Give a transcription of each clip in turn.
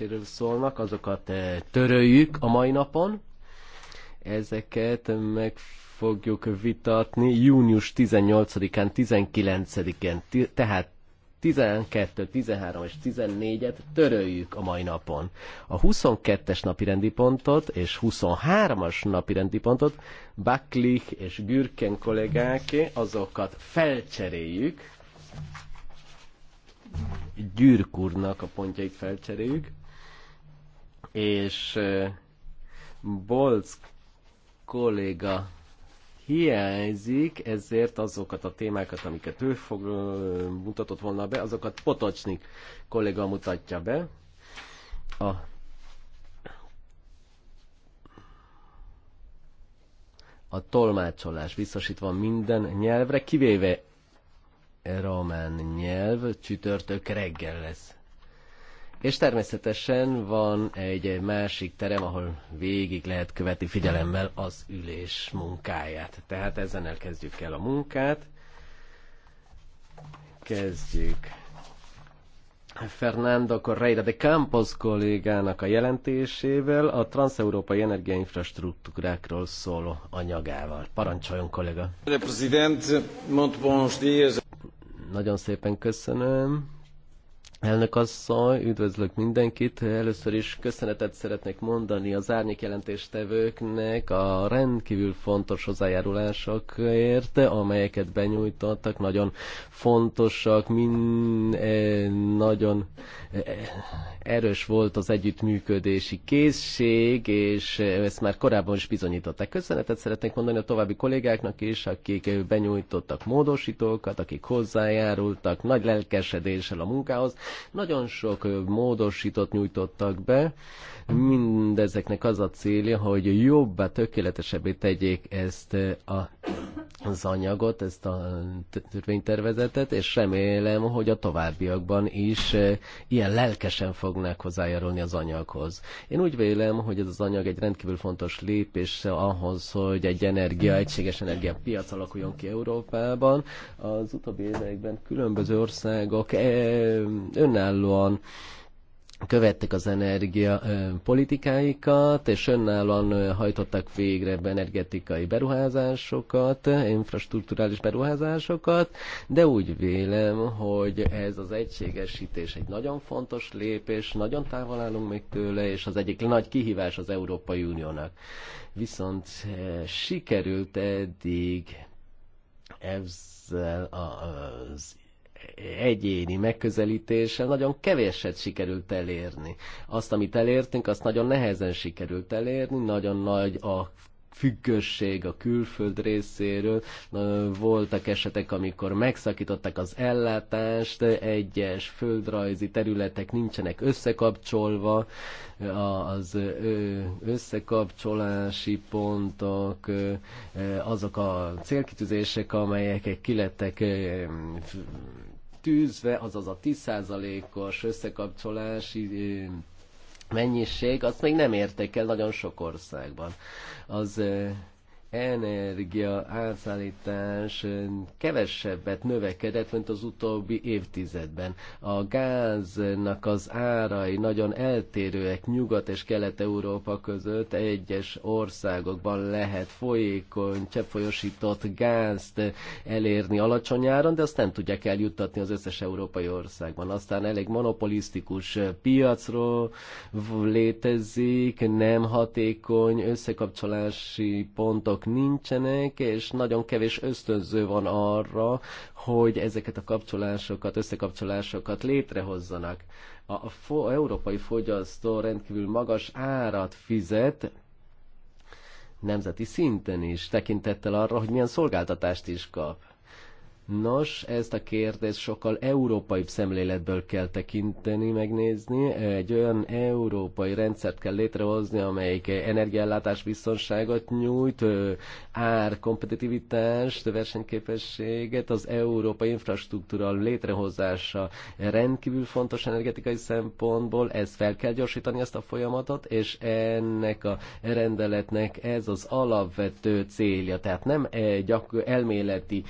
fejlesztéséről szólnak, azokat eh, töröljük a mai napon. Ezeket meg fogjuk vitatni június 18-án, 19-én, tehát 12, 13 és 14-et töröljük a mai napon. A 22-es napi rendi pontot és 23-as napi rendi pontot Baklich és Gürken kollégáké, azokat felcseréljük. Gyürk úrnak a pontjait felcseréljük és Bolc kolléga hiányzik, ezért azokat a témákat, amiket ő fog, mutatott volna be, azokat Potocsnik kolléga mutatja be. A a tolmácsolás biztosítva minden nyelvre, kivéve román nyelv, csütörtök reggel lesz. És természetesen van egy másik terem, ahol végig lehet követni figyelemmel az ülés munkáját. Tehát ezen elkezdjük el a munkát. Kezdjük Fernando Correira de Campos kollégának a jelentésével a transeurópai energiainfrastruktúrákról szóló anyagával. Parancsoljon kollega! Nagyon szépen köszönöm. Elnök asszony, üdvözlök mindenkit. Először is köszönetet szeretnék mondani az árnyék jelentéstevőknek a rendkívül fontos hozzájárulásokért, amelyeket benyújtottak. Nagyon fontosak, min, eh, nagyon eh, erős volt az együttműködési készség, és ezt már korábban is bizonyították. Köszönetet szeretnék mondani a további kollégáknak is, akik benyújtottak módosítókat, akik hozzájárultak nagy lelkesedéssel a munkához nagyon sok módosított nyújtottak be, mindezeknek az a célja, hogy jobbá, tökéletesebbé tegyék ezt a az anyagot, ezt a törvénytervezetet, és remélem, hogy a továbbiakban is eh, ilyen lelkesen fognak hozzájárulni az anyaghoz. Én úgy vélem, hogy ez az anyag egy rendkívül fontos lépés ahhoz, hogy egy energia, egységes piac alakuljon ki Európában. Az utóbbi években különböző országok eh, önállóan követtek az energia politikáikat, és önállóan hajtottak végre energetikai beruházásokat, infrastruktúrális beruházásokat, de úgy vélem, hogy ez az egységesítés egy nagyon fontos lépés, nagyon távol állunk még tőle, és az egyik nagy kihívás az Európai Uniónak. Viszont sikerült eddig ezzel az egyéni megközelítéssel nagyon keveset sikerült elérni. Azt, amit elértünk, azt nagyon nehezen sikerült elérni, nagyon nagy a függőség a külföld részéről. Voltak esetek, amikor megszakították az ellátást, egyes földrajzi területek nincsenek összekapcsolva, az összekapcsolási pontok, azok a célkitűzések, amelyek kilettek tűzve, azaz a 10%-os összekapcsolási mennyiség, azt még nem értek el nagyon sok országban. Az energia átszállítás kevesebbet növekedett, mint az utóbbi évtizedben. A gáznak az árai nagyon eltérőek Nyugat és Kelet-Európa között. Egyes országokban lehet folyékony, cseppfolyosított gázt elérni alacsony áron, de azt nem tudják eljuttatni az összes európai országban. Aztán elég monopolisztikus piacról létezik, nem hatékony összekapcsolási pontok kapcsolatok nincsenek, és nagyon kevés ösztönző van arra, hogy ezeket a kapcsolásokat, összekapcsolásokat létrehozzanak. A, fo- a európai fogyasztó rendkívül magas árat fizet, nemzeti szinten is, tekintettel arra, hogy milyen szolgáltatást is kap Nos, ezt a kérdést sokkal európai szemléletből kell tekinteni, megnézni. Egy olyan európai rendszert kell létrehozni, amelyik energiállátás biztonságot nyújt, ár, kompetitivitást, versenyképességet, az európai infrastruktúra létrehozása rendkívül fontos energetikai szempontból, ezt fel kell gyorsítani ezt a folyamatot, és ennek a rendeletnek ez az alapvető célja. Tehát nem egy elméleti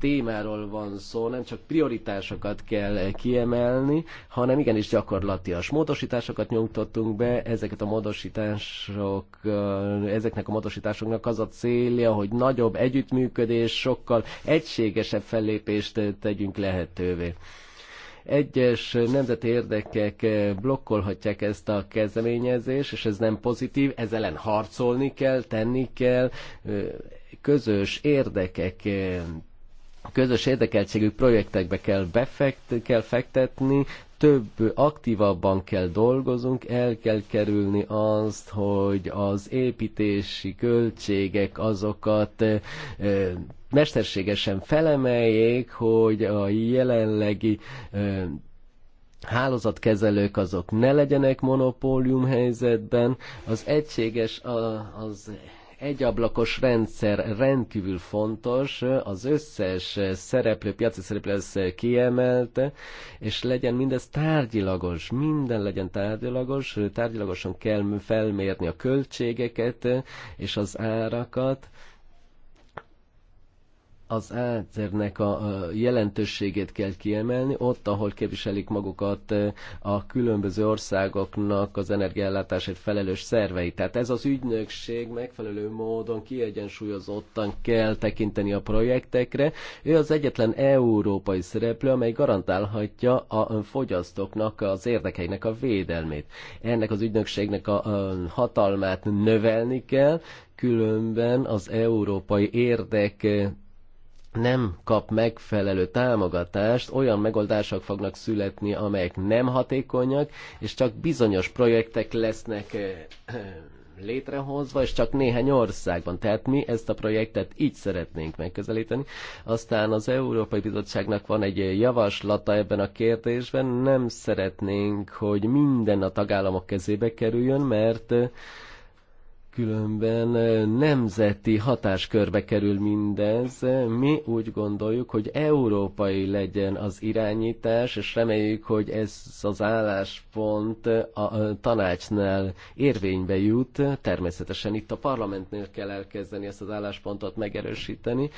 témá, munkáról van szó, nem csak prioritásokat kell kiemelni, hanem igenis gyakorlatias módosításokat nyomtottunk be, ezeket a módosítások, ezeknek a módosításoknak az a célja, hogy nagyobb együttműködés, sokkal egységesebb fellépést tegyünk lehetővé egyes nemzeti érdekek blokkolhatják ezt a kezdeményezést, és ez nem pozitív, ez ellen harcolni kell, tenni kell, közös érdekek a közös érdekeltségű projektekbe kell, befekt, kell fektetni, több aktívabban kell dolgozunk, el kell kerülni azt, hogy az építési költségek azokat e, e mesterségesen felemeljék, hogy a jelenlegi e, hálózatkezelők azok ne legyenek monopólium helyzetben, az egységes, az egyablakos rendszer rendkívül fontos, az összes szereplő, piaci szereplő ezt kiemelte, és legyen mindez tárgyilagos, minden legyen tárgyilagos, tárgyilagosan kell felmérni a költségeket és az árakat, az átérnek a jelentőségét kell kiemelni, ott, ahol képviselik magukat a különböző országoknak az energiállátásért felelős szervei. Tehát ez az ügynökség megfelelő módon kiegyensúlyozottan kell tekinteni a projektekre. Ő az egyetlen európai szereplő, amely garantálhatja a fogyasztóknak az érdekeinek a védelmét. Ennek az ügynökségnek a hatalmát növelni kell, különben az európai érdek nem kap megfelelő támogatást, olyan megoldások fognak születni, amelyek nem hatékonyak, és csak bizonyos projektek lesznek eh, eh, létrehozva, és csak néhány országban. Tehát mi ezt a projektet így szeretnénk megközelíteni. Aztán az Európai Bizottságnak van egy javaslata ebben a kérdésben. Nem szeretnénk, hogy minden a tagállamok kezébe kerüljön, mert eh, különben nemzeti hatáskörbe kerül mindez. Mi úgy gondoljuk, hogy európai legyen az irányítás, és reméljük, hogy ez az álláspont a tanácsnál érvénybe jut. Természetesen itt a parlamentnél kell elkezdeni ezt az álláspontot megerősíteni.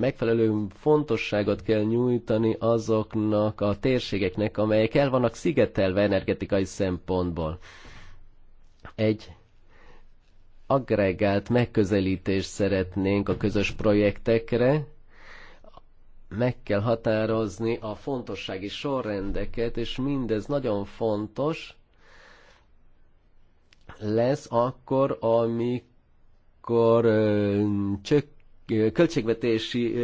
Megfelelő fontosságot kell nyújtani azoknak a térségeknek, amelyek el vannak szigetelve energetikai szempontból. Egy agregált megközelítést szeretnénk a közös projektekre, meg kell határozni a fontossági sorrendeket, és mindez nagyon fontos lesz akkor, amikor ö, csök költségvetési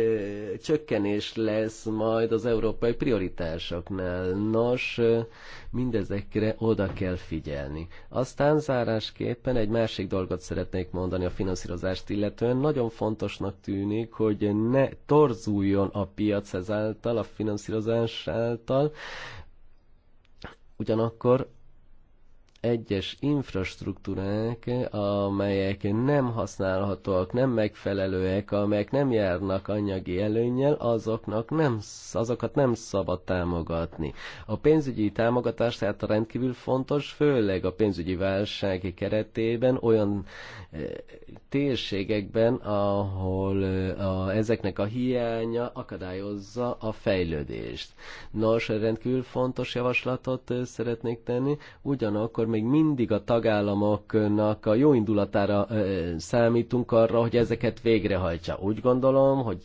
csökkenés lesz majd az európai prioritásoknál. Nos, mindezekre oda kell figyelni. Aztán zárásképpen egy másik dolgot szeretnék mondani a finanszírozást illetően. Nagyon fontosnak tűnik, hogy ne torzuljon a piac ezáltal, a finanszírozás által, ugyanakkor egyes infrastruktúrák, amelyek nem használhatóak, nem megfelelőek, amelyek nem járnak anyagi előnnyel, azoknak nem, azokat nem szabad támogatni. A pénzügyi támogatás tehát rendkívül fontos, főleg a pénzügyi válság keretében olyan eh, térségekben, ahol eh, a, ezeknek a hiánya akadályozza a fejlődést. Nos, rendkívül fontos javaslatot eh, szeretnék tenni, ugyanakkor még mindig a tagállamoknak a jó indulatára számítunk arra, hogy ezeket végrehajtsa. Úgy gondolom, hogy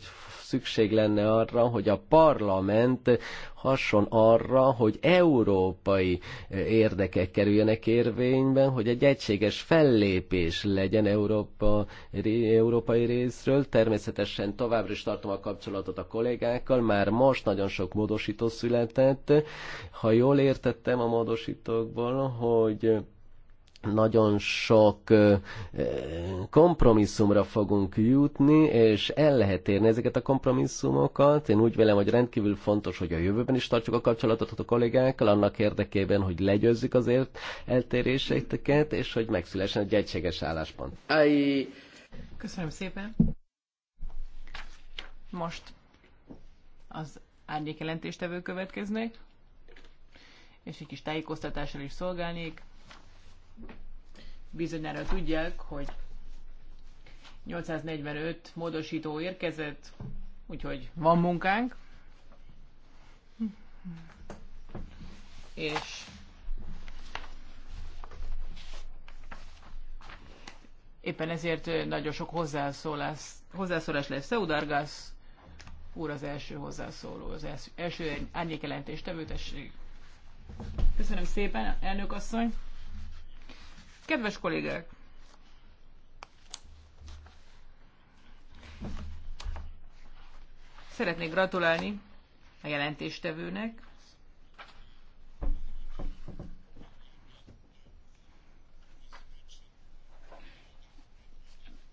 szükség lenne arra, hogy a parlament hason arra, hogy európai eh, érdekek kerüljenek érvényben, hogy egy egységes fellépés legyen Európa, európai részről. Természetesen továbbra is tartom a kapcsolatot a kollégákkal, már most nagyon sok módosító született. Ha jól értettem a módosítókból, hogy nagyon sok kompromisszumra fogunk jutni, és el lehet érni ezeket a kompromisszumokat. Én úgy vélem, hogy rendkívül fontos, hogy a jövőben is tartsuk a kapcsolatot a kollégákkal, annak érdekében, hogy legyőzzük azért eltéréseiteket, és hogy megszülessen egy egységes álláspont. Köszönöm szépen. Most az árnyék jelentéstevő következnek, és egy kis tájékoztatással is szolgálnék Bizonyára tudják, hogy 845 módosító érkezett, úgyhogy van munkánk. És éppen ezért nagyon sok hozzászólás, hozzászólás lesz. Szeudargász úr az első hozzászóló, az első árnyékelentés tevőtesség. Köszönöm szépen, elnök asszony. Kedves kollégák! Szeretnék gratulálni a jelentéstevőnek.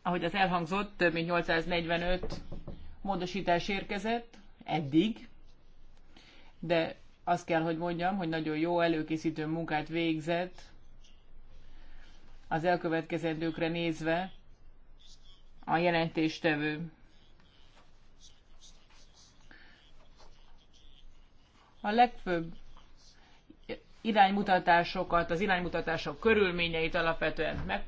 Ahogy az elhangzott, több mint 845 módosítás érkezett eddig, de azt kell, hogy mondjam, hogy nagyon jó előkészítő munkát végzett az elkövetkezendőkre nézve a jelentéstevő. A legfőbb iránymutatásokat, az iránymutatások körülményeit alapvetően meg,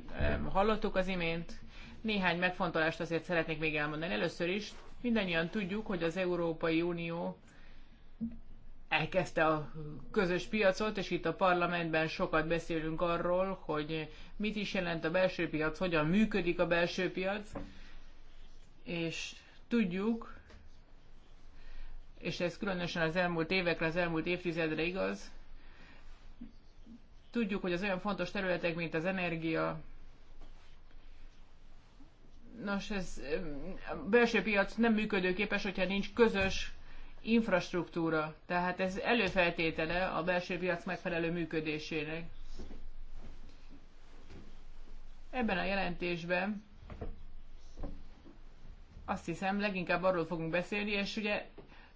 hallottuk az imént. Néhány megfontolást azért szeretnék még elmondani. Először is mindannyian tudjuk, hogy az Európai Unió elkezdte a közös piacot, és itt a parlamentben sokat beszélünk arról, hogy mit is jelent a belső piac, hogyan működik a belső piac, és tudjuk, és ez különösen az elmúlt évekre, az elmúlt évtizedre igaz, tudjuk, hogy az olyan fontos területek, mint az energia, Nos, ez a belső piac nem működőképes, hogyha nincs közös infrastruktúra. Tehát ez előfeltétele a belső piac megfelelő működésének. Ebben a jelentésben azt hiszem leginkább arról fogunk beszélni, és ugye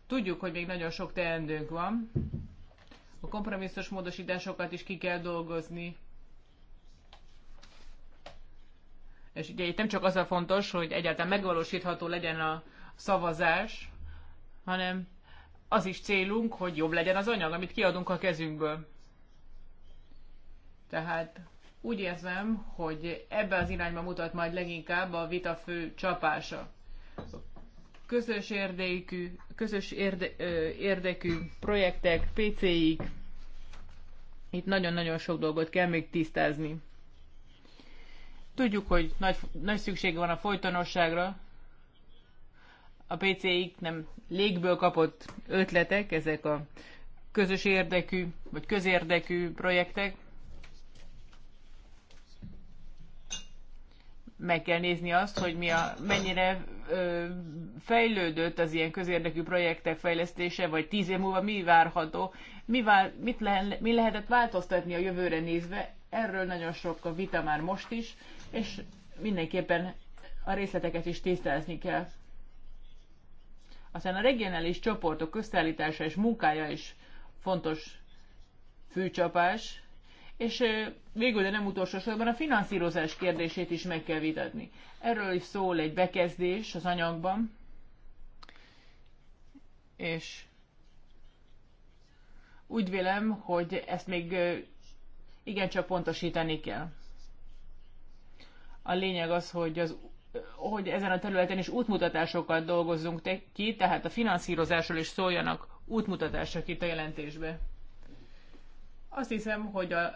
tudjuk, hogy még nagyon sok teendőnk van. A kompromisszos módosításokat is ki kell dolgozni. És ugye itt nem csak az a fontos, hogy egyáltalán megvalósítható legyen a szavazás, hanem az is célunk, hogy jobb legyen az anyag, amit kiadunk a kezünkből. Tehát úgy érzem, hogy ebbe az irányba mutat majd leginkább a vita fő csapása. Közös érdekű, közös érde, érdekű projektek, PC-ik, itt nagyon-nagyon sok dolgot kell még tisztázni. Tudjuk, hogy nagy, nagy szükség van a folytonosságra, a pc k nem légből kapott ötletek, ezek a közös érdekű, vagy közérdekű projektek. Meg kell nézni azt, hogy mi a, mennyire ö, fejlődött az ilyen közérdekű projektek fejlesztése, vagy tíz év múlva mi várható, mi, vál, mit lehet, mi lehetett változtatni a jövőre nézve. Erről nagyon sok a vita már most is, és mindenképpen a részleteket is tisztázni kell. Aztán a regionális csoportok összeállítása és munkája is fontos főcsapás, és végül, de nem utolsó sorban a finanszírozás kérdését is meg kell vitatni. Erről is szól egy bekezdés az anyagban, és úgy vélem, hogy ezt még igencsak pontosítani kell. A lényeg az, hogy az hogy ezen a területen is útmutatásokat dolgozzunk ki, tehát a finanszírozásról is szóljanak útmutatások itt a jelentésbe. Azt hiszem, hogy a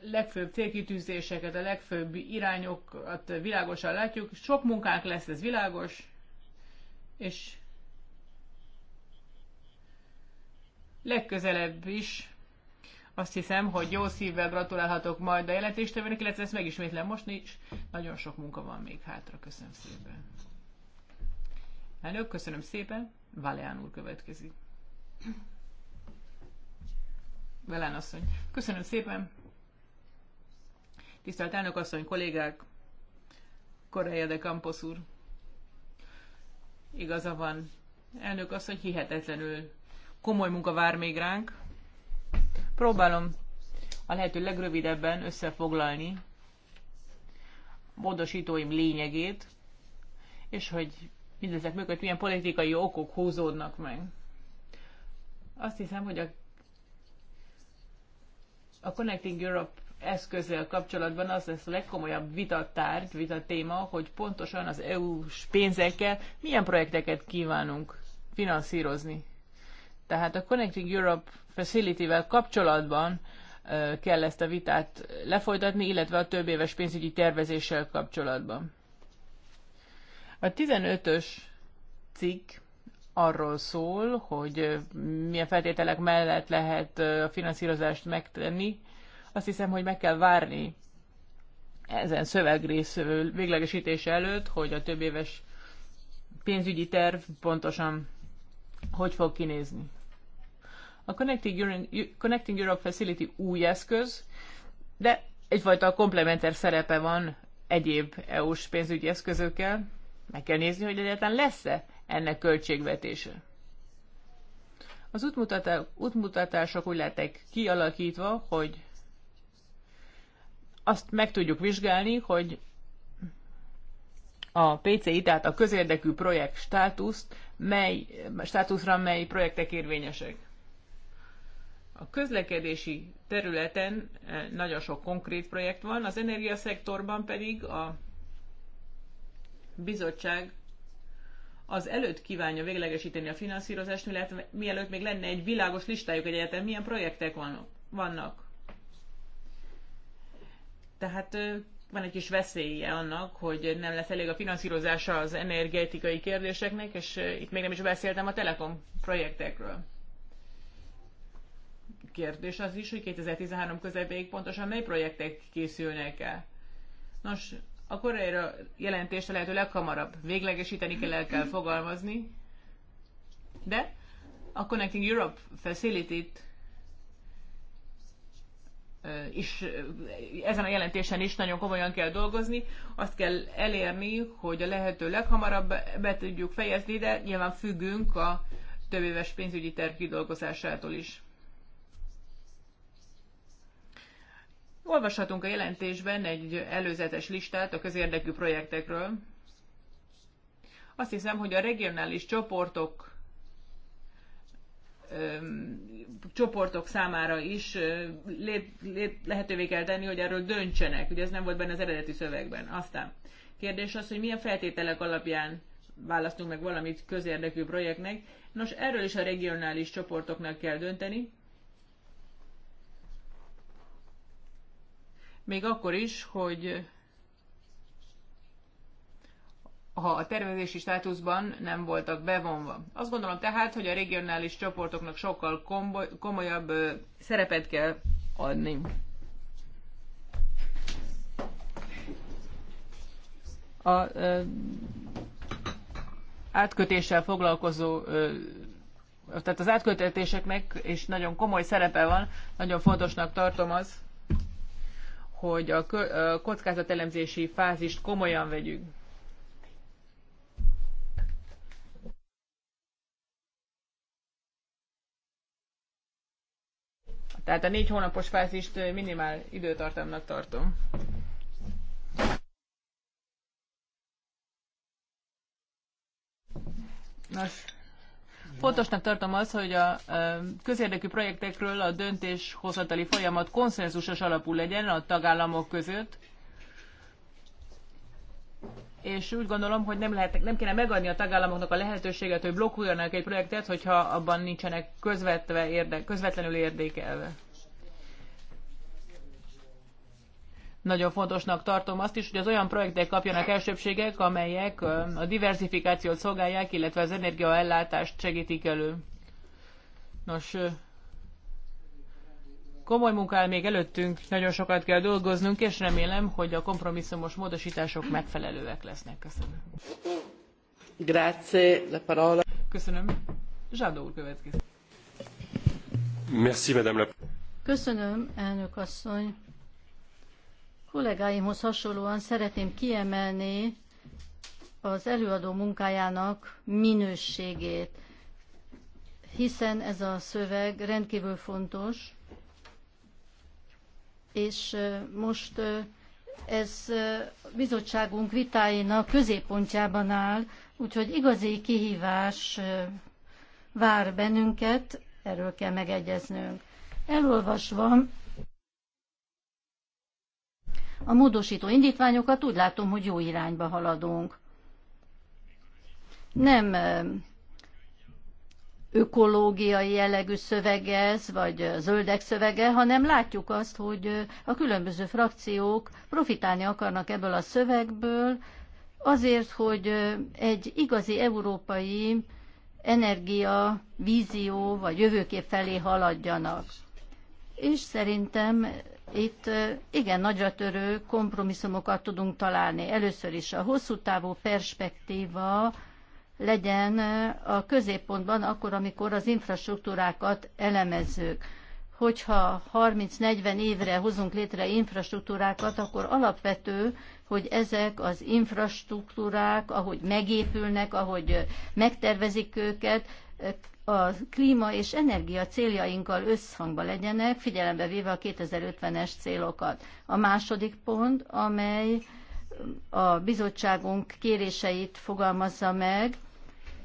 legfőbb célkitűzéseket, a legfőbb irányokat világosan látjuk. Sok munkánk lesz, ez világos, és legközelebb is azt hiszem, hogy jó szívvel gratulálhatok majd a jelentéstevőnek, illetve ezt megismétlem most nincs. Nagyon sok munka van még hátra. Köszönöm szépen. Elnök, köszönöm szépen. Valéán úr következik. Velán asszony. Köszönöm szépen. Tisztelt elnök asszony, kollégák, Koreja de Campos úr. Igaza van. Elnök asszony hihetetlenül komoly munka vár még ránk. Próbálom a lehető legrövidebben összefoglalni módosítóim lényegét, és hogy mindezek mögött milyen politikai okok húzódnak meg. Azt hiszem, hogy a, a Connecting Europe eszközzel kapcsolatban az lesz a legkomolyabb vitatárgy, vitatéma, hogy pontosan az EU-s pénzekkel milyen projekteket kívánunk finanszírozni. Tehát a Connecting Europe Facility-vel kapcsolatban kell ezt a vitát lefolytatni, illetve a több éves pénzügyi tervezéssel kapcsolatban. A 15-ös cikk arról szól, hogy milyen feltételek mellett lehet a finanszírozást megtenni. Azt hiszem, hogy meg kell várni ezen szövegrész véglegesítése előtt, hogy a több éves pénzügyi terv pontosan hogy fog kinézni. A Connecting Europe Connecting Europe Facility új eszköz, de egyfajta komplementer szerepe van egyéb EU-s pénzügyi eszközökkel. Meg kell nézni, hogy egyáltalán lesz-e ennek költségvetése. Az útmutatások úgy lettek kialakítva, hogy azt meg tudjuk vizsgálni, hogy a PCI, tehát a közérdekű projekt státuszt, mely, státuszra mely projektek érvényesek. A közlekedési területen eh, nagyon sok konkrét projekt van, az energiaszektorban pedig a bizottság az előtt kívánja véglegesíteni a finanszírozást, illetve mielőtt még lenne egy világos listájuk, hogy egyáltalán milyen projektek vannak. Tehát eh, van egy kis veszélye annak, hogy nem lesz elég a finanszírozása az energetikai kérdéseknek, és eh, itt még nem is beszéltem a telekom projektekről kérdés az is, hogy 2013 közepéig pontosan mely projektek készülnek el. Nos, a koreaira jelentést a lehető leghamarabb véglegesíteni kell, el kell fogalmazni, de a Connecting Europe facility és ezen a jelentésen is nagyon komolyan kell dolgozni. Azt kell elérni, hogy a lehető leghamarabb be tudjuk fejezni, de nyilván függünk a többéves pénzügyi terv kidolgozásától is. Olvashatunk a jelentésben egy előzetes listát a közérdekű projektekről. Azt hiszem, hogy a regionális csoportok csoportok számára is lehetővé kell tenni, hogy erről döntsenek. Ugye ez nem volt benne az eredeti szövegben. Aztán kérdés az, hogy milyen feltételek alapján választunk meg valamit közérdekű projektnek. Nos, erről is a regionális csoportoknak kell dönteni. még akkor is, hogy ha a tervezési státuszban nem voltak bevonva. Azt gondolom tehát, hogy a regionális csoportoknak sokkal komolyabb szerepet kell adni. A ö, átkötéssel foglalkozó, ö, tehát az átkötetéseknek is nagyon komoly szerepe van, nagyon fontosnak tartom az, hogy a kockázatelemzési fázist komolyan vegyük. Tehát a négy hónapos fázist minimál időtartamnak tartom. Nos, Fontosnak tartom az, hogy a közérdekű projektekről a döntéshozatali folyamat konszenzusos alapú legyen a tagállamok között, és úgy gondolom, hogy nem, lehet, nem kéne megadni a tagállamoknak a lehetőséget, hogy blokkoljanak egy projektet, hogyha abban nincsenek közvetve érde, közvetlenül érdekelve. Nagyon fontosnak tartom azt is, hogy az olyan projektek kapjanak elsőbségek, amelyek a diversifikációt szolgálják, illetve az energiaellátást segítik elő. Nos, komoly munka még előttünk, nagyon sokat kell dolgoznunk, és remélem, hogy a kompromisszumos módosítások megfelelőek lesznek. Köszönöm. Grazie, la parola. Köszönöm. Zsádó úr következik. Merci, madame la... Köszönöm, elnök asszony kollégáimhoz hasonlóan szeretném kiemelni az előadó munkájának minőségét, hiszen ez a szöveg rendkívül fontos, és most ez bizottságunk vitáinak középpontjában áll, úgyhogy igazi kihívás vár bennünket, erről kell megegyeznünk. Elolvasva a módosító indítványokat, úgy látom, hogy jó irányba haladunk. Nem ökológiai jellegű ez, vagy zöldek szövege, hanem látjuk azt, hogy a különböző frakciók profitálni akarnak ebből a szövegből, azért, hogy egy igazi európai energia, vízió vagy jövőkép felé haladjanak. És szerintem itt igen nagyra törő kompromisszumokat tudunk találni. Először is a hosszú távú perspektíva legyen a középpontban, akkor, amikor az infrastruktúrákat elemezzük. Hogyha 30-40 évre hozunk létre infrastruktúrákat, akkor alapvető, hogy ezek az infrastruktúrák, ahogy megépülnek, ahogy megtervezik őket, a klíma és energia céljainkkal összhangba legyenek, figyelembe véve a 2050-es célokat. A második pont, amely a bizottságunk kéréseit fogalmazza meg,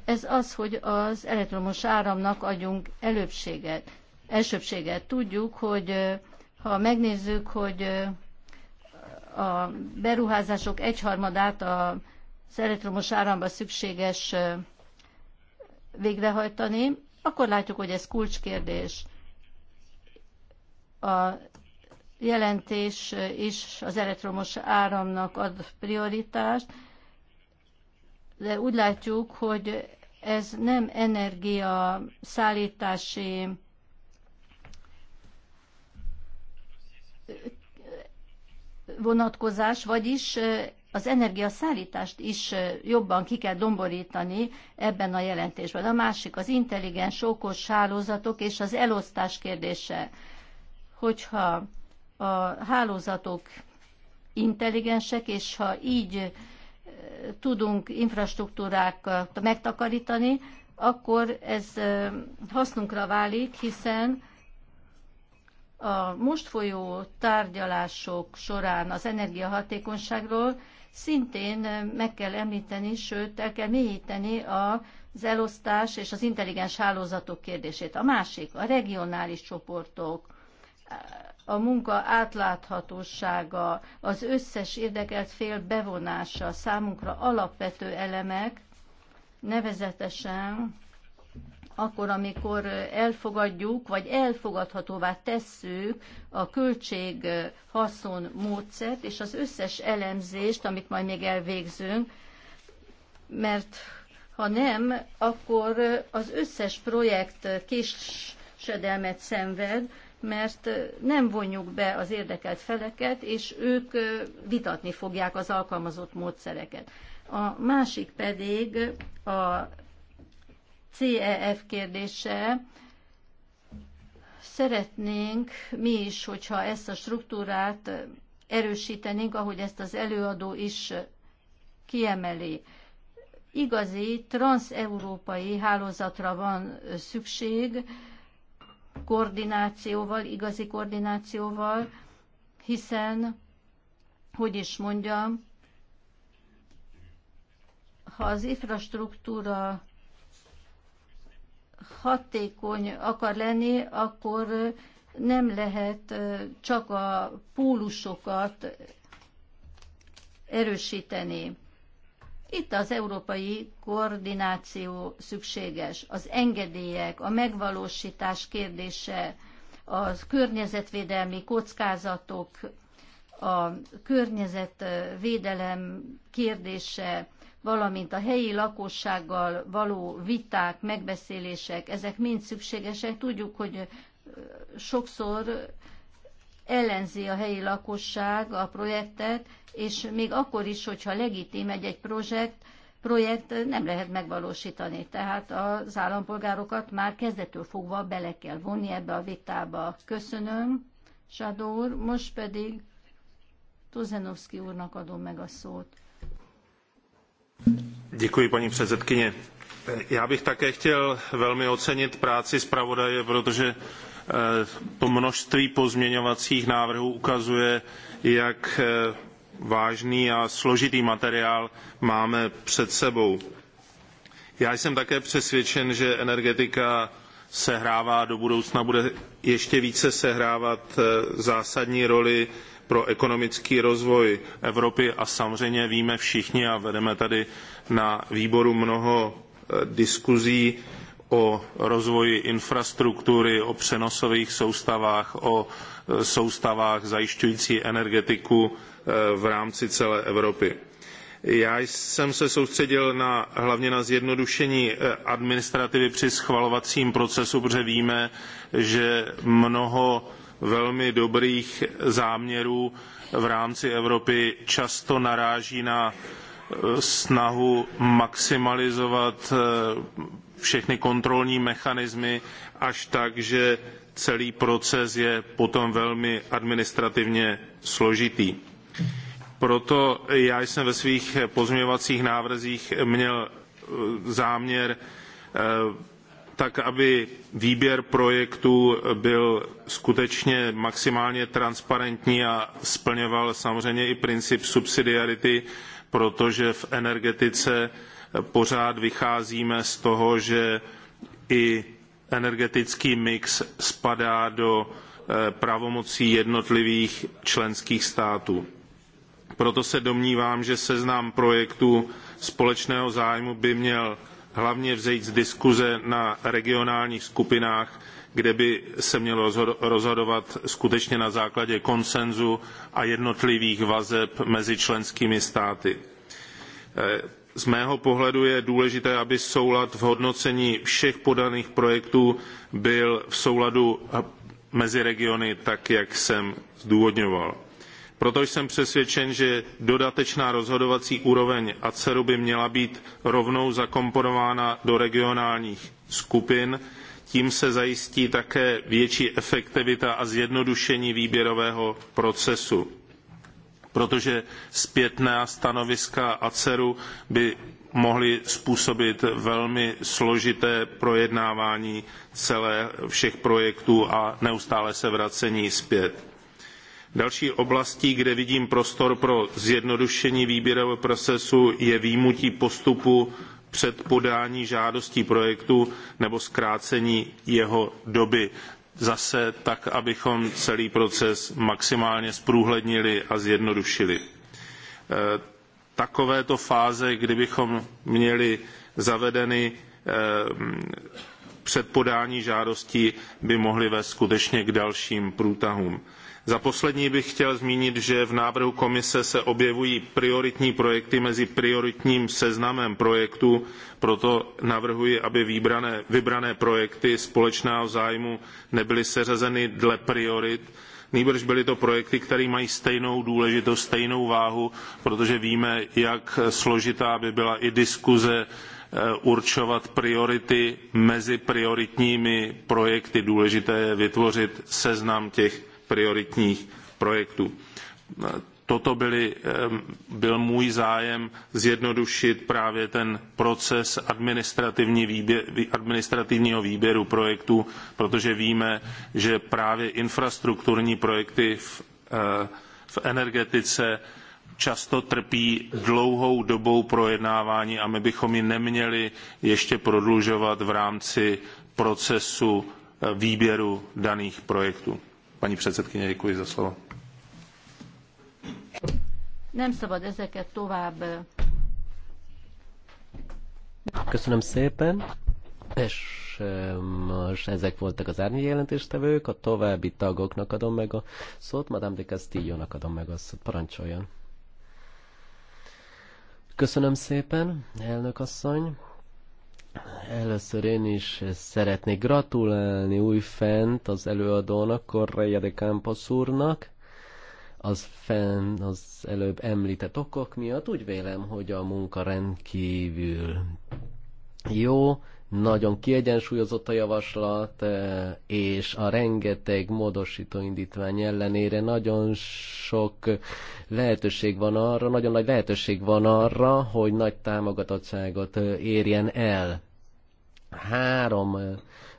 ez az, hogy az elektromos áramnak adjunk előbséget, elsőbséget. Tudjuk, hogy ha megnézzük, hogy a beruházások egyharmadát az elektromos áramba szükséges végrehajtani, akkor látjuk, hogy ez kulcskérdés. A jelentés is az elektromos áramnak ad prioritást, de úgy látjuk, hogy ez nem energia szállítási vonatkozás, vagyis az energiaszállítást is jobban ki kell domborítani ebben a jelentésben. A másik az intelligens, okos hálózatok és az elosztás kérdése. Hogyha a hálózatok intelligensek, és ha így tudunk infrastruktúrákat megtakarítani, akkor ez hasznunkra válik, hiszen a most folyó tárgyalások során az energiahatékonyságról Szintén meg kell említeni, sőt, el kell mélyíteni az elosztás és az intelligens hálózatok kérdését. A másik, a regionális csoportok, a munka átláthatósága, az összes érdekelt fél bevonása számunkra alapvető elemek, nevezetesen akkor, amikor elfogadjuk, vagy elfogadhatóvá tesszük a költség haszon módszert, és az összes elemzést, amit majd még elvégzünk, mert ha nem, akkor az összes projekt késsedelmet szenved, mert nem vonjuk be az érdekelt feleket, és ők vitatni fogják az alkalmazott módszereket. A másik pedig a CEF kérdése. Szeretnénk mi is, hogyha ezt a struktúrát erősítenénk, ahogy ezt az előadó is kiemeli. Igazi transeurópai hálózatra van szükség, koordinációval, igazi koordinációval, hiszen, hogy is mondjam, ha az infrastruktúra hatékony akar lenni, akkor nem lehet csak a pólusokat erősíteni. Itt az európai koordináció szükséges, az engedélyek, a megvalósítás kérdése, a környezetvédelmi kockázatok, a környezetvédelem kérdése, valamint a helyi lakossággal való viták, megbeszélések, ezek mind szükségesek. Tudjuk, hogy sokszor ellenzi a helyi lakosság a projektet, és még akkor is, hogyha legitim egy-egy projekt, projekt nem lehet megvalósítani. Tehát az állampolgárokat már kezdetől fogva bele kell vonni ebbe a vitába. Köszönöm, Sador. Most pedig Tuzenovszki úrnak adom meg a szót paní předsedající Já bych také chtěl velmi ocenit práci zpravodaje, protože eh, to množství pozměňovacích návrhů ukazuje, jak eh, vážný a složitý materiál máme před sebou. Já jsem také přesvědčen, že energetika sehrává do budoucna bude ještě více sehrávat eh, zásadní roli pro ekonomický rozvoj Evropy a samozřejmě víme všichni a vedeme tady na výboru mnoho eh, diskuzí o rozvoji infrastruktury, o přenosových soustavách, o eh, soustavách zajišťující energetiku eh, v rámci celé Evropy. Já jsem se soustředil na, hlavně na zjednodušení administrativy při schvalovacím procesu, protože víme, že mnoho velmi dobrých záměrů v rámci Evropy často naráží na eh, snahu maximalizovat eh, všechny kontrolní mechanismy až tak, že celý proces je potom velmi administrativně složitý. Proto já jsem ve svých pozměňovacích návrzích měl eh, záměr tak aby výběr projektů byl skutečně maximálně transparentní a splňoval samozřejmě i princip subsidiarity, protože v energetice pořád vycházíme z toho, že i energetický mix spadá do eh, pravomocí jednotlivých členských států. Proto se domnívám, že seznam projektů společného zájmu by měl hlavně vzejít z diskuze na regionálních skupinách, kde by se mělo rozhodovat skutečně na základě konsenzu a jednotlivých vazeb mezi členskými státy. Eh, z mého pohledu je důležité, aby soulad v hodnocení všech podaných projektů byl v souladu mezi regiony, tak jak jsem zdůvodňoval proto jsem přesvědčen že dodatečná rozhodovací úroveň aceru by měla být rovnou zakomponována do regionálních skupin tím se zajistí také větší efektivita a zjednodušení výběrového procesu protože zpětná stanoviska ACERu by mohly způsobit velmi složité projednávání celé všech projektů a neustále se vracení zpět Další oblastí, kde vidím prostor pro zjednodušení výběrového procesu, je výjimutí postupu před podání žádostí projektu nebo zkrácení jeho doby. Zase tak, abychom celý proces maximálně zprůhlednili a zjednodušili. E, takovéto fáze, kdybychom měli zavedeny e, před podání žádostí, by mohly vést skutečně k dalším průtahům Za poslední bych chtěl zmínit, že v návrhu komise se objevují prioritní projekty mezi prioritním seznamem projektů, proto navrhuji, aby vybrané, projekty společného zájmu nebyly seřazeny dle priorit, nýbrž byly to projekty, které mají stejnou důležitost, stejnou váhu, protože víme, jak složitá by byla i diskuze eh, určovat priority mezi prioritními projekty. Důležité je vytvořit seznam těch prioritních projektů. Toto byly, byl můj zájem zjednodušit právě ten proces administrativní výběr, administrativního výběru projektů, protože víme, že právě infrastrukturní projekty v, e, v energetice často trpí dlouhou dobou projednávání a my bychom ji neměli ještě prodlužovat v rámci procesu e, výběru daných projektů. Paní předsedkyně, děkuji za slovo. Nem szabad ezeket tovább. Eh, Köszönöm szépen. És eh, most ezek voltak az árnyi jelentéstevők, a további tagoknak adom meg a szót, Madame de Castillo-nak adom meg a szót, parancsoljon. Köszönöm szépen, elnök asszony. Először én is szeretnék gratulálni újfent az előadónak, Correia de Campos úrnak, az fenn az előbb említett okok miatt úgy vélem, hogy a munka rendkívül jó, nagyon kiegyensúlyozott a javaslat, eh, és a rengeteg módosító indítvány ellenére nagyon sok lehetőség van arra, nagyon nagy lehetőség van arra, hogy nagy támogatottságot eh, érjen el. Három eh,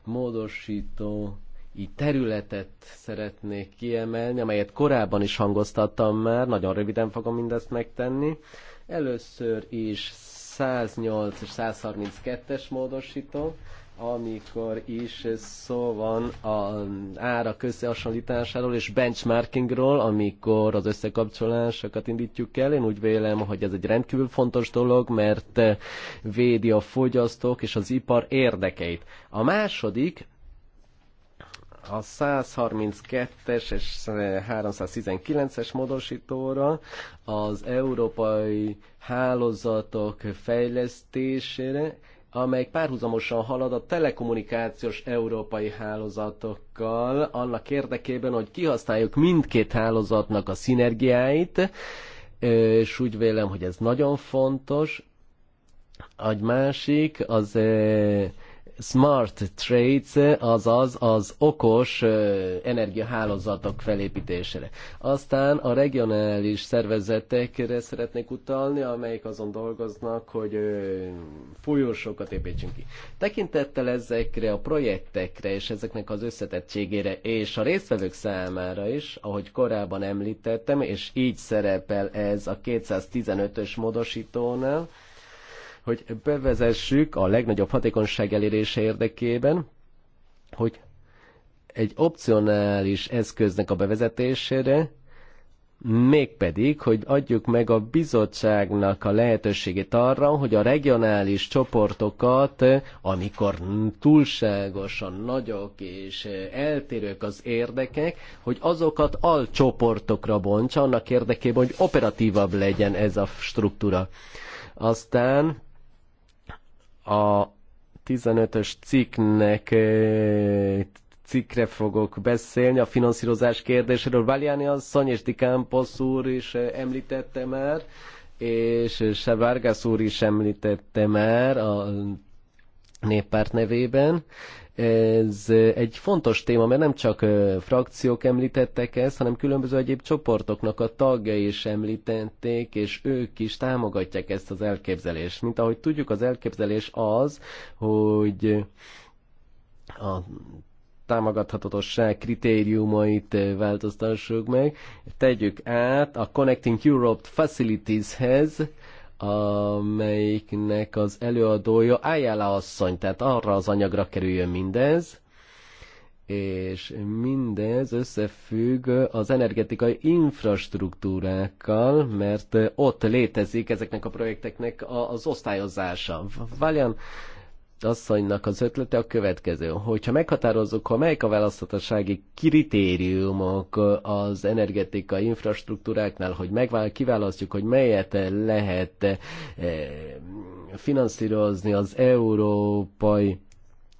módosító így területet szeretnék kiemelni, amelyet korábban is hangoztattam már, nagyon röviden fogom mindezt megtenni. Először is 108 és 132-es módosító, amikor is szó van az árak összehasonlításáról és benchmarkingról, amikor az összekapcsolásokat indítjuk el. Én úgy vélem, hogy ez egy rendkívül fontos dolog, mert védi a fogyasztók és az ipar érdekeit. A második, a 132-es és 319-es módosítóra, az európai hálózatok fejlesztésére, amely párhuzamosan halad a telekommunikációs európai hálózatokkal, annak érdekében, hogy kihasználjuk mindkét hálózatnak a szinergiáit, és úgy vélem, hogy ez nagyon fontos. Egy másik, az eh, smart trades, azaz az okos energiahálózatok felépítésére. Aztán a regionális szervezetekre szeretnék utalni, amelyek azon dolgoznak, hogy folyósokat építsünk ki. Tekintettel ezekre a projektekre és ezeknek az összetettségére és a résztvevők számára is, ahogy korábban említettem, és így szerepel ez a 215-ös módosítónál, hogy bevezessük a legnagyobb hatékonyság elérése érdekében, hogy egy opcionális eszköznek a bevezetésére, mégpedig, hogy adjuk meg a bizottságnak a lehetőségét arra, hogy a regionális csoportokat, amikor túlságosan nagyok és eltérők az érdekek, hogy azokat alcsoportokra bontsa, annak érdekében, hogy operatívabb legyen ez a struktúra. Aztán a 15-ös cikknek eh, cikkre fogok beszélni, a finanszírozás kérdéséről. Váliáni asszony és Dikámposz úr is eh, említette már, és Sevárgász úr is említette már a néppárt nevében, ez egy fontos téma, mert nem csak frakciók említettek ezt, hanem különböző egyéb csoportoknak a tagjai is említették, és ők is támogatják ezt az elképzelést. Mint ahogy tudjuk, az elképzelés az, hogy a támogathatatosság kritériumait változtassuk meg, tegyük át a Connecting Europe Facilities-hez, amelyiknek az előadója a asszony, tehát arra az anyagra kerüljön mindez, és mindez összefügg az energetikai infrastruktúrákkal, mert ott létezik ezeknek a projekteknek az osztályozása. Valjan asszonynak az ötlete a következő. Hogyha meghatározzuk, hogy melyik a választhatósági kritériumok az energetikai infrastruktúráknál, hogy megvál, kiválasztjuk, hogy melyet lehet eh, finanszírozni az európai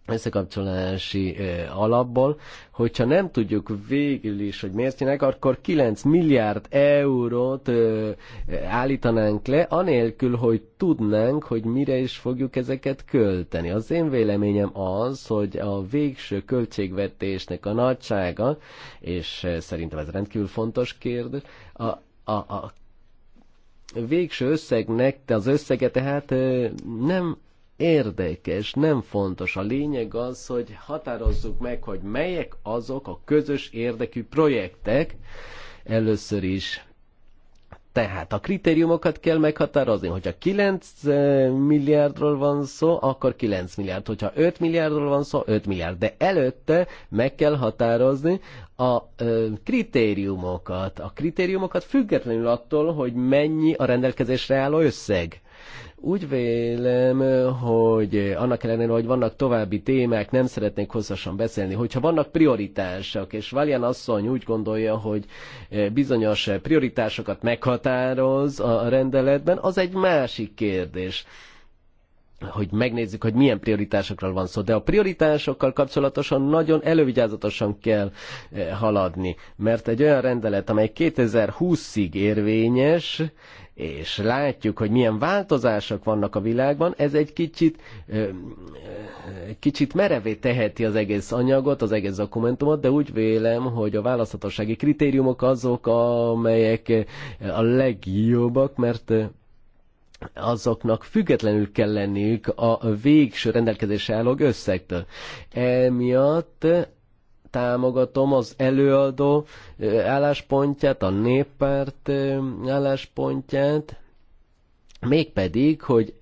összekapcsolási alapból, hogyha nem tudjuk végül is, hogy miért csinálják, akkor 9 milliárd eurót állítanánk le, anélkül, hogy tudnánk, hogy mire is fogjuk ezeket költeni. Az én véleményem az, hogy a végső költségvetésnek a nagysága, és szerintem ez rendkívül fontos kérdés, a, a, a végső összegnek, az összege tehát nem érdekes, nem fontos. A lényeg az, hogy határozzuk meg, hogy melyek azok a közös érdekű projektek először is. Tehát a kritériumokat kell meghatározni, hogyha 9 eh, milliárdról van szó, akkor 9 milliárd, hogyha 5 milliárdról van szó, 5 milliárd, de előtte meg kell határozni a ö, eh, kritériumokat. A kritériumokat függetlenül attól, hogy mennyi a rendelkezésre álló összeg. Úgy vélem, hogy annak ellenére, hogy vannak további témák, nem szeretnék hosszasan beszélni. Hogyha vannak prioritások, és Valian asszony úgy gondolja, hogy eh, bizonyos prioritásokat meghatároz a rendeletben, az egy másik kérdés hogy megnézzük, hogy milyen prioritásokról van szó. De a prioritásokkal kapcsolatosan nagyon elővigyázatosan kell eh, haladni, mert egy olyan rendelet, amely 2020-ig érvényes, és látjuk, hogy milyen változások vannak a világban, ez egy kicsit, kicsit merevé teheti az egész anyagot, az egész dokumentumot, de úgy vélem, hogy a választhatósági kritériumok azok, amelyek a legjobbak, mert azoknak függetlenül kell lenniük a végső rendelkezésre álló összegtől. Emiatt támogatom az előadó álláspontját, a néppárt álláspontját, mégpedig, hogy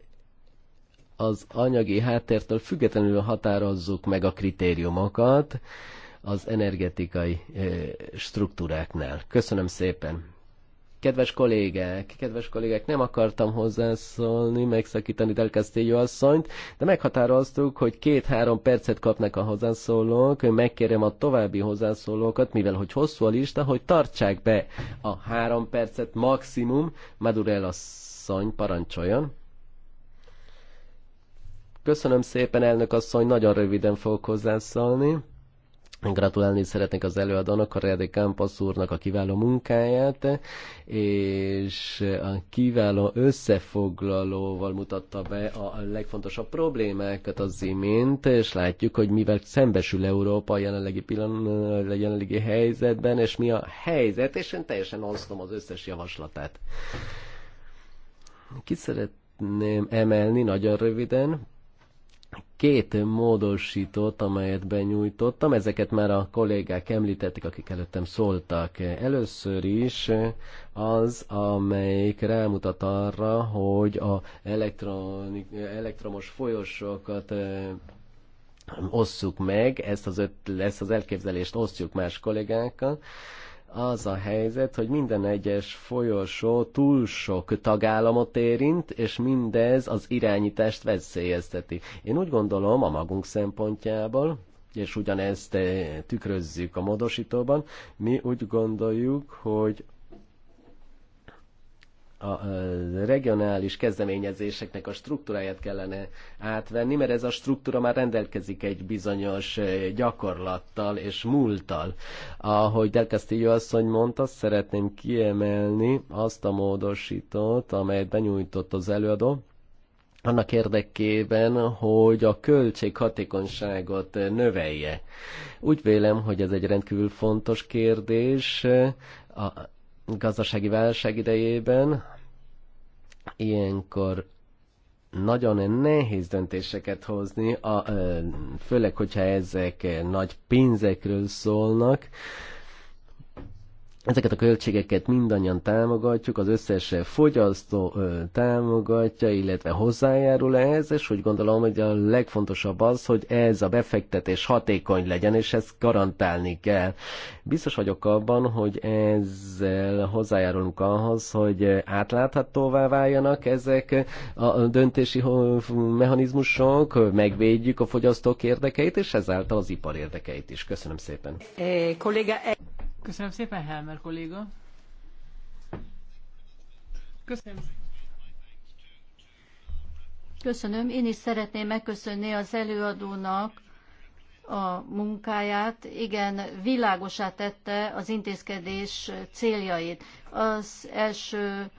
az anyagi háttértől függetlenül határozzuk meg a kritériumokat az energetikai struktúráknál. Köszönöm szépen! Kedves kollégek, kedves kollégek, nem akartam hozzászólni, megszakítani Del Castillo asszonyt, de meghatároztuk, hogy két-három percet kapnak a hozzászólók, megkérem a további hozzászólókat, mivel hogy hosszú a lista, hogy tartsák be a három percet maximum. Madurell asszony, parancsoljon. Köszönöm szépen, elnök asszony, nagyon röviden fogok hozzászólni Gratulálni szeretnék az előadónak, a Rede Campos úrnak a kiváló munkáját, és a kiváló összefoglalóval mutatta be a legfontosabb problémákat az imént, és látjuk, hogy mivel szembesül Európa a jelenlegi, pillan- a jelenlegi helyzetben, és mi a helyzet, és én teljesen osztom az összes javaslatát. Ki szeretném emelni nagyon röviden, két módosítót, amelyet benyújtottam, ezeket már a kollégák említették, akik előttem szóltak. Először is az, amelyik rámutat arra, hogy a elektromos folyosokat osszuk meg, ezt az, öt, ezt az elképzelést osztjuk más kollégákkal, az a helyzet, hogy minden egyes folyosó túl sok tagállamot érint, és mindez az irányítást veszélyezteti. Én úgy gondolom a magunk szempontjából, és ugyanezt eh, tükrözzük a módosítóban, mi úgy gondoljuk, hogy a regionális kezdeményezéseknek a struktúráját kellene átvenni, mert ez a struktúra már rendelkezik egy bizonyos eh, gyakorlattal és múlttal. Ahogy Del Castillo asszony mondta, szeretném kiemelni azt a módosítót, amelyet benyújtott az előadó, annak érdekében, hogy a hatékonyságot növelje. Úgy vélem, hogy ez egy rendkívül fontos kérdés eh, a gazdasági válság idejében, Ilyenkor nagyon nehéz döntéseket hozni, a, főleg, hogyha ezek nagy pénzekről szólnak, Ezeket a költségeket mindannyian támogatjuk, az összes fogyasztó támogatja, illetve hozzájárul ehhez, és úgy gondolom, hogy a legfontosabb az, hogy ez a befektetés hatékony legyen, és ezt garantálni kell. Biztos vagyok abban, hogy ezzel hozzájárulunk ahhoz, hogy átláthatóvá váljanak ezek a döntési mechanizmusok, megvédjük a fogyasztók érdekeit, és ezáltal az ipar érdekeit is. Köszönöm szépen. É, eh, kolléga... Köszönöm szépen, Helmer kolléga. Köszönöm Köszönöm. Én is szeretném megköszönni az előadónak a munkáját. Igen, világosá tette az intézkedés céljait. Az első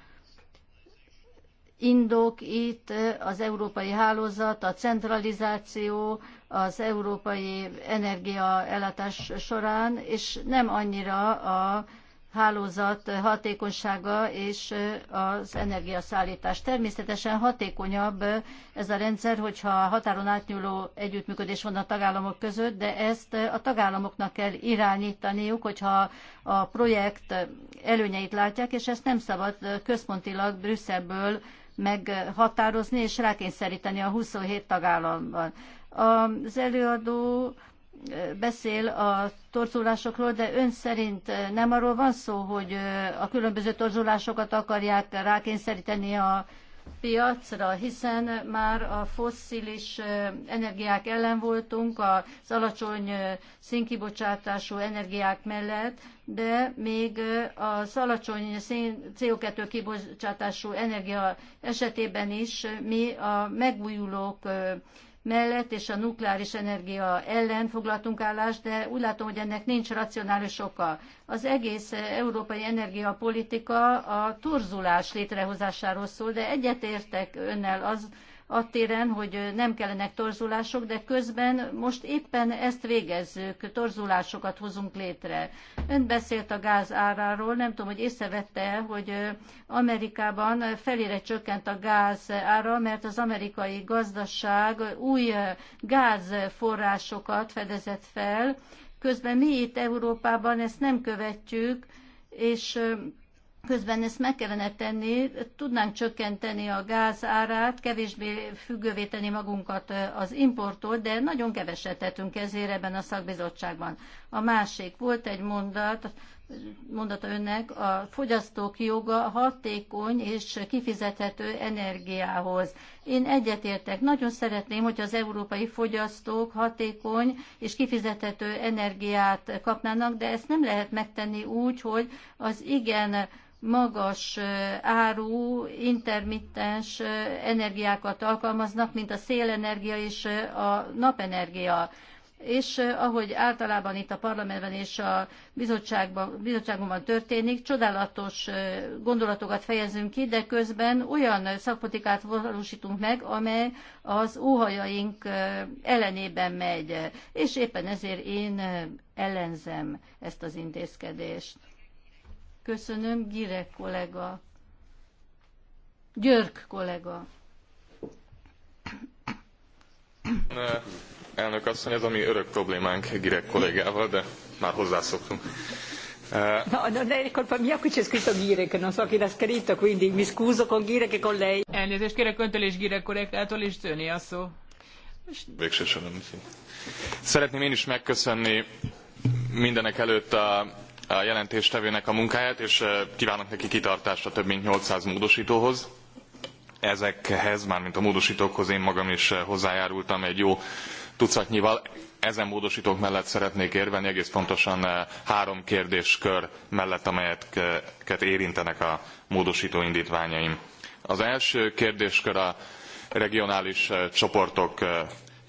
indok itt az európai hálózat, a centralizáció, az európai energiaellátás során, és nem annyira a hálózat hatékonysága és az energiaszállítás. Természetesen hatékonyabb ez a rendszer, hogyha határon átnyúló együttműködés van a tagállamok között, de ezt a tagállamoknak kell irányítaniuk, hogyha a projekt előnyeit látják, és ezt nem szabad központilag Brüsszelből meghatározni és rákényszeríteni a 27 tagállamban. Az előadó eh, beszél a torzulásokról, de ön szerint eh, nem arról van szó, hogy eh, a különböző torzulásokat akarják rákényszeríteni a piacra, hiszen már a fosszilis energiák ellen voltunk, az alacsony szénkibocsátású energiák mellett, de még az alacsony CO2 kibocsátású energia esetében is mi a megújulók mellett és a nukleáris energia ellen foglaltunk állást, de úgy látom, hogy ennek nincs racionális oka. Az egész európai energiapolitika a torzulás létrehozásáról szól, de egyetértek önnel az, a téren, hogy nem kellenek torzulások, de közben most éppen ezt végezzük, torzulásokat hozunk létre. Ön beszélt a gáz áráról, nem tudom, hogy észrevette hogy Amerikában felére csökkent a gáz ára, mert az amerikai gazdaság új gázforrásokat fedezett fel, közben mi itt Európában ezt nem követjük, és Közben ezt meg kellene tenni, tudnánk csökkenteni a gáz árát, kevésbé függővé tenni magunkat az importtól, de nagyon keveset tettünk ezért ebben a szakbizottságban. A másik, volt egy mondat, mondata önnek, a fogyasztók joga hatékony és kifizethető energiához. Én egyetértek, nagyon szeretném, hogy az európai fogyasztók hatékony és kifizethető energiát kapnának, de ezt nem lehet megtenni úgy, hogy az igen magas áru, intermittens energiákat alkalmaznak, mint a szélenergia és a napenergia. És ahogy általában itt a parlamentben és a bizottságban, bizottságban történik, csodálatos gondolatokat fejezünk ki, de közben olyan szakpolitikát valósítunk meg, amely az óhajaink ellenében megy. És éppen ezért én ellenzem ezt az intézkedést. Köszönöm, Girek kollega. Györk kollega. Eh, elnök asszony, ez a mi örök problémánk Girek kollégával, de már hozzászoktunk. Eh, no, non è a mia, qui c'è scritto Ghirek, non so chi l'ha scritto, quindi mi scuso con Ghirek e Elnézést kérek öntől és Ghirek kollégától is tőni a szó. Végső soron. Szeretném én is megköszönni mindenek előtt a a jelentéstevőnek a munkáját, és kívánok neki kitartást a több mint 800 módosítóhoz. Ezekhez, mármint a módosítókhoz én magam is hozzájárultam egy jó tucatnyival. Ezen módosítók mellett szeretnék érvelni, egész pontosan három kérdéskör mellett, amelyeket érintenek a módosító indítványaim. Az első kérdéskör a regionális csoportok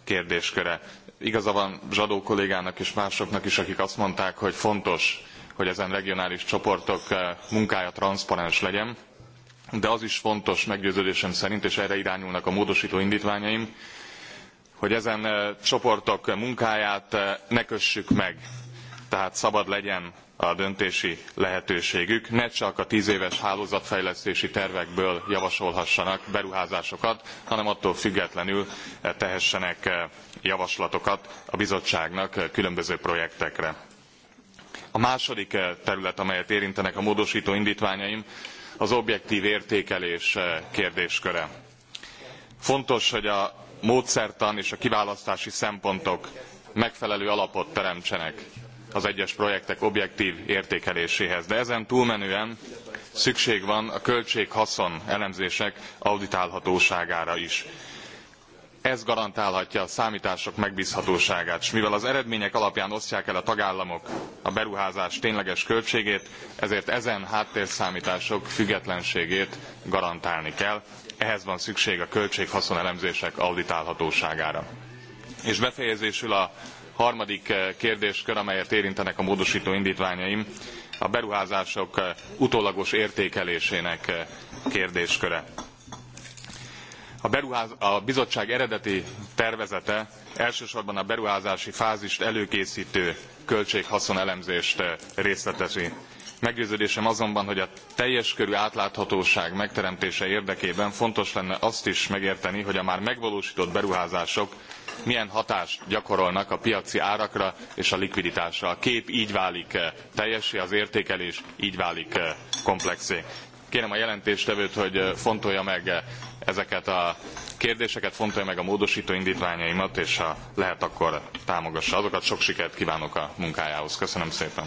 kérdésköre. Igaza van Zsadó kollégának és másoknak is, akik azt mondták, hogy fontos hogy ezen regionális csoportok eh, munkája transzparens legyen, de az is fontos meggyőződésem szerint, és erre irányulnak a módosító indítványaim, hogy ezen eh, csoportok munkáját eh, ne kössük meg. Tehát szabad legyen a döntési lehetőségük, ne csak a tíz éves hálózatfejlesztési tervekből javasolhassanak beruházásokat, hanem attól függetlenül tehessenek javaslatokat a bizottságnak különböző projektekre. A második eh, terület, amelyet érintenek a módostó indítványaim, az objektív értékelés eh, kérdésköre. Fontos, hogy a módszertan és a kiválasztási szempontok megfelelő alapot teremtsenek az egyes projektek objektív értékeléséhez. De ezen túlmenően szükség van a költség-haszon elemzések auditálhatóságára is ez garantálhatja a számtások megbzhatóságát s mivel az eredmények alapján osztják el a tagállamok a beruházás tényleges költségét ezért ezen háttérszámtások függetlenségét garantálni kell ehhez van szükség a költség haszon elemzések auditálhatóságára. és befejezésül a harmadik eh, kérdéskör amelyet érintenek a módostó indtványaim a beruházások eh, utólagos értékelésének eh, kérdésköre a, beruház, a bizottság eredeti tervezete elsősorban a beruházási fázist előkészítő költséghaszon elemzést eh, részletezi. Meggyőződésem azonban, hogy a teljes körű átláthatóság megteremtése érdekében fontos lenne azt is megérteni, hogy a már megvalósított beruházások milyen hatást gyakorolnak a piaci árakra és a likviditásra. A kép így válik eh, teljessé, az értékelés így válik eh, komplexé kérem a jelentéstevőt, hogy fontolja meg ezeket a kérdéseket, fontolja meg a módosító indítványaimat, és ha lehet, akkor támogassa azokat. Sok sikert kívánok a munkájához. Köszönöm szépen.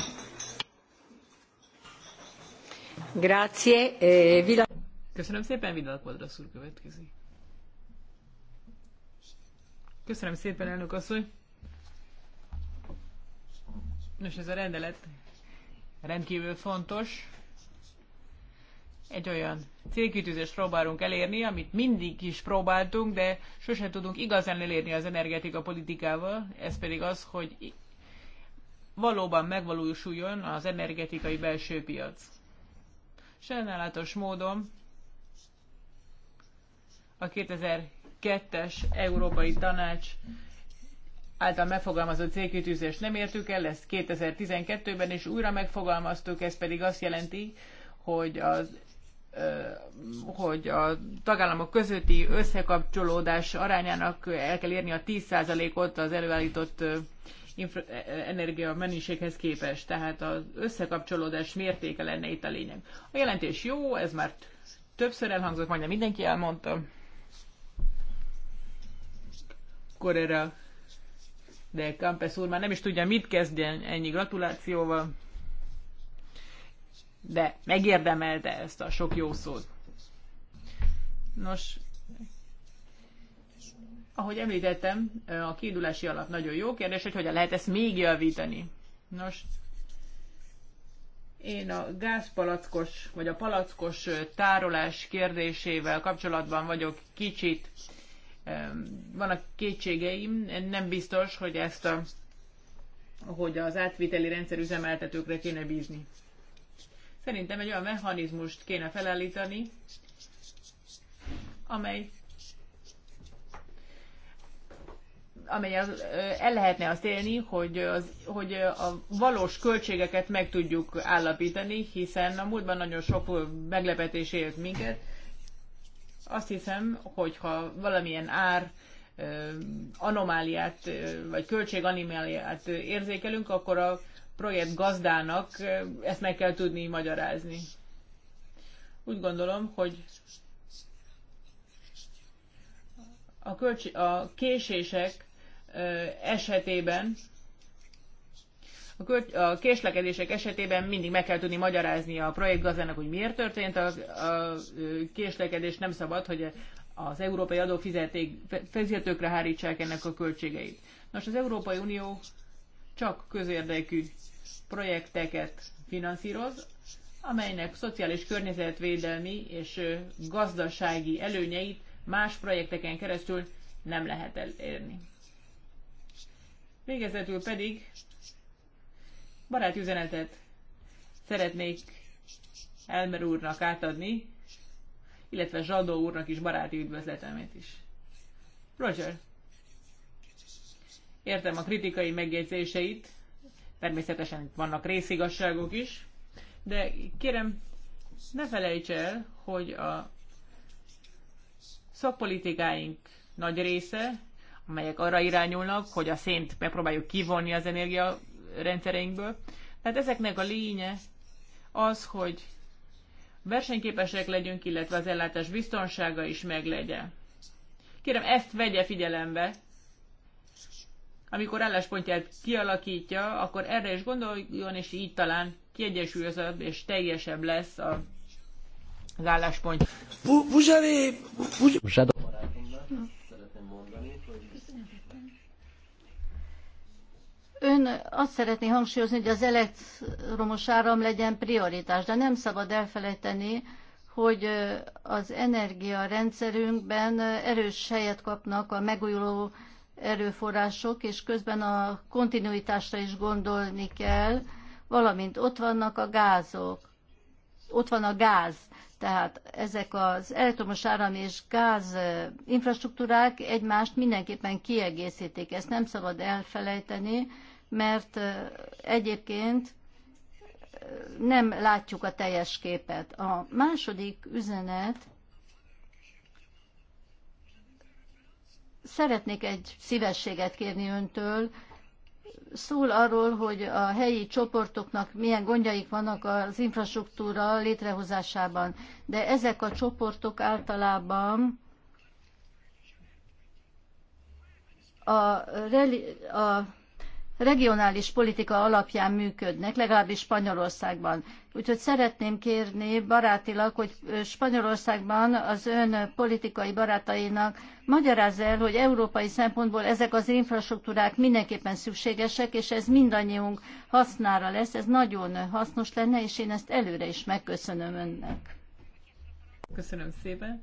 Grazie. Eh, Köszönöm szépen, Vidal Quadrasz úr következik. Köszönöm szépen, elnök asszony. Nos, ez a rendelet rendkívül fontos egy olyan célkitűzést próbálunk elérni, amit mindig is próbáltunk, de sosem tudunk igazán elérni az energetika politikával, ez pedig az, hogy valóban megvalósuljon az energetikai belső piac. Sajnálatos módon a 2002-es Európai Tanács által megfogalmazott célkitűzést nem értük el, ezt 2012-ben is újra megfogalmaztuk, ez pedig azt jelenti, hogy az hogy a tagállamok közötti összekapcsolódás arányának el kell érni a 10%-ot az előállított infra- e- e- energia mennyiséghez képest. Tehát az összekapcsolódás mértéke lenne itt a lényeg. A jelentés jó, ez már többször elhangzott, majdnem mindenki elmondta. Korera de Campes úr már nem is tudja, mit kezdjen ennyi gratulációval de megérdemelte ezt a sok jó szót. Nos, ahogy említettem, a kiindulási alap nagyon jó kérdés, hogy hogyan lehet ezt még javítani. Nos, én a gázpalackos, vagy a palackos tárolás kérdésével kapcsolatban vagyok kicsit, vannak kétségeim, nem biztos, hogy ezt a, hogy az átviteli rendszer üzemeltetőkre kéne bízni. Szerintem egy olyan mechanizmust kéne felállítani, amely amely az, el lehetne azt élni, hogy, az, hogy a valós költségeket meg tudjuk állapítani, hiszen a múltban nagyon sok meglepetés élt minket. Azt hiszem, hogyha valamilyen ár anomáliát, vagy költség anomáliát érzékelünk, akkor a projekt gazdának ezt meg kell tudni magyarázni. Úgy gondolom, hogy a, kölcs- a késések esetében a, költ- a késlekedések esetében mindig meg kell tudni magyarázni a projektgazdának, hogy miért történt a, a késlekedés. Nem szabad, hogy az európai adófizetőkre hárítsák ennek a költségeit. Nos, az Európai Unió csak közérdekű projekteket finanszíroz, amelynek szociális környezetvédelmi és gazdasági előnyeit más projekteken keresztül nem lehet elérni. Végezetül pedig baráti üzenetet szeretnék Elmer úrnak átadni, illetve Zsadó úrnak is baráti üdvözletemet is. Roger, Értem a kritikai megjegyzéseit, természetesen vannak részigasságok is, de kérem, ne felejts el, hogy a szakpolitikáink nagy része, amelyek arra irányulnak, hogy a szént megpróbáljuk kivonni az energiarendszereinkből. Tehát ezeknek a lénye az, hogy versenyképesek legyünk, illetve az ellátás biztonsága is meglegye. Kérem, ezt vegye figyelembe, amikor álláspontját kialakítja, akkor erre is gondoljon, és így talán kiegyensúlyozott és teljesebb lesz a, az álláspont. Buzsari! Buzsari! Ön azt szeretné hangsúlyozni, hogy az elektromos áram legyen prioritás, de nem szabad elfelejteni, hogy az energiarendszerünkben erős helyet kapnak a megújuló erőforrások, és közben a kontinuitásra is gondolni kell, valamint ott vannak a gázok, ott van a gáz, tehát ezek az elektromos áram és gáz infrastruktúrák egymást mindenképpen kiegészítik. Ezt nem szabad elfelejteni, mert egyébként nem látjuk a teljes képet. A második üzenet Szeretnék egy szívességet kérni öntől. Szól arról, hogy a helyi csoportoknak milyen gondjaik vannak az infrastruktúra létrehozásában, de ezek a csoportok általában a, a regionális politika alapján működnek, legalábbis Spanyolországban. Úgyhogy szeretném kérni barátilag, hogy Spanyolországban az ön politikai barátainak magyarázza el, hogy európai szempontból ezek az infrastruktúrák mindenképpen szükségesek, és ez mindannyiunk hasznára lesz, ez nagyon hasznos lenne, és én ezt előre is megköszönöm önnek. Köszönöm szépen.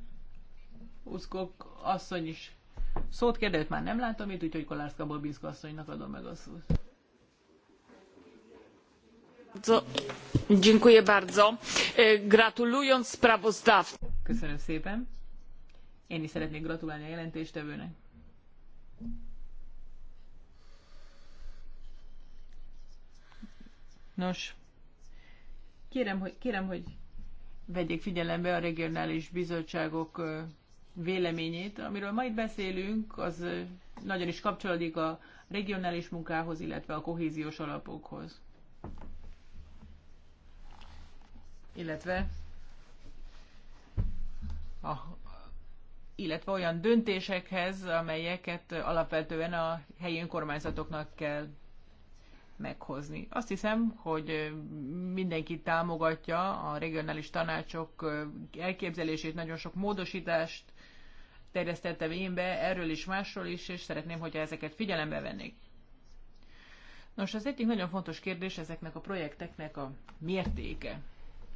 Uszkok asszony is szót kérdőt már nem látom itt, úgyhogy Kolárszka Bobinszka asszonynak adom meg a szót. Dziękuję bardzo. E, gratulując sprawozdawcy. Köszönöm szépen. Én is szeretnék gratulálni a jelentéstevőnek. Nos, kérem, hogy, kérem, hogy vegyék figyelembe a regionális bizottságok véleményét. Amiről ma itt beszélünk, az nagyon is kapcsolódik a regionális munkához, illetve a kohéziós alapokhoz. Illetve a, illetve olyan döntésekhez, amelyeket alapvetően a helyi önkormányzatoknak kell meghozni. Azt hiszem, hogy mindenki támogatja a regionális tanácsok elképzelését, nagyon sok módosítást terjesztettem én be erről is, másról is, és szeretném, hogyha ezeket figyelembe vennék. Nos, az egyik nagyon fontos kérdés ezeknek a projekteknek a mértéke,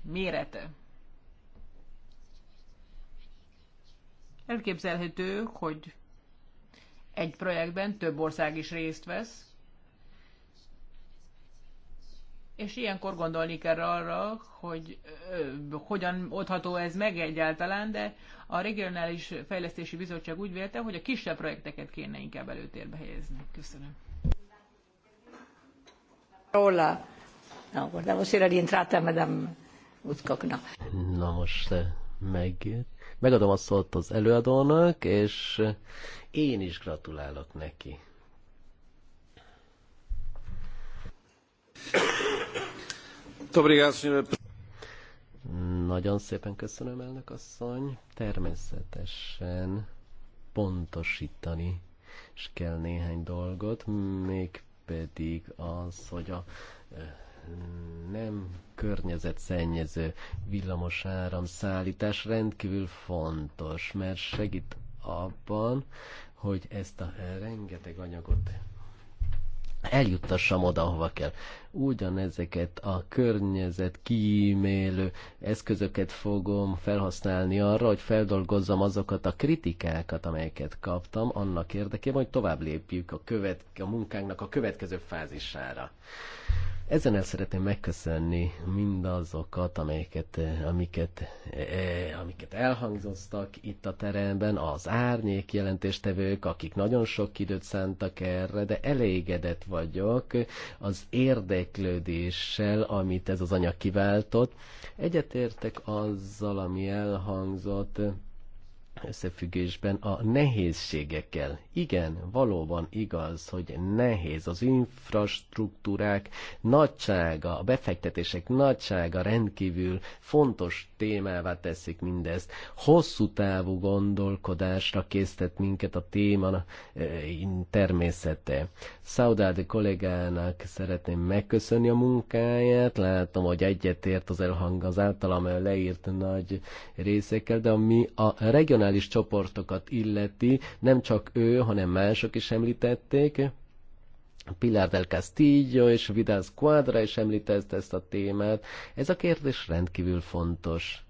mérete. Elképzelhető, hogy egy projektben több ország is részt vesz, És ilyenkor gondolni kell arra, hogy ö, hogyan oldható ez meg egyáltalán, de a Regionális Fejlesztési Bizottság úgy vélte, hogy a kisebb projekteket kéne inkább előtérbe helyezni. Köszönöm. Róla. Na, guardamos era rientrata, madame Woodcocknak. Na most eh, meg, megadom a szót az előadónak, és eh, én is gratulálok neki. Nagyon szépen köszönöm, elnök asszony. Természetesen pontosítani is kell néhány dolgot, még pedig az, hogy a eh, nem környezetszennyező villamos áramszállítás rendkívül fontos, mert segít abban, hogy ezt a rengeteg anyagot eljuttassam oda, ahova kell. Ugyanezeket a környezet kímélő eszközöket fogom felhasználni arra, hogy feldolgozzam azokat a kritikákat, amelyeket kaptam, annak érdekében, hogy tovább lépjük a, követ, a munkánknak a következő fázisára. Ezen el szeretném megköszönni mindazokat, amelyeket, amiket, e, amiket elhangzottak itt a teremben, az árnyék jelentéstevők, akik nagyon sok időt szántak erre, de elégedett vagyok az érdeklődéssel, amit ez az anyag kiváltott. Egyetértek azzal, ami elhangzott, összefüggésben a nehézségekkel. Igen, valóban igaz, hogy nehéz az infrastruktúrák nagysága, a befektetések nagysága rendkívül fontos témává teszik mindezt. Hosszú távú gondolkodásra késztet minket a téma eh, természete. Szaudádi kollégának szeretném megköszönni a munkáját, látom, hogy egyetért az elhang az általam leírt nagy részekkel, de ami a regionális kulturális csoportokat illeti, nem csak ő, hanem mások is említették. Pilar del Castillo és Vidal Quadra is említette ezt a témát. Ez a kérdés rendkívül fontos.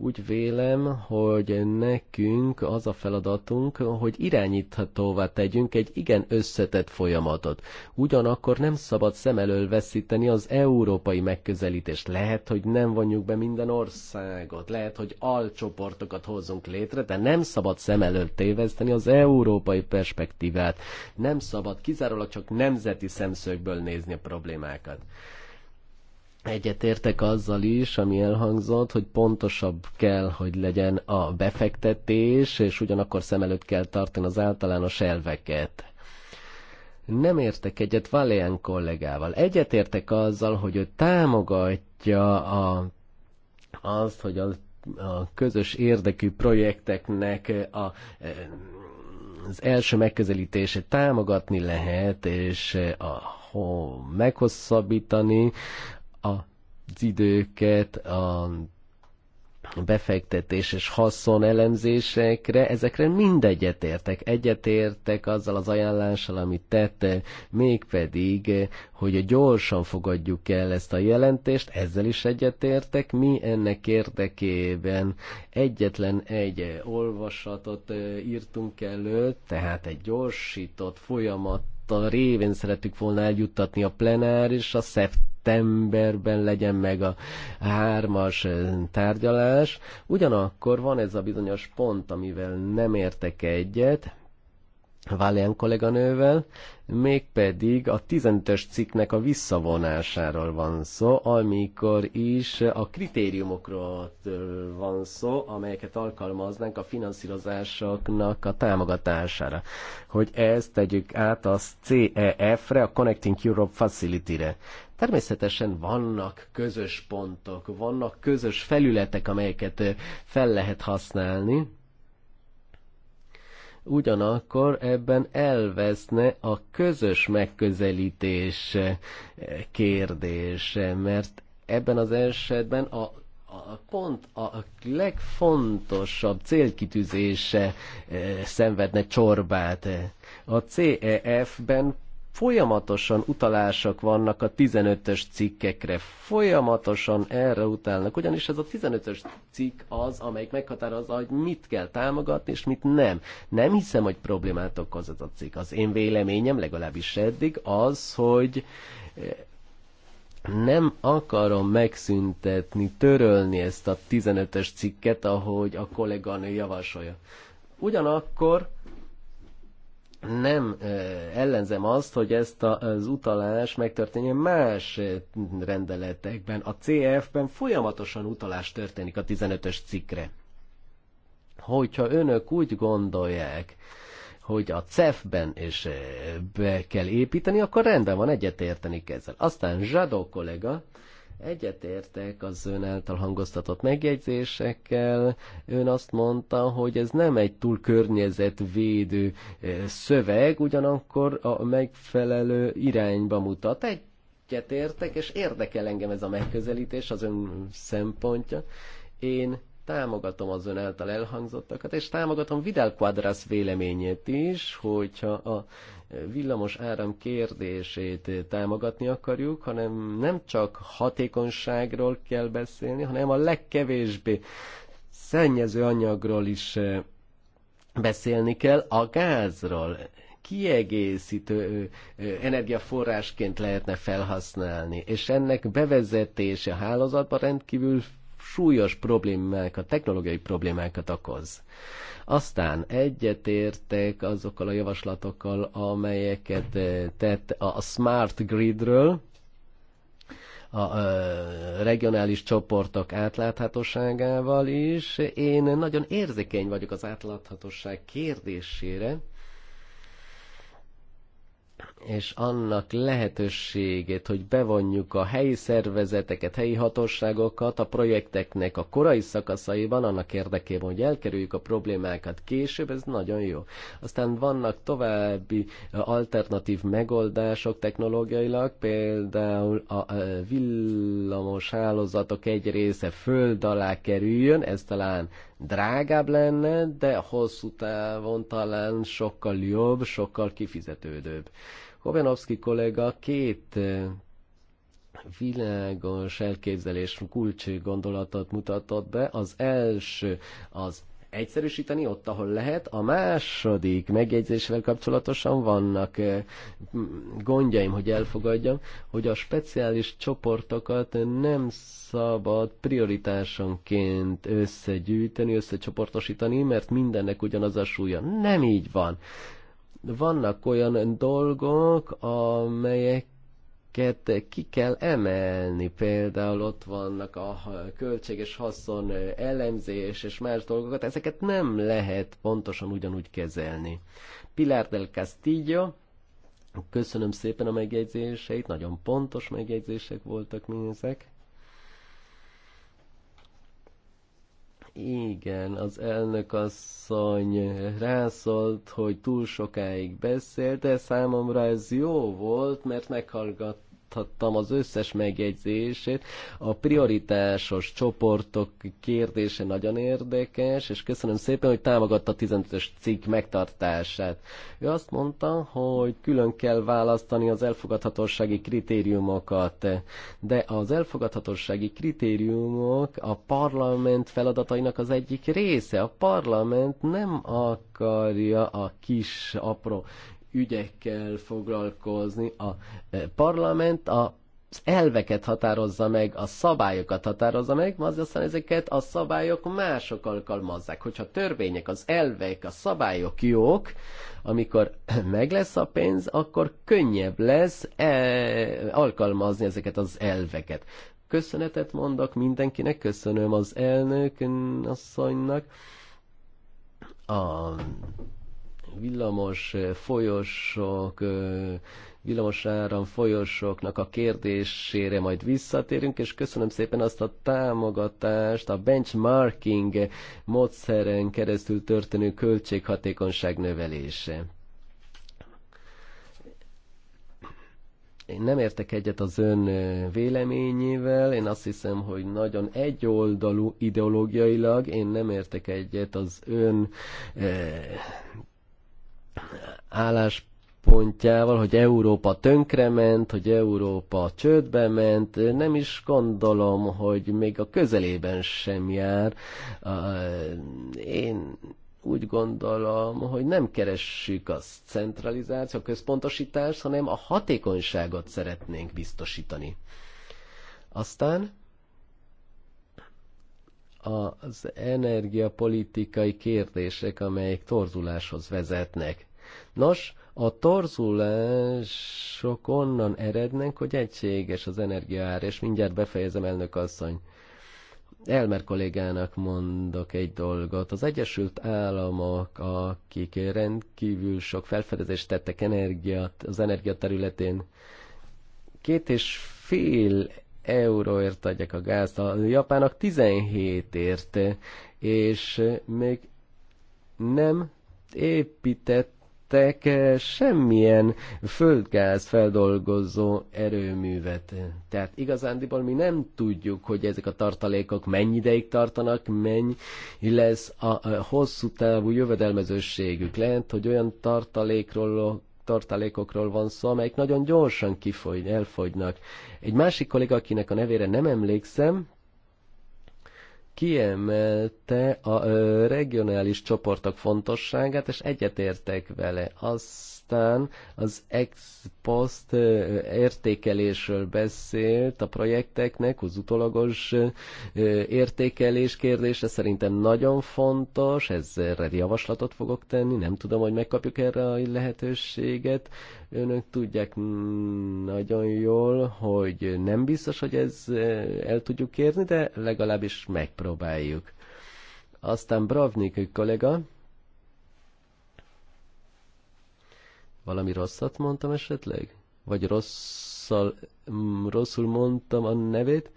Úgy vélem, hogy nekünk az a feladatunk, hogy irányíthatóvá tegyünk egy igen összetett folyamatot. Ugyanakkor nem szabad szem elől veszíteni az európai megközelítést. Lehet, hogy nem vonjuk be minden országot, lehet, hogy alcsoportokat hozunk létre, de nem szabad szem elől téveszteni az európai perspektívát. Nem szabad kizárólag csak nemzeti szemszögből nézni a problémákat. Egyetértek azzal is, ami elhangzott, hogy pontosabb kell, hogy legyen a befektetés, és ugyanakkor szem előtt kell tartani az általános elveket. Nem értek egyet Valéan kollégával. Egyetértek azzal, hogy ő támogatja a, azt, hogy a, a közös érdekű projekteknek a, az első megközelítése támogatni lehet, és a, ho, meghosszabbítani az időket, a befektetés és haszon elemzésekre, ezekre mind egyetértek. Egyetértek azzal az ajánlással, amit tette, mégpedig, hogy gyorsan fogadjuk el ezt a jelentést, ezzel is egyetértek. Mi ennek érdekében egyetlen egy olvasatot írtunk elő, tehát egy gyorsított folyamat a révén szeretük volna eljuttatni a plenáris a szeptember szeptemberben legyen meg a hármas eh, tárgyalás. Ugyanakkor van ez a bizonyos pont, amivel nem értek egyet, Valian kolléganővel, mégpedig a 15-ös cikknek a visszavonásáról van szó, amikor is a kritériumokról van szó, amelyeket alkalmaznánk a finanszírozásoknak a támogatására. Hogy ezt tegyük át a CEF-re, a Connecting Europe Facility-re. Természetesen vannak közös pontok, vannak közös felületek, amelyeket fel lehet használni, ugyanakkor ebben elveszne a közös megközelítés kérdése, mert ebben az esetben a, a pont a legfontosabb célkitűzése szenvedne csorbát. A CEF-ben folyamatosan utalások vannak a 15-ös cikkekre, folyamatosan erre utalnak, ugyanis ez a 15-ös cikk az, amelyik meghatározza, hogy mit kell támogatni, és mit nem. Nem hiszem, hogy problémát okoz ez a cikk. Az én véleményem, legalábbis eddig, az, hogy eh, nem akarom megszüntetni, törölni ezt a 15-ös cikket, ahogy a kolléganő javasolja. Ugyanakkor nem ellenzem azt, hogy ezt az utalás megtörténjen más rendeletekben. A CF-ben folyamatosan utalás történik a 15-ös cikkre. Hogyha önök úgy gondolják, hogy a CEF-ben is be kell építeni, akkor rendben van, egyetértenik ezzel. Aztán Zsadó kollega Egyetértek az ön által hangoztatott megjegyzésekkel. Ön azt mondta, hogy ez nem egy túl környezetvédő eh, szöveg, ugyanakkor a megfelelő irányba mutat. Egyetértek, és érdekel engem ez a megközelítés, az ön szempontja. Én támogatom az ön által elhangzottakat, és támogatom Vidal Quadras véleményét is, hogyha a villamos áram kérdését támogatni akarjuk, hanem nem csak hatékonyságról kell beszélni, hanem a legkevésbé szennyező anyagról is eh, beszélni kell, a gázról kiegészítő eh, eh, energiaforrásként lehetne felhasználni, és ennek bevezetése a hálózatba rendkívül súlyos problémákat, technológiai problémákat okoz. Aztán egyetértek azokkal a javaslatokkal, amelyeket eh, tett a Smart Gridről, a eh, regionális csoportok átláthatóságával is. Én nagyon érzékeny vagyok az átláthatóság kérdésére, és annak lehetőségét, hogy bevonjuk a helyi szervezeteket, helyi hatóságokat a projekteknek a korai szakaszaiban, annak érdekében, hogy elkerüljük a problémákat később, ez nagyon jó. Aztán vannak további alternatív megoldások technológiailag, például a villamos hálózatok egy része föld alá kerüljön, ez talán drágább lenne, de hosszú távon talán sokkal jobb, sokkal kifizetődőbb. Hobenovski kollega két eh, világos elképzelés kulcs gondolatot mutatott be. Az első az egyszerűsíteni ott, ahol lehet. A második megjegyzésvel kapcsolatosan vannak eh, gondjaim, hogy elfogadjam, hogy a speciális csoportokat nem szabad prioritásonként összegyűjteni, összecsoportosítani, mert mindennek ugyanaz a súlya. Nem így van. Vannak olyan dolgok, amelyek amiket ki kell emelni. Például ott vannak a költséges haszon elemzés és más dolgokat, ezeket nem lehet pontosan ugyanúgy kezelni. Pilar del Castillo, köszönöm szépen a megjegyzéseit, nagyon pontos megjegyzések voltak mindezek. Igen, az elnök asszony rászólt, hogy túl sokáig beszélt, de számomra ez jó volt, mert meghallgat láthattam az összes megjegyzését. A prioritásos csoportok kérdése nagyon érdekes, és köszönöm szépen, hogy támogatta a 15-ös cikk megtartását. Ő azt mondta, hogy külön kell választani az elfogadhatósági kritériumokat, de az elfogadhatósági kritériumok a parlament feladatainak az egyik része. A parlament nem akarja a kis, apró ügyekkel foglalkozni. A e, parlament a az elveket határozza meg, a szabályokat határozza meg, az aztán ezeket a szabályok mások alkalmazzák. Hogyha törvények, az elvek, a szabályok jók, amikor meg lesz a pénz, akkor könnyebb lesz e- alkalmazni ezeket az elveket. Köszönetet mondok mindenkinek, köszönöm az elnök asszonynak. A villamos folyosok, villamos áram folyosoknak a kérdésére majd visszatérünk, és köszönöm szépen azt a támogatást a benchmarking módszeren keresztül történő költséghatékonyság növelése. én nem értek egyet az ön véleményével, én azt hiszem, hogy nagyon egyoldalú ideológiailag, én nem értek egyet az ön eh, álláspontjával, hogy Európa tönkrement, hogy Európa csődbe ment, nem is gondolom, hogy még a közelében sem jár. Én úgy gondolom, hogy nem keressük a centralizáció, a központosítást, hanem a hatékonyságot szeretnénk biztosítani. Aztán az energiapolitikai kérdések, amelyek torzuláshoz vezetnek. Nos, a torzulások onnan erednek, hogy egységes az energiaár, és mindjárt befejezem, elnök asszony. Elmer kollégának mondok egy dolgot. Az Egyesült Államok, akik rendkívül sok felfedezést tettek energiát az energia területén, két és fél euróért adják a gázt, a japának 17ért, és még nem épített vezettek eh, semmilyen földgáz feldolgozó erőművet. Tehát igazándiból mi nem tudjuk, hogy ezek a tartalékok mennyi ideig tartanak, mennyi lesz a hosszú távú jövedelmezőségük. Lehet, hogy olyan tartalékról tartalékokról van szó, amelyek nagyon gyorsan kifogy, elfogynak. Egy másik kolléga, akinek a nevére nem emlékszem, kiemelte a regionális csoportok fontosságát, és egyetértek vele. Az aztán az ex post értékelésről beszélt a projekteknek, az utolagos értékelés kérdése szerintem nagyon fontos, ezzel javaslatot fogok tenni, nem tudom, hogy megkapjuk erre a lehetőséget. Önök tudják mm, nagyon jól, hogy nem biztos, hogy ez el tudjuk kérni, de legalábbis megpróbáljuk. Aztán Bravnik kollega, Valami rosszat mondtam esetleg? Vagy rosszal, mm, rosszul mondtam a nevét?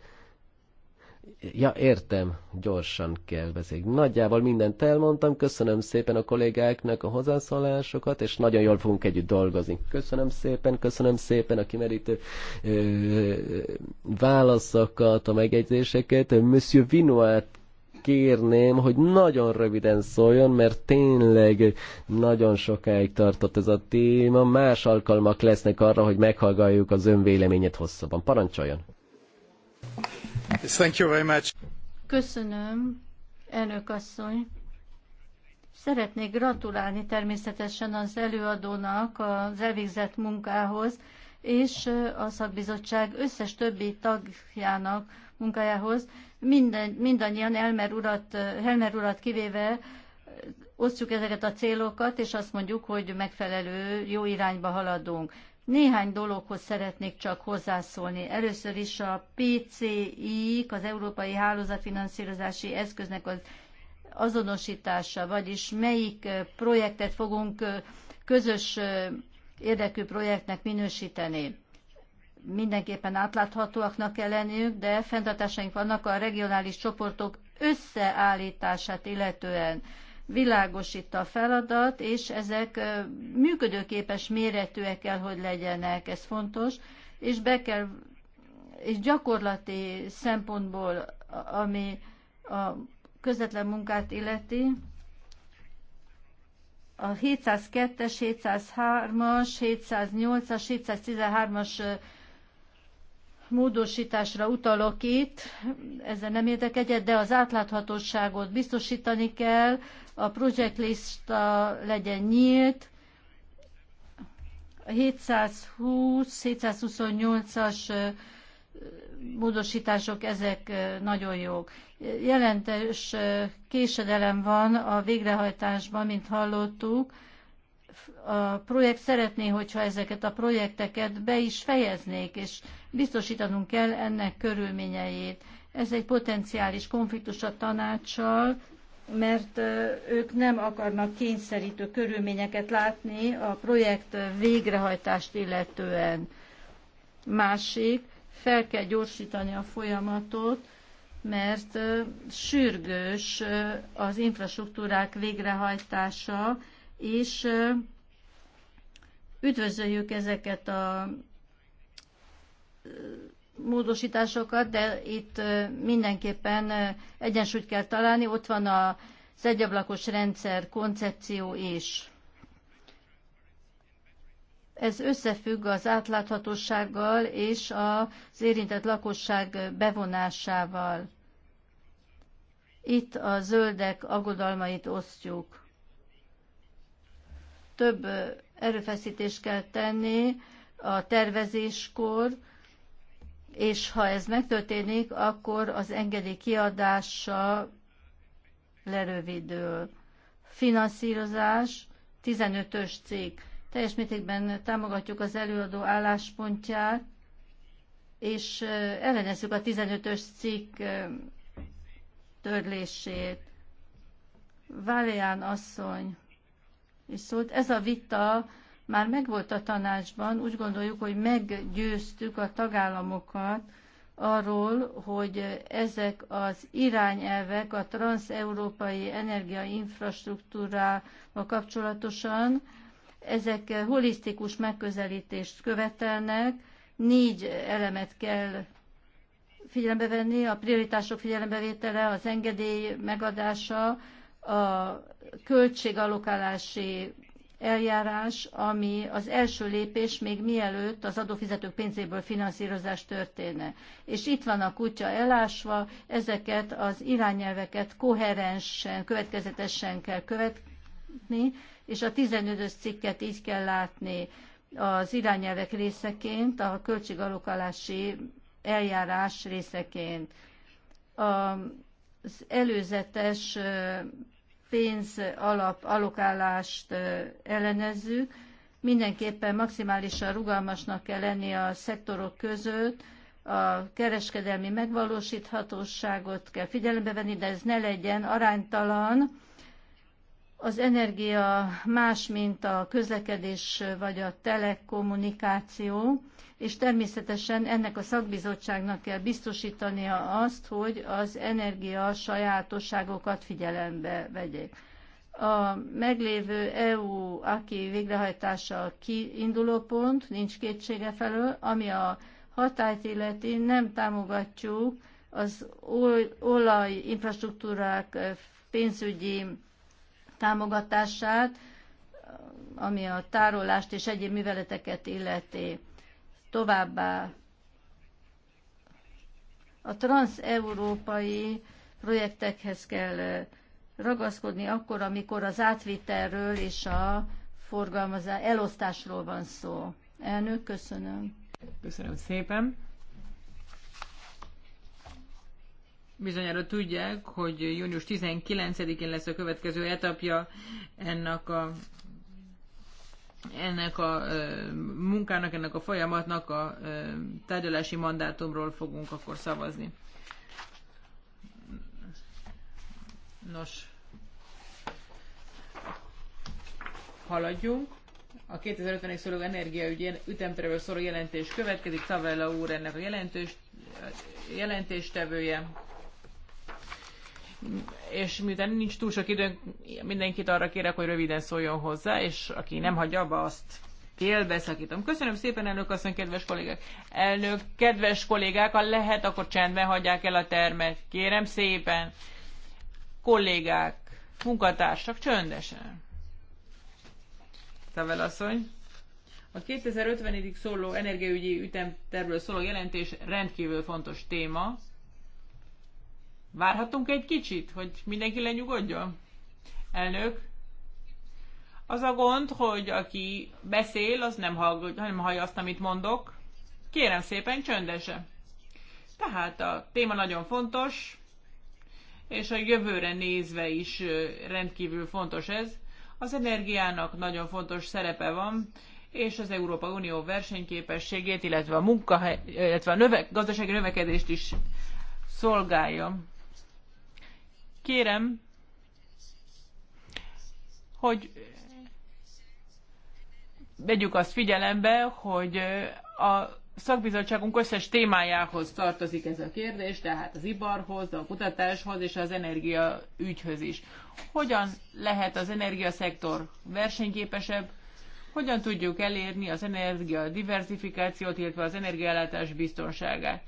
Ja, értem, gyorsan kell beszélni. Nagyjából mindent elmondtam, köszönöm szépen a kollégáknak a hozzászólásokat, és nagyon jól fogunk együtt dolgozni. Köszönöm szépen, köszönöm szépen a kimerítő ö, válaszokat, a megjegyzéseket. Monsieur Vinoát kérném, hogy nagyon röviden szóljon, mert tényleg nagyon sokáig tartott ez a téma. Más alkalmak lesznek arra, hogy meghallgaljuk az ön véleményét hosszabban. Parancsoljon! Thank you very much. Köszönöm, elnök asszony. Szeretnék gratulálni természetesen az előadónak az elvégzett munkához, és a szakbizottság összes többi tagjának munkájához, minden, mindannyian Elmer urat, Helmer urat kivéve osztjuk ezeket a célokat, és azt mondjuk, hogy megfelelő, jó irányba haladunk. Néhány dologhoz szeretnék csak hozzászólni. Először is a PCI-k, az Európai Hálózatfinanszírozási Eszköznek az azonosítása, vagyis melyik projektet fogunk közös érdekű projektnek minősíteni mindenképpen átláthatóaknak kell lenniük, de fenntartásaink vannak a regionális csoportok összeállítását illetően. Világos itt a feladat, és ezek működőképes méretűek kell, hogy legyenek, ez fontos, és be kell, és gyakorlati szempontból, ami a közvetlen munkát illeti, a 702-es, 703-as, 708-as, 713-as módosításra utalok itt, ezzel nem értek egyet, de az átláthatóságot biztosítani kell, a projektlista legyen nyílt, 720-728-as módosítások, ezek nagyon jók. Jelentős késedelem van a végrehajtásban, mint hallottuk, a projekt szeretné, hogyha ezeket a projekteket be is fejeznék, és biztosítanunk kell ennek körülményeit. Ez egy potenciális konfliktus a tanácssal, mert ők nem akarnak kényszerítő körülményeket látni a projekt végrehajtást illetően. Másik, fel kell gyorsítani a folyamatot, mert sürgős az infrastruktúrák végrehajtása, és Üdvözöljük ezeket a módosításokat, de itt mindenképpen egyensúlyt kell találni. Ott van az egyablakos rendszer koncepció is. Ez összefügg az átláthatósággal és az érintett lakosság bevonásával. Itt a zöldek aggodalmait osztjuk. Több erőfeszítést kell tenni a tervezéskor, és ha ez megtörténik, akkor az engedély kiadása lerövidül. Finanszírozás, 15-ös cég. Teljes mértékben támogatjuk az előadó álláspontját, és eh, ellenezzük a 15-ös cikk eh, törlését. Valéán asszony és szólt. Ez a vita már megvolt a tanácsban, úgy gondoljuk, hogy meggyőztük a tagállamokat arról, hogy ezek az irányelvek a transeurópai energiainfrastruktúrával kapcsolatosan, ezek holisztikus megközelítést követelnek, négy elemet kell figyelembe venni, a prioritások figyelembevétele, az engedély megadása, a költségallokálási eljárás, ami az első lépés még mielőtt az adófizetők pénzéből finanszírozás történne. És itt van a kutya elásva, ezeket az irányelveket koherensen, következetesen kell követni, és a 15-ös cikket így kell látni az irányelvek részeként, a költségallokálási eljárás részeként. A az előzetes pénz alap alokálást ellenezzük. Mindenképpen maximálisan rugalmasnak kell lenni a szektorok között, a kereskedelmi megvalósíthatóságot kell figyelembe venni, de ez ne legyen aránytalan, az energia más, mint a közlekedés vagy a telekommunikáció, és természetesen ennek a szakbizottságnak kell biztosítania azt, hogy az energia sajátosságokat figyelembe vegyék. A meglévő EU, aki végrehajtása a kiinduló pont, nincs kétsége felől, ami a hatályt illeti, nem támogatjuk az olajinfrastruktúrák pénzügyi támogatását, ami a tárolást és egyéb műveleteket illeti. Továbbá a transeurópai projektekhez kell ragaszkodni akkor, amikor az átvitelről és a forgalmazás elosztásról van szó. Elnök, köszönöm. Köszönöm szépen. Bizonyára tudják, hogy június 19-én lesz a következő etapja ennek a ennek a ö, munkának, ennek a folyamatnak a ö, tárgyalási mandátumról fogunk akkor szavazni. Nos, haladjunk. A 2050-ig szóló energiaügyi ütemtervről szóló jelentés következik. Tavella úr ennek a jelentős, jelentéstevője és miután nincs túl sok időnk, mindenkit arra kérek, hogy röviden szóljon hozzá, és aki nem hagyja abba, azt félbeszakítom. Köszönöm szépen, elnök asszony, kedves kollégák. Elnök, kedves kollégák, ha lehet, akkor csendben hagyják el a termet. Kérem szépen, kollégák, munkatársak, csöndesen. Tavel asszony. A 2050-ig szóló energiaügyi ütemtervről szóló jelentés rendkívül fontos téma. Várhatunk egy kicsit, hogy mindenki lenyugodjon? Elnök, az a gond, hogy aki beszél, az nem, hallg- nem hallja azt, amit mondok. Kérem szépen, csöndese. Tehát a téma nagyon fontos, és a jövőre nézve is rendkívül fontos ez. Az energiának nagyon fontos szerepe van, és az Európa Unió versenyképességét, illetve a, munkahely, illetve a növe- gazdasági növekedést is szolgálja kérem, hogy vegyük azt figyelembe, hogy a szakbizottságunk összes témájához tartozik ez a kérdés, tehát az ibarhoz, a kutatáshoz és az energiaügyhöz is. Hogyan lehet az energiaszektor versenyképesebb, hogyan tudjuk elérni az energia diversifikációt, illetve az energiállátás biztonságát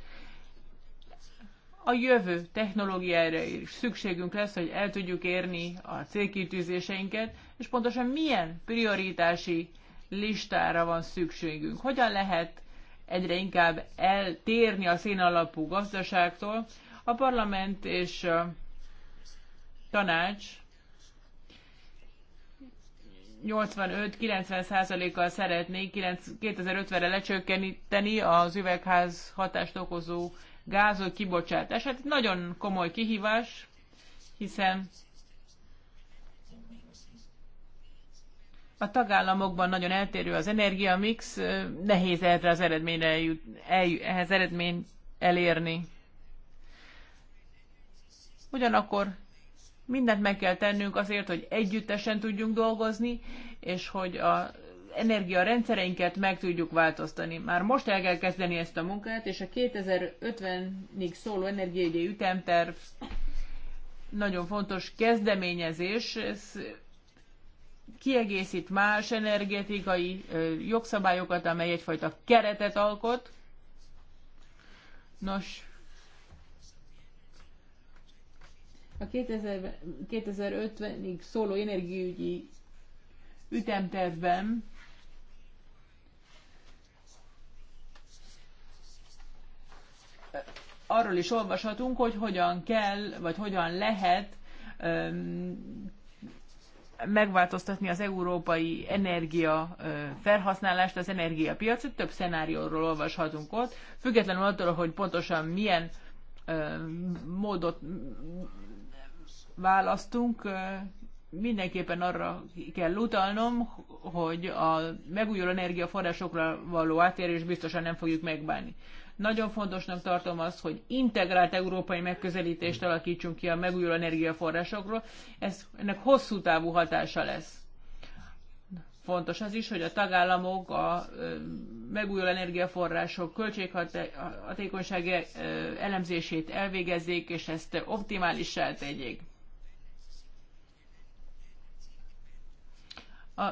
a jövő technológiára is szükségünk lesz, hogy el tudjuk érni a célkitűzéseinket, és pontosan milyen prioritási listára van szükségünk. Hogyan lehet egyre inkább eltérni a szénalapú gazdaságtól. A parlament és a tanács 85-90%-kal szeretné 2050-re lecsökkenteni az üvegház hatást okozó gázok kibocsátását. Hát nagyon komoly kihívás, hiszen a tagállamokban nagyon eltérő az energiamix, nehéz erre az eredményre eljut, eljut, ehhez eredményt elérni. Ugyanakkor mindent meg kell tennünk azért, hogy együttesen tudjunk dolgozni, és hogy a energiarendszereinket meg tudjuk változtani. Már most el kell kezdeni ezt a munkát, és a 2050-ig szóló energiaügyi ütemterv nagyon fontos kezdeményezés, ez kiegészít más energetikai jogszabályokat, amely egyfajta keretet alkot. Nos, a 2050-ig szóló energiaügyi ütemtervben arról is olvashatunk, hogy hogyan kell, vagy hogyan lehet megváltoztatni az európai energia felhasználást, az energiapiacot. Több szenárióról olvashatunk ott, függetlenül attól, hogy pontosan milyen módot választunk, mindenképpen arra kell utalnom, hogy a megújuló energiaforrásokra való átérés biztosan nem fogjuk megbánni. Nagyon fontosnak tartom azt, hogy integrált európai megközelítést alakítsunk ki a megújuló energiaforrásokról. Ez, ennek hosszú távú hatása lesz. Fontos az is, hogy a tagállamok a megújuló energiaforrások költséghatékonysági elemzését elvégezzék, és ezt optimálissá tegyék. A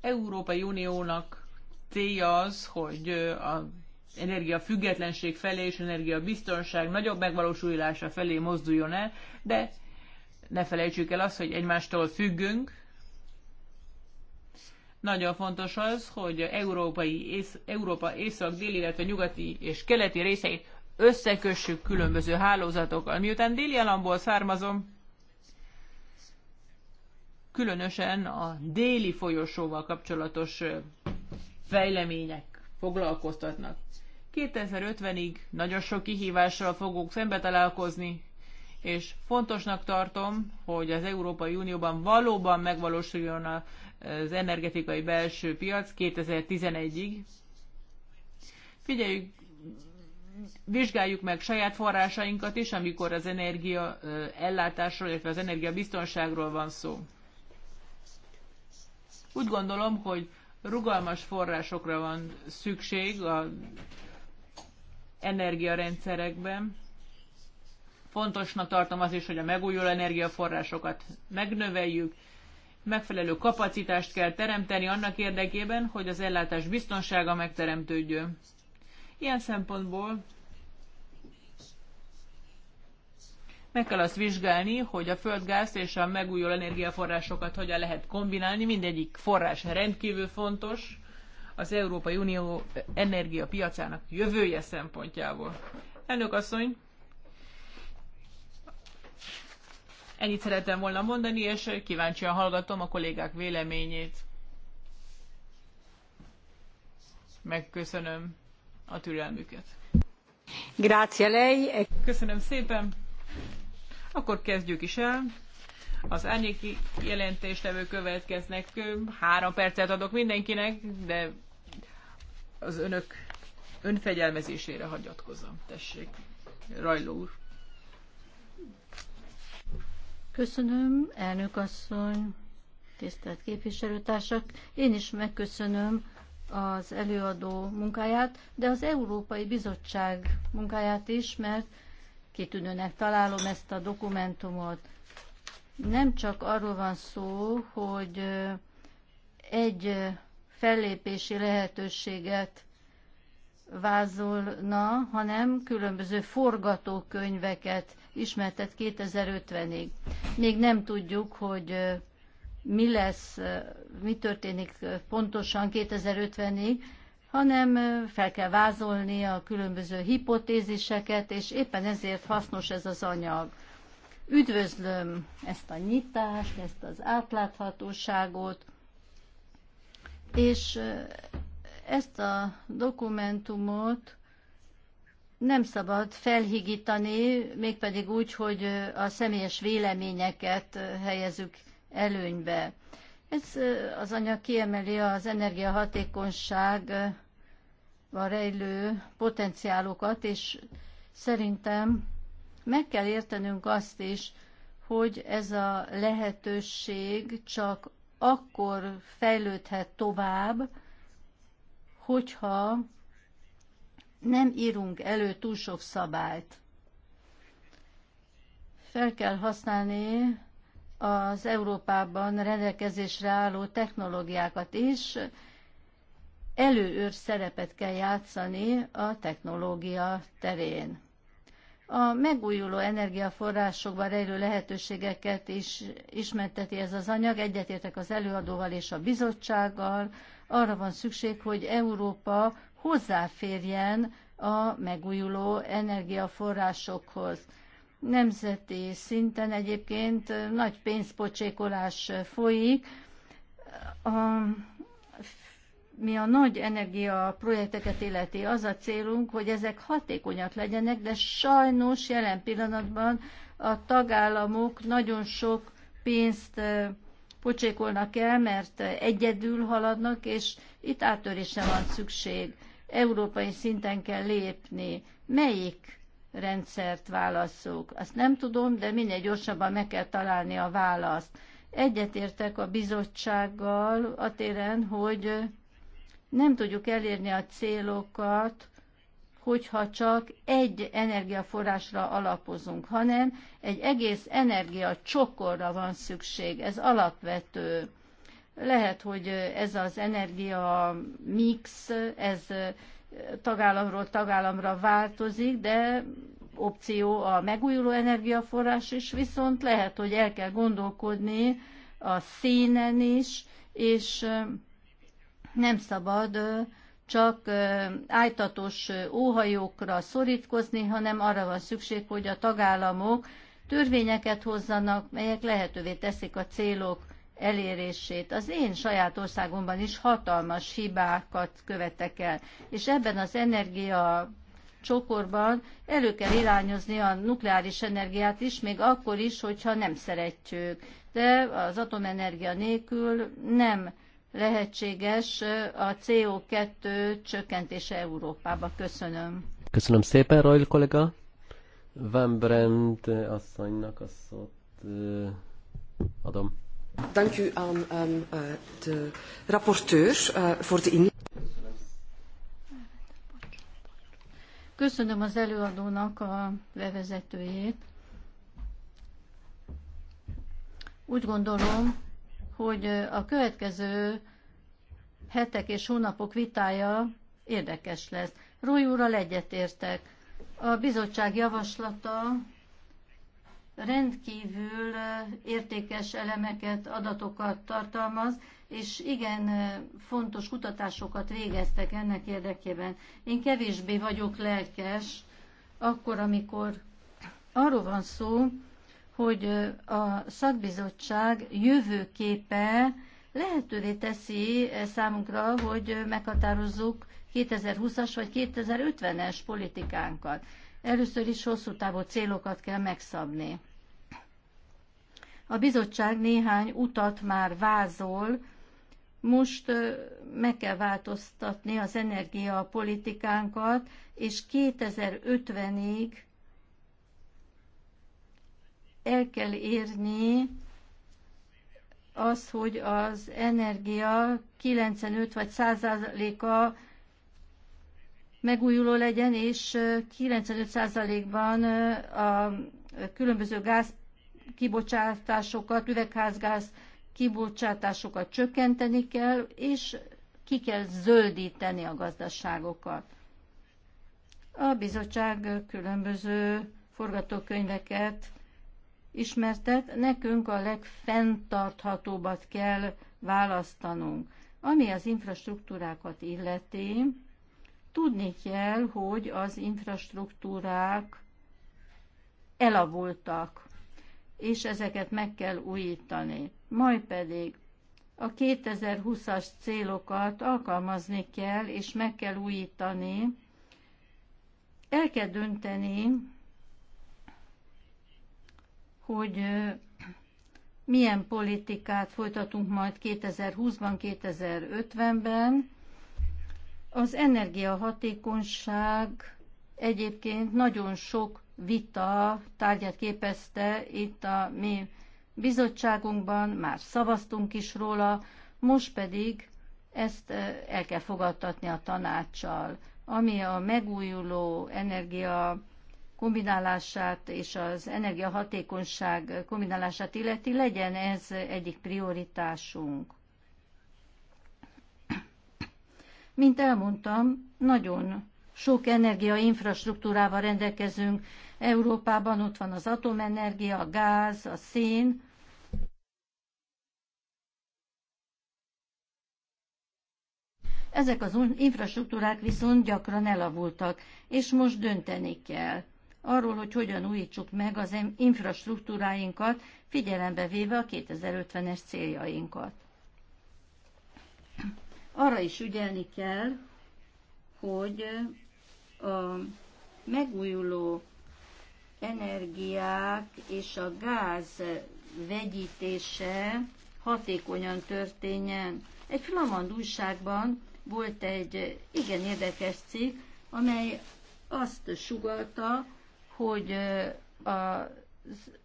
Európai Uniónak célja az, hogy a energiafüggetlenség felé és energiabiztonság nagyobb megvalósulása felé mozduljon el, de ne felejtsük el azt, hogy egymástól függünk. Nagyon fontos az, hogy európai, ész, Európa észak-déli, illetve nyugati és keleti részeit összekössük különböző hálózatokkal. Miután déli államból származom, különösen a déli folyosóval kapcsolatos fejlemények foglalkoztatnak. 2050-ig nagyon sok kihívással fogunk szembe találkozni, és fontosnak tartom, hogy az Európai Unióban valóban megvalósuljon az energetikai belső piac 2011-ig. Figyeljük, vizsgáljuk meg saját forrásainkat is, amikor az energia ellátásról, illetve az energiabiztonságról van szó. Úgy gondolom, hogy rugalmas forrásokra van szükség a energiarendszerekben. Fontosnak tartom az is, hogy a megújuló energiaforrásokat megnöveljük, megfelelő kapacitást kell teremteni annak érdekében, hogy az ellátás biztonsága megteremtődjön. Ilyen szempontból meg kell azt vizsgálni, hogy a földgáz és a megújuló energiaforrásokat hogyan lehet kombinálni. Mindegyik forrás rendkívül fontos, az Európai Unió energiapiacának jövője szempontjából. Elnök asszony, ennyit szerettem volna mondani, és kíváncsian hallgatom a kollégák véleményét. Megköszönöm a türelmüket. Grazie lei. Köszönöm szépen. Akkor kezdjük is el. Az árnyéki jelentéstevő következnek. Három percet adok mindenkinek, de az önök önfegyelmezésére hagyatkozom. Tessék, Rajló úr. Köszönöm, elnök asszony, tisztelt képviselőtársak. Én is megköszönöm az előadó munkáját, de az Európai Bizottság munkáját is, mert kitűnőnek találom ezt a dokumentumot. Nem csak arról van szó, hogy egy fellépési lehetőséget vázolna, hanem különböző forgatókönyveket ismertet 2050-ig. Még nem tudjuk, hogy mi lesz, mi történik pontosan 2050-ig, hanem fel kell vázolni a különböző hipotéziseket, és éppen ezért hasznos ez az anyag. Üdvözlöm ezt a nyitást, ezt az átláthatóságot, és ezt a dokumentumot nem szabad felhigítani, mégpedig úgy, hogy a személyes véleményeket helyezzük előnybe. Ez az anyag kiemeli az energiahatékonyság rejlő potenciálokat, és szerintem meg kell értenünk azt is, hogy ez a lehetőség csak akkor fejlődhet tovább, hogyha nem írunk elő túl sok szabályt. Fel kell használni az Európában rendelkezésre álló technológiákat is, előőr szerepet kell játszani a technológia terén. A megújuló energiaforrásokban rejlő lehetőségeket is ismerteti ez az anyag. Egyetértek az előadóval és a bizottsággal. Arra van szükség, hogy Európa hozzáférjen a megújuló energiaforrásokhoz. Nemzeti szinten egyébként nagy pénzpocsékolás folyik. A mi a nagy energia projekteket illeti, az a célunk, hogy ezek hatékonyak legyenek, de sajnos jelen pillanatban a tagállamok nagyon sok pénzt pocsékolnak el, mert egyedül haladnak, és itt áttörésre van szükség. Európai szinten kell lépni. Melyik rendszert válasszuk? Azt nem tudom, de minél gyorsabban meg kell találni a választ. Egyetértek a bizottsággal a téren, hogy nem tudjuk elérni a célokat, hogyha csak egy energiaforrásra alapozunk, hanem egy egész energiacsokorra van szükség. Ez alapvető. Lehet, hogy ez az energia mix, ez tagállamról tagállamra változik, de opció a megújuló energiaforrás is, viszont lehet, hogy el kell gondolkodni a színen is, és nem szabad csak ájtatos óhajókra szorítkozni, hanem arra van szükség, hogy a tagállamok törvényeket hozzanak, melyek lehetővé teszik a célok elérését. Az én saját országomban is hatalmas hibákat követek el, és ebben az energia csokorban elő kell irányozni a nukleáris energiát is, még akkor is, hogyha nem szeretjük. De az atomenergia nélkül nem lehetséges a CO2 csökkentése Európába. Köszönöm. Köszönöm szépen, Rajl kollega. Van Brent asszonynak a szót adom. Thank you, aan um, um, uh, the rapporteur uh, the de in. Köszönöm az előadónak a bevezetőjét. Úgy gondolom, hogy a következő hetek és hónapok vitája érdekes lesz. Roy úrral egyetértek. A bizottság javaslata rendkívül értékes elemeket, adatokat tartalmaz, és igen fontos kutatásokat végeztek ennek érdekében. Én kevésbé vagyok lelkes akkor, amikor arról van szó, hogy a szakbizottság jövőképe lehetővé teszi e, számunkra, hogy meghatározzuk 2020-as vagy 2050-es politikánkat. Először is hosszú távú célokat kell megszabni. A bizottság néhány utat már vázol, most meg kell változtatni az energiapolitikánkat, és 2050-ig el kell érni az, hogy az energia 95 vagy 100%-a megújuló legyen, és 95%-ban a különböző gáz kibocsátásokat, üvegházgáz kibocsátásokat csökkenteni kell, és ki kell zöldíteni a gazdaságokat. A bizottság különböző forgatókönyveket ismertet, nekünk a legfenntarthatóbbat kell választanunk. Ami az infrastruktúrákat illeti, tudni kell, hogy az infrastruktúrák elavultak, és ezeket meg kell újítani. Majd pedig a 2020-as célokat alkalmazni kell, és meg kell újítani. El kell dönteni, hogy milyen politikát folytatunk majd 2020-ban, 2050-ben. Az energiahatékonyság egyébként nagyon sok vita tárgyát képezte itt a mi bizottságunkban, már szavaztunk is róla, most pedig ezt el kell fogadtatni a tanácssal. Ami a megújuló energia kombinálását és az energiahatékonyság kombinálását illeti, legyen ez egyik prioritásunk. Mint elmondtam, nagyon sok energia infrastruktúrával rendelkezünk. Európában ott van az atomenergia, a gáz, a szén. Ezek az infrastruktúrák viszont gyakran elavultak, és most dönteni kell arról, hogy hogyan újítsuk meg az infrastruktúráinkat, figyelembe véve a 2050-es céljainkat. Arra is ügyelni kell, hogy a megújuló energiák és a gáz vegyítése hatékonyan történjen. Egy flamand újságban volt egy igen érdekes cikk, amely azt sugalta, hogy a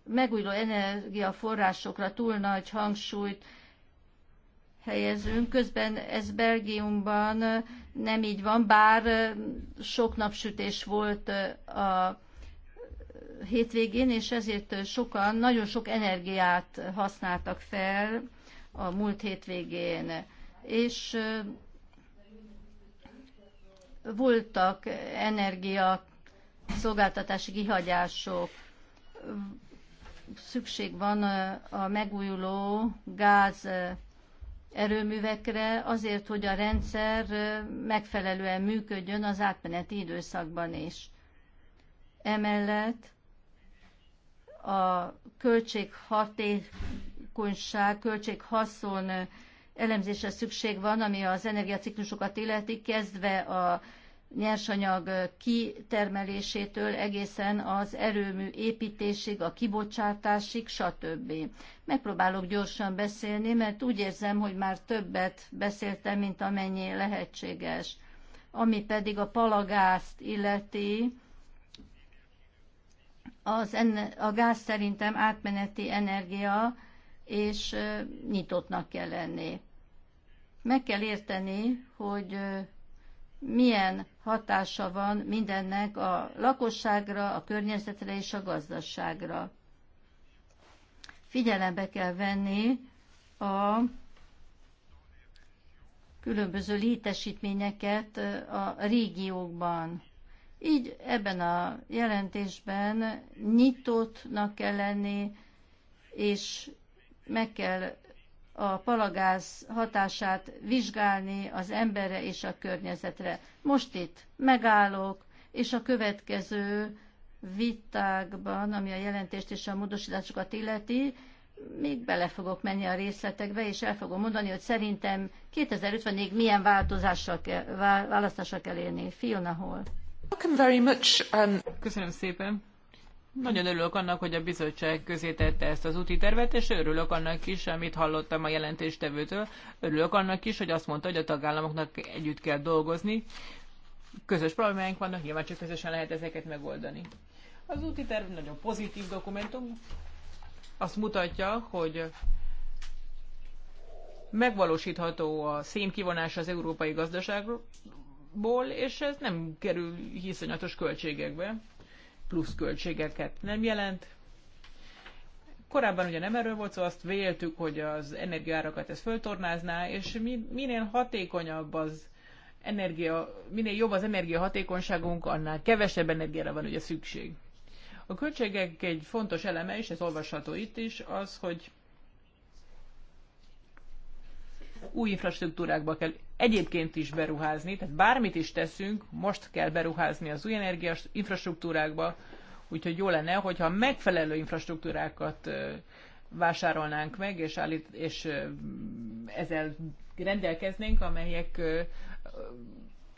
megújuló energiaforrásokra túl nagy hangsúlyt helyezünk. Közben ez Belgiumban nem így van, bár sok napsütés volt a hétvégén, és ezért sokan nagyon sok energiát használtak fel a múlt hétvégén. És voltak energia szolgáltatási kihagyások. Szükség van a megújuló gáz erőművekre azért, hogy a rendszer megfelelően működjön az átmeneti időszakban is. Emellett a költséghatékonyság, költséghaszon elemzésre szükség van, ami az energiaciklusokat illeti, kezdve a nyersanyag kitermelésétől egészen az erőmű építésig, a kibocsátásig, stb. Megpróbálok gyorsan beszélni, mert úgy érzem, hogy már többet beszéltem, mint amennyi lehetséges. Ami pedig a palagázt illeti, az enne, a gáz szerintem átmeneti energia, és nyitottnak kell lenni. Meg kell érteni, hogy milyen hatása van mindennek a lakosságra, a környezetre és a gazdaságra. Figyelembe kell venni a különböző létesítményeket a régiókban. Így ebben a jelentésben nyitottnak kell lenni, és meg kell a palagáz hatását vizsgálni az emberre és a környezetre. Most itt megállok, és a következő vitákban, ami a jelentést és a módosításokat illeti, még bele fogok menni a részletekbe, és el fogom mondani, hogy szerintem 2050-ig milyen változással kell, választással kell élni. Fiona Hall. Um, Köszönöm szépen. Nagyon örülök annak, hogy a bizottság közé tette ezt az úti tervet, és örülök annak is, amit hallottam a jelentéstevőtől. Örülök annak is, hogy azt mondta, hogy a tagállamoknak együtt kell dolgozni. Közös problémáink vannak, nyilván csak közösen lehet ezeket megoldani. Az úti terv nagyon pozitív dokumentum. Azt mutatja, hogy megvalósítható a szén kivonás az európai gazdaságból, és ez nem kerül hiszonyatos költségekbe plusz költségeket nem jelent. Korábban ugye nem erről volt szó, szóval azt véltük, hogy az energiárakat ez föltornázná, és minél hatékonyabb az energia, minél jobb az energiahatékonyságunk, annál kevesebb energiára van ugye szükség. A költségek egy fontos eleme, és ez olvasható itt is, az, hogy új infrastruktúrákba kell egyébként is beruházni, tehát bármit is teszünk, most kell beruházni az új energiás infrastruktúrákba, úgyhogy jó lenne, hogyha megfelelő infrastruktúrákat vásárolnánk meg, és, állít, és ezzel rendelkeznénk, amelyek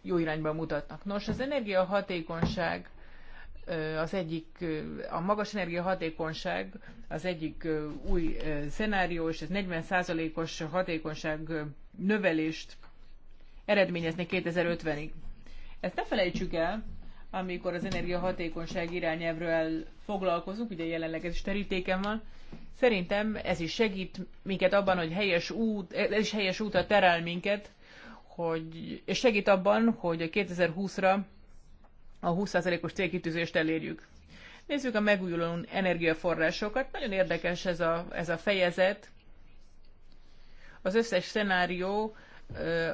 jó irányba mutatnak. Nos, az energiahatékonyság az egyik, a magas hatékonyság az egyik új szenárió, és ez 40%-os hatékonyság növelést eredményezni 2050-ig. Ezt ne felejtsük el, amikor az energiahatékonyság irányelvről foglalkozunk, ugye jelenleg ez is terítéken van, szerintem ez is segít minket abban, hogy helyes út, ez is helyes útra terel minket, hogy, és segít abban, hogy a 2020-ra a 20%-os célkitűzést elérjük. Nézzük a megújuló energiaforrásokat. Nagyon érdekes ez a, ez a fejezet. Az összes szenárió ö,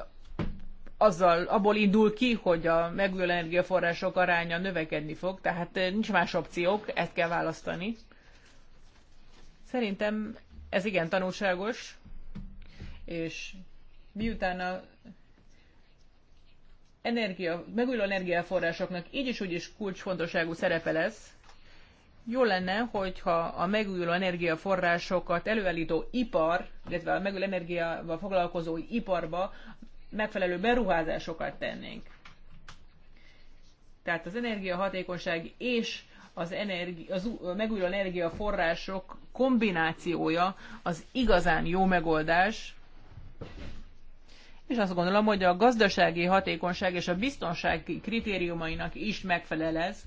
azzal, abból indul ki, hogy a megújuló energiaforrások aránya növekedni fog, tehát nincs más opciók, ezt kell választani. Szerintem ez igen tanulságos, és miután a energia, megújuló energiaforrásoknak így is úgy is kulcsfontosságú szerepe lesz. Jó lenne, hogyha a megújuló energiaforrásokat előállító ipar, illetve a megújuló energiával foglalkozó iparba megfelelő beruházásokat tennénk. Tehát az energiahatékonyság és az, energi, az megújuló energiaforrások kombinációja az igazán jó megoldás, és azt gondolom, hogy a gazdasági hatékonyság és a biztonsági kritériumainak is megfelel ez,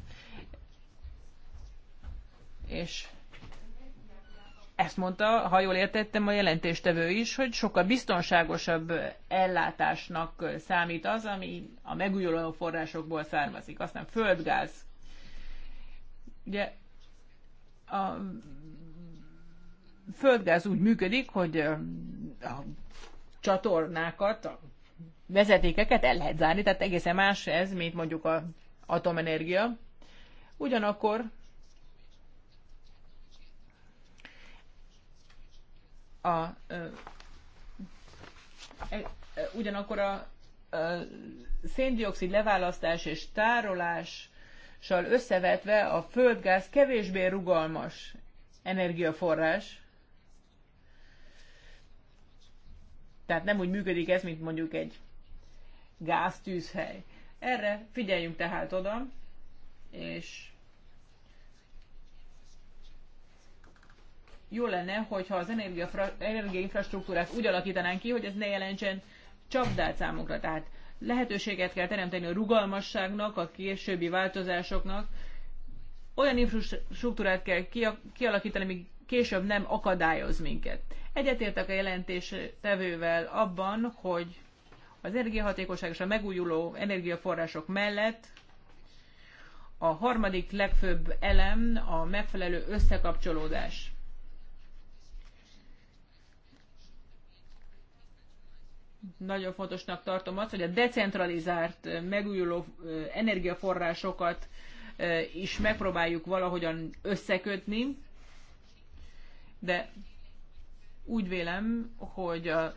és ezt mondta, ha jól értettem, a jelentéstevő is, hogy sokkal biztonságosabb ellátásnak számít az, ami a megújuló forrásokból származik. Aztán földgáz. Ugye a földgáz úgy működik, hogy a csatornákat, a vezetékeket el lehet zárni, tehát egészen más ez, mint mondjuk a atomenergia. Ugyanakkor a e, e, ugyanakkor a ö, széndiokszid leválasztás és tárolással összevetve a földgáz kevésbé rugalmas energiaforrás, Tehát nem úgy működik ez, mint mondjuk egy gáztűzhely. Erre figyeljünk tehát oda, és jó lenne, hogyha az energiainfrastruktúrát úgy alakítanánk ki, hogy ez ne jelentsen csapdát számunkra. Tehát lehetőséget kell teremteni a rugalmasságnak, a későbbi változásoknak. Olyan infrastruktúrát kell kialakítani, ami később nem akadályoz minket. Egyetértek a jelentés tevővel abban, hogy az energiahatékosság és a megújuló energiaforrások mellett a harmadik legfőbb elem a megfelelő összekapcsolódás. Nagyon fontosnak tartom azt, hogy a decentralizált megújuló energiaforrásokat is megpróbáljuk valahogyan összekötni, de úgy vélem, hogy a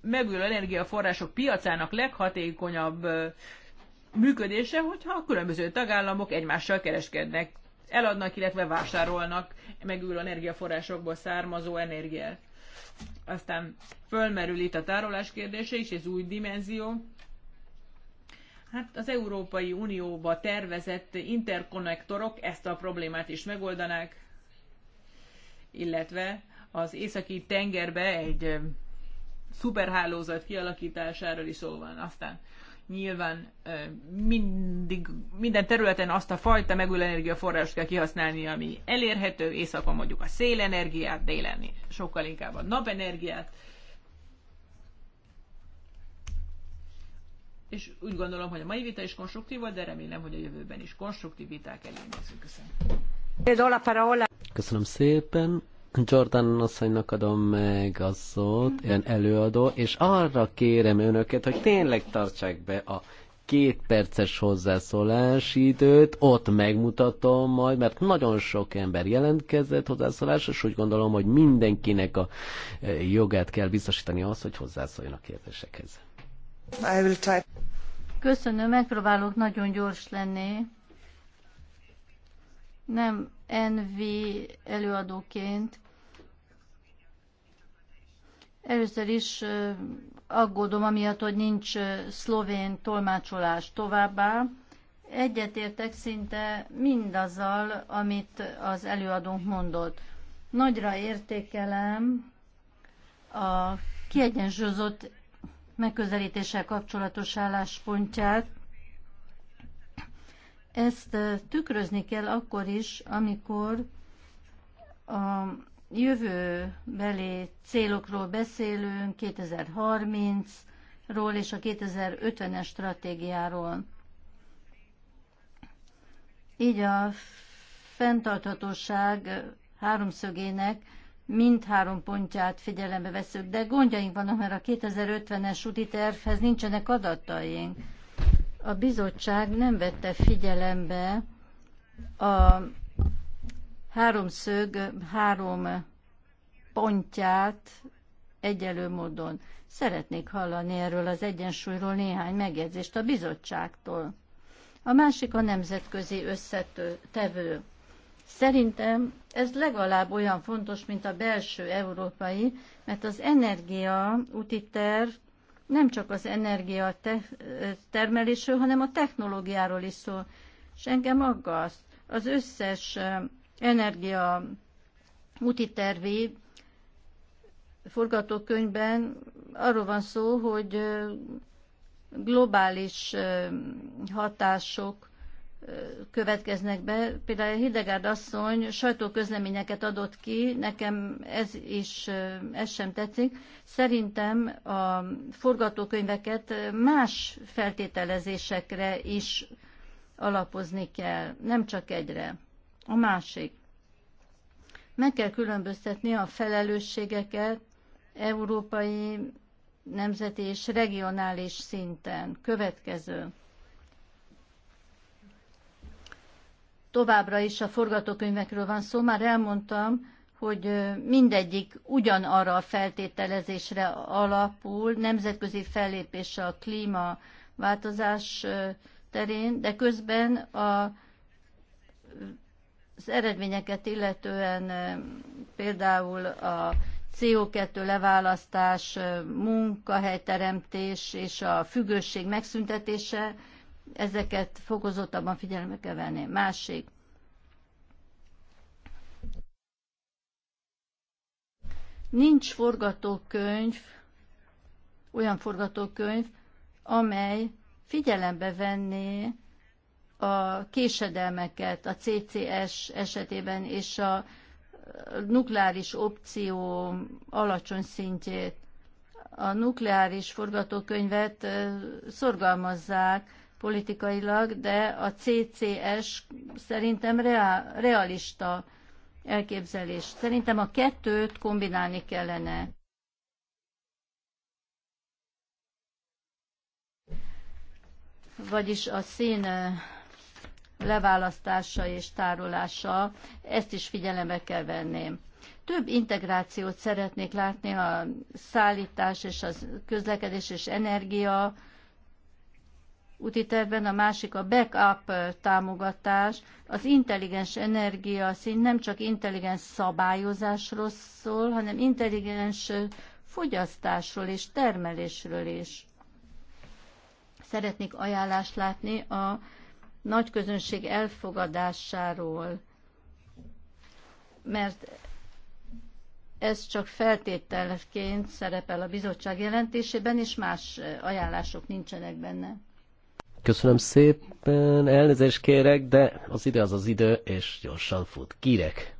megújuló energiaforrások piacának leghatékonyabb működése, hogyha a különböző tagállamok egymással kereskednek, eladnak, illetve vásárolnak megújuló energiaforrásokból származó energiát. Aztán fölmerül itt a tárolás kérdése is, ez új dimenzió. Hát az Európai Unióba tervezett interkonnektorok ezt a problémát is megoldanák illetve az északi tengerbe egy szuperhálózat kialakításáról is szó van. Aztán nyilván mindig, minden területen azt a fajta megújuló energiaforrást kell kihasználni, ami elérhető, északon mondjuk a szélenergiát, délen sokkal inkább a napenergiát. És úgy gondolom, hogy a mai vita is konstruktív volt, de remélem, hogy a jövőben is konstruktív viták elé Köszönöm. Köszönöm szépen. Jordan asszonynak adom meg a szót, ilyen előadó, és arra kérem önöket, hogy tényleg tartsák be a két perces hozzászólási időt, ott megmutatom majd, mert nagyon sok ember jelentkezett hozzászólásra, és úgy gondolom, hogy mindenkinek a e, jogát kell biztosítani az, hogy hozzászóljon a kérdésekhez. Köszönöm, megpróbálok nagyon gyors lenni nem NV előadóként. Először is aggódom amiatt, hogy nincs szlovén tolmácsolás továbbá. Egyetértek szinte mindazzal, amit az előadónk mondott. Nagyra értékelem a kiegyensúlyozott megközelítéssel kapcsolatos álláspontját, ezt tükrözni kell akkor is, amikor a jövőbeli célokról beszélünk, 2030-ról és a 2050-es stratégiáról. Így a fenntarthatóság háromszögének mindhárom pontját figyelembe veszük, de gondjaink vannak, mert a 2050-es úti tervhez nincsenek adataink a bizottság nem vette figyelembe a háromszög három pontját egyelő módon. Szeretnék hallani erről az egyensúlyról néhány megjegyzést a bizottságtól. A másik a nemzetközi összetevő. Szerintem ez legalább olyan fontos, mint a belső európai, mert az energia úti terv nem csak az energia termelésről, hanem a technológiáról is szól. És engem aggaszt. Az összes energia úti tervé forgatókönyvben arról van szó, hogy globális hatások következnek be. Például Hidegárd asszony sajtóközleményeket adott ki, nekem ez is, ez sem tetszik. Szerintem a forgatókönyveket más feltételezésekre is alapozni kell, nem csak egyre. A másik. Meg kell különböztetni a felelősségeket európai, nemzeti és regionális szinten. Következő továbbra is a forgatókönyvekről van szó. Már elmondtam, hogy mindegyik ugyanarra a feltételezésre alapul, nemzetközi fellépésre a klímaváltozás terén, de közben a az eredményeket illetően például a CO2 leválasztás, munkahelyteremtés és a függőség megszüntetése ezeket fokozottabban figyelembe kell venni. Másik. Nincs forgatókönyv, olyan forgatókönyv, amely figyelembe venné a késedelmeket a CCS esetében és a nukleáris opció alacsony szintjét. A nukleáris forgatókönyvet szorgalmazzák, politikailag, de a CCS szerintem realista elképzelés. Szerintem a kettőt kombinálni kellene. Vagyis a szín leválasztása és tárolása, ezt is figyelembe kell venném. Több integrációt szeretnék látni a szállítás és a közlekedés és energia úti tervben, a másik a backup támogatás. Az intelligens energia szint nem csak intelligens szabályozásról szól, hanem intelligens fogyasztásról és termelésről is. Szeretnék ajánlást látni a nagy közönség elfogadásáról, mert ez csak feltételként szerepel a bizottság jelentésében, és más ajánlások nincsenek benne. Köszönöm szépen, elnézést kérek, de az idő az az idő, és gyorsan fut. Kirek.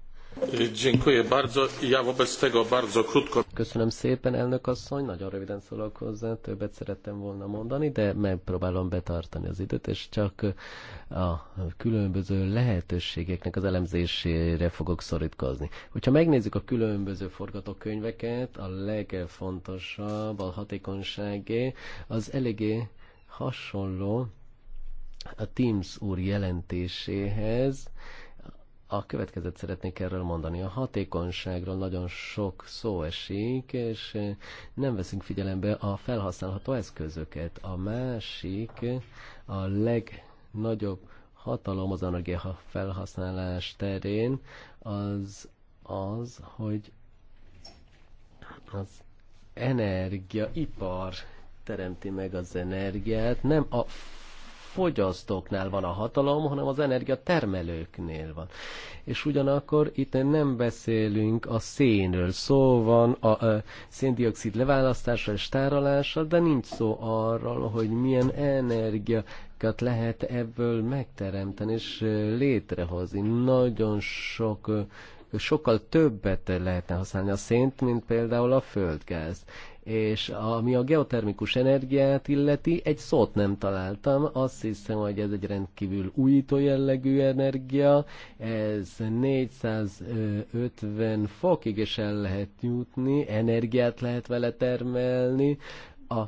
Dziękuję bardzo. bardzo Ja wobec tego krótko. Köszönöm szépen, elnök asszony, nagyon röviden szólok hozzá, többet szerettem volna mondani, de megpróbálom betartani az időt, és csak a különböző lehetőségeknek az elemzésére fogok szorítkozni. Hogyha megnézzük a különböző forgatókönyveket, a legfontosabb, a hatékonyságé, az eléggé hasonló a Teams úr jelentéséhez, a következőt szeretnék erről mondani. A hatékonyságról nagyon sok szó esik, és nem veszünk figyelembe a felhasználható eszközöket. A másik, a legnagyobb hatalom az energia felhasználás terén az az, hogy az energiaipar teremti meg az energiát, nem a fogyasztóknál van a hatalom, hanem az energia termelőknél van. És ugyanakkor itt nem beszélünk a szénről, szó van a, a széndiokszid leválasztása és tárolása, de nincs szó arról, hogy milyen energia lehet ebből megteremteni és létrehozni. Nagyon sok sokkal többet lehetne használni a szént, mint például a földgáz és ami a geotermikus energiát illeti, egy szót nem találtam. Azt hiszem, hogy ez egy rendkívül újító jellegű energia. Ez 450 fokig is el lehet jutni, energiát lehet vele termelni. A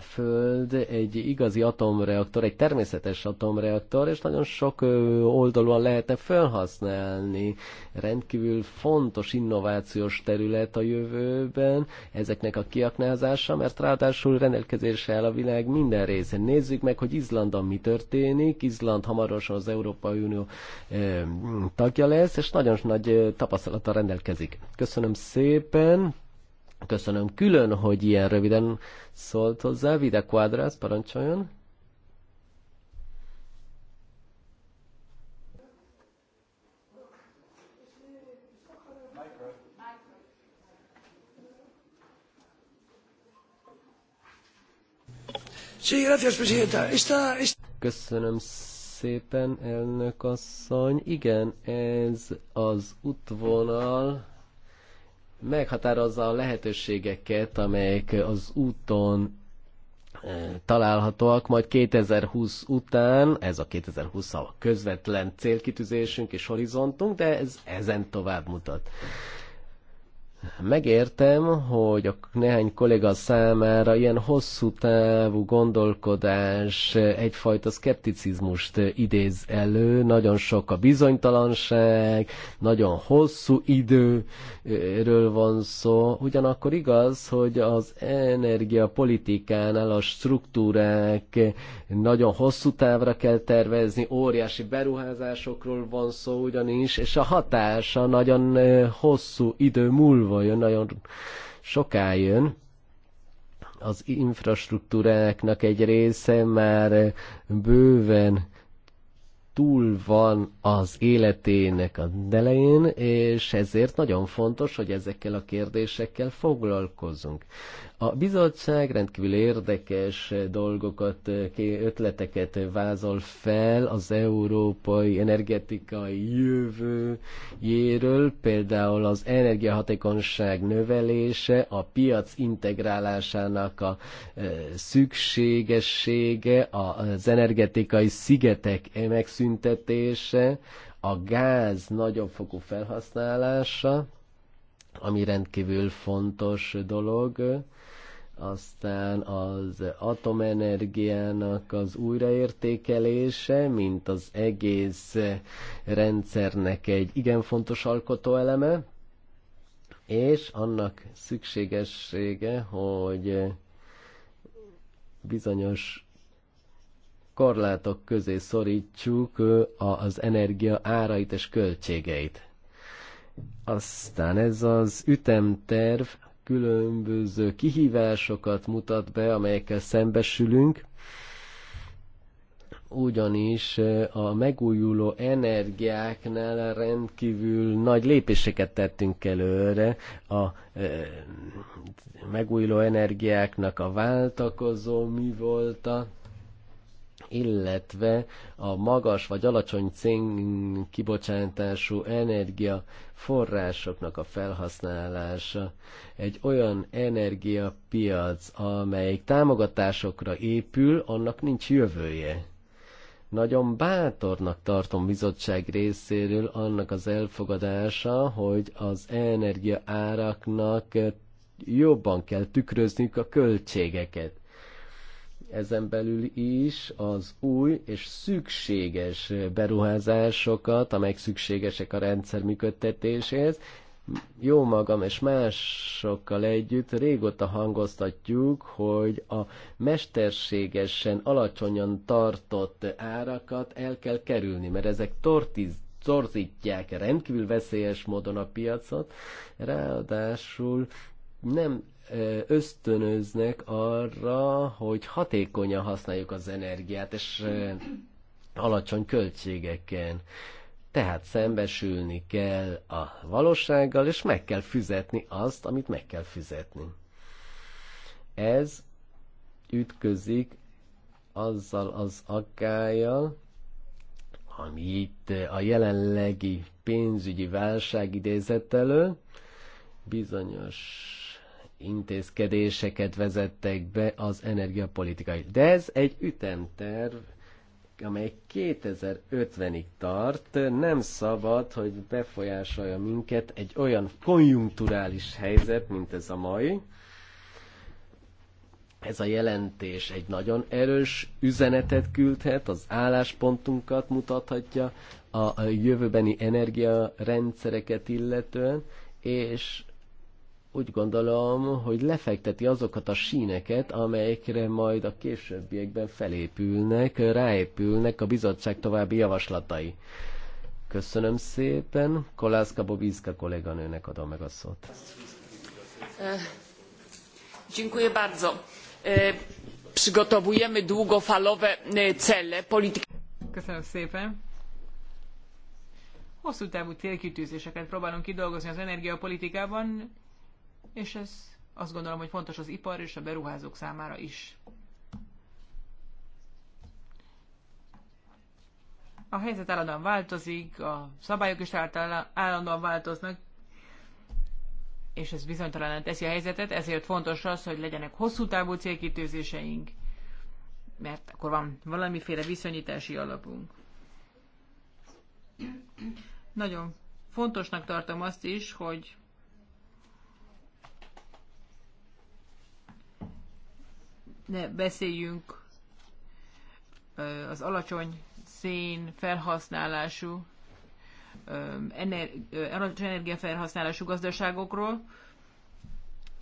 Föld egy igazi atomreaktor, egy természetes atomreaktor, és nagyon sok oldalúan lehetne felhasználni. Rendkívül fontos innovációs terület a jövőben ezeknek a kiaknázása, mert ráadásul rendelkezésre áll a világ minden részén. Nézzük meg, hogy Izlandon mi történik. Izland hamarosan az Európai Unió tagja lesz, és nagyon nagy tapasztalata rendelkezik. Köszönöm szépen! Köszönöm külön, hogy ilyen röviden szólt hozzá. Vide Quadras, parancsoljon. Köszönöm szépen, elnök asszony. Igen, ez az útvonal, meghatározza a lehetőségeket, amelyek az úton eh, találhatóak, majd 2020 után, ez a 2020 a közvetlen célkitűzésünk és horizontunk, de ez ezen tovább mutat. Megértem, hogy a néhány kolléga számára ilyen hosszú távú gondolkodás egyfajta szkepticizmust idéz elő, nagyon sok a bizonytalanság, nagyon hosszú időről van szó. Ugyanakkor igaz, hogy az energiapolitikánál a struktúrák nagyon hosszú távra kell tervezni, óriási beruházásokról van szó ugyanis, és a hatása nagyon hosszú idő múlva távol jön, nagyon soká jön. Az infrastruktúráknak egy része már bőven túl van az életének a delején, és ezért nagyon fontos, hogy ezekkel a kérdésekkel foglalkozunk. A bizottság rendkívül érdekes dolgokat, ötleteket vázol fel az európai energetikai jövőjéről, például az energiahatékonyság növelése, a piac integrálásának a e, szükségessége, az energetikai szigetek megszüntetése, a gáz nagyobb fokú felhasználása, ami rendkívül fontos dolog, aztán az atomenergiának az újraértékelése, mint az egész rendszernek egy igen fontos alkotóeleme, és annak szükségessége, hogy bizonyos korlátok közé szorítsuk az energia árait és költségeit. Aztán ez az ütemterv különböző kihívásokat mutat be, amelyekkel szembesülünk, ugyanis a megújuló energiáknál rendkívül nagy lépéseket tettünk előre. A megújuló energiáknak a váltakozó mi volt a illetve a magas vagy alacsony cén kibocsátású energia forrásoknak a felhasználása. Egy olyan energiapiac, amelyik támogatásokra épül, annak nincs jövője. Nagyon bátornak tartom bizottság részéről annak az elfogadása, hogy az energia áraknak jobban kell tükrözniük a költségeket ezen belül is az új és szükséges beruházásokat, amelyek szükségesek a rendszer működtetéséhez. Jó magam és másokkal együtt régóta hangoztatjuk, hogy a mesterségesen alacsonyan tartott árakat el kell kerülni, mert ezek tortiz, torzítják rendkívül veszélyes módon a piacot, ráadásul nem ösztönöznek arra, hogy hatékonyan használjuk az energiát, és alacsony költségeken. Tehát szembesülni kell a valósággal, és meg kell fizetni azt, amit meg kell fizetni. Ez ütközik azzal az aggájal, ami itt a jelenlegi pénzügyi válság idézett elő, bizonyos intézkedéseket vezettek be az energiapolitikai. De ez egy ütemterv, amely 2050-ig tart, nem szabad, hogy befolyásolja minket egy olyan konjunkturális helyzet, mint ez a mai. Ez a jelentés egy nagyon erős üzenetet küldhet, az álláspontunkat mutathatja a jövőbeni energiarendszereket illetően, és úgy gondolom, hogy lefekteti azokat a síneket, amelyekre majd a későbbiekben felépülnek, ráépülnek a bizottság további javaslatai. Köszönöm szépen. Kolászka Bobizka kolléganőnek adom meg a szót. E, dziękuję bardzo. E, przygotowujemy długofalowe e, cele polityki. Köszönöm szépen. Hosszú távú célkitűzéseket próbálunk kidolgozni az energiapolitikában, és ez azt gondolom, hogy fontos az ipar és a beruházók számára is. A helyzet állandóan változik, a szabályok is állandóan változnak, és ez bizonytalan teszi a helyzetet, ezért fontos az, hogy legyenek hosszú távú célkitűzéseink, mert akkor van valamiféle viszonyítási alapunk. Nagyon fontosnak tartom azt is, hogy ne beszéljünk az alacsony szén felhasználású, alacsony energiafelhasználású gazdaságokról,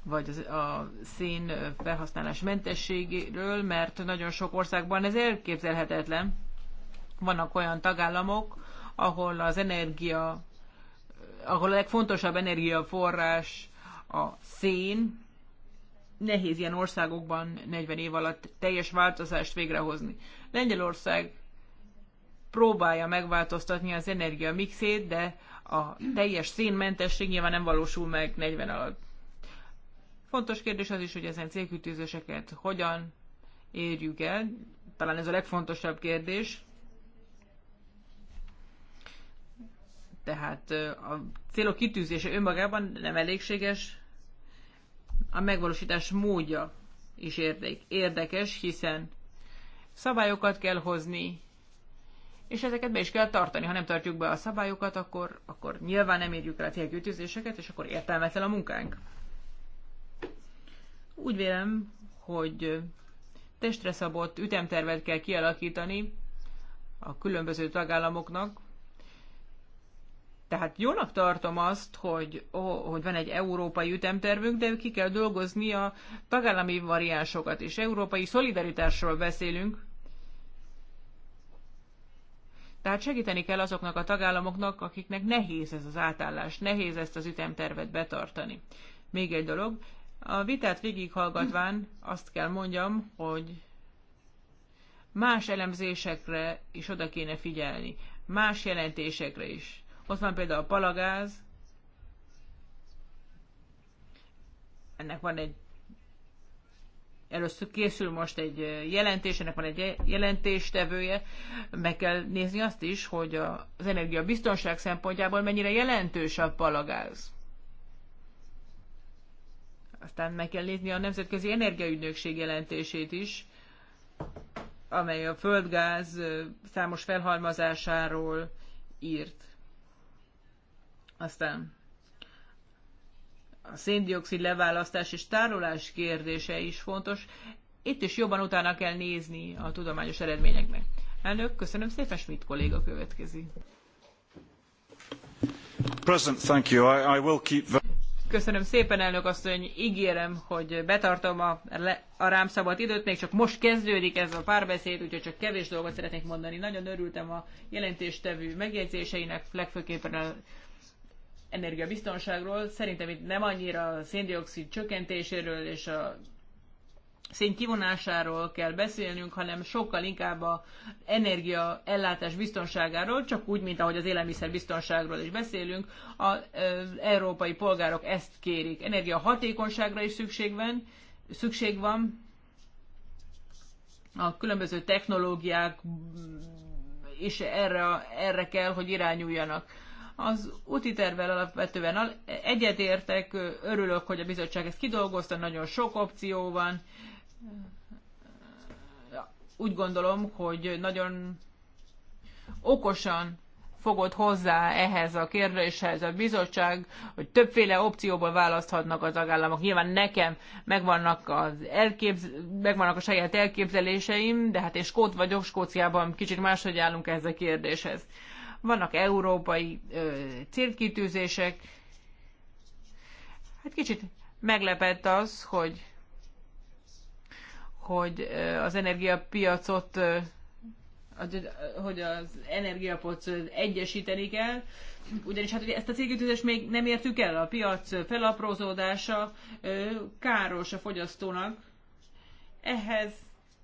vagy az, a szén felhasználás mentességéről, mert nagyon sok országban ez elképzelhetetlen. Vannak olyan tagállamok, ahol az energia, ahol a legfontosabb energiaforrás a szén, nehéz ilyen országokban 40 év alatt teljes változást végrehozni. Lengyelország próbálja megváltoztatni az energia mixét, de a teljes szénmentesség nyilván nem valósul meg 40 alatt. Fontos kérdés az is, hogy ezen célkütőzéseket hogyan érjük el. Talán ez a legfontosabb kérdés. Tehát a célok kitűzése önmagában nem elégséges, a megvalósítás módja is érdekes, hiszen szabályokat kell hozni, és ezeket be is kell tartani. Ha nem tartjuk be a szabályokat, akkor, akkor nyilván nem érjük el a célkütőzéseket, és akkor értelmetlen a munkánk. Úgy vélem, hogy testre szabott ütemtervet kell kialakítani a különböző tagállamoknak, tehát jónak tartom azt, hogy, ó, hogy van egy európai ütemtervünk, de ki kell dolgozni a tagállami variánsokat, és európai szolidaritásról beszélünk. Tehát segíteni kell azoknak a tagállamoknak, akiknek nehéz ez az átállás, nehéz ezt az ütemtervet betartani. Még egy dolog, a vitát végighallgatván azt kell mondjam, hogy más elemzésekre is oda kéne figyelni, más jelentésekre is ott van például a palagáz, ennek van egy először készül most egy jelentés, ennek van egy jelentéstevője, meg kell nézni azt is, hogy az energia biztonság szempontjából mennyire jelentős a palagáz. Aztán meg kell nézni a Nemzetközi Energiaügynökség jelentését is, amely a földgáz számos felhalmazásáról írt. Aztán a széndiokszid leválasztás és tárolás kérdése is fontos. Itt is jobban utána kell nézni a tudományos eredményeknek. Elnök, köszönöm szépen, mit, kolléga következik. President, thank you. I, I will keep... Köszönöm szépen, elnök asszony, ígérem, hogy betartom a, a rám szabad időt, még csak most kezdődik ez a párbeszéd, úgyhogy csak kevés dolgot szeretnék mondani. Nagyon örültem a jelentéstevő megjegyzéseinek, legfőképpen a energiabiztonságról, szerintem itt nem annyira a széndiokszid csökkentéséről és a szén kivonásáról kell beszélnünk, hanem sokkal inkább a energia ellátás biztonságáról, csak úgy, mint ahogy az élelmiszer biztonságról is beszélünk, az európai polgárok ezt kérik. Energia hatékonyságra is szükség van, szükség van a különböző technológiák és erre, erre kell, hogy irányuljanak. Az úti tervvel alapvetően egyetértek, örülök, hogy a bizottság ezt kidolgozta, nagyon sok opció van. Úgy gondolom, hogy nagyon okosan fogod hozzá ehhez a kérdéshez a bizottság, hogy többféle opcióból választhatnak az tagállamok. Nyilván nekem megvannak, az elképz... megvannak a saját elképzeléseim, de hát én skót vagyok, Skóciában kicsit máshogy állunk ehhez a kérdéshez vannak európai ö, célkitűzések. Hát kicsit meglepett az, hogy, hogy az energiapiacot hogy az energiapot egyesíteni kell, ugyanis hát ugye ezt a cégütőzést még nem értük el, a piac felaprózódása káros a fogyasztónak. Ehhez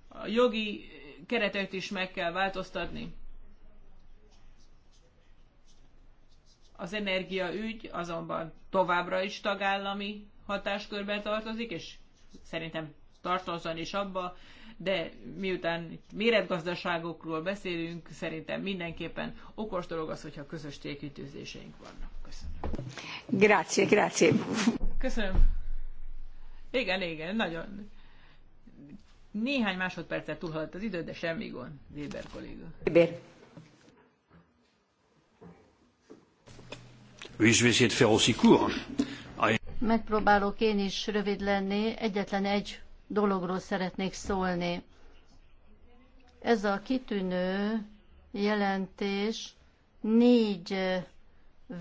a jogi keretet is meg kell változtatni. Az energiaügy azonban továbbra is tagállami hatáskörben tartozik, és szerintem tartozzon is abba, de miután méretgazdaságokról beszélünk, szerintem mindenképpen okos dolog az, hogyha közös célkitűzéseink vannak. Köszönöm. Grazie, grazie. Köszönöm. Igen, igen, nagyon. Néhány másodpercet túlhaladt az idő, de semmi gond, Weber kolléga. Weber. Megpróbálok én is rövid lenni, egyetlen egy dologról szeretnék szólni. Ez a kitűnő jelentés négy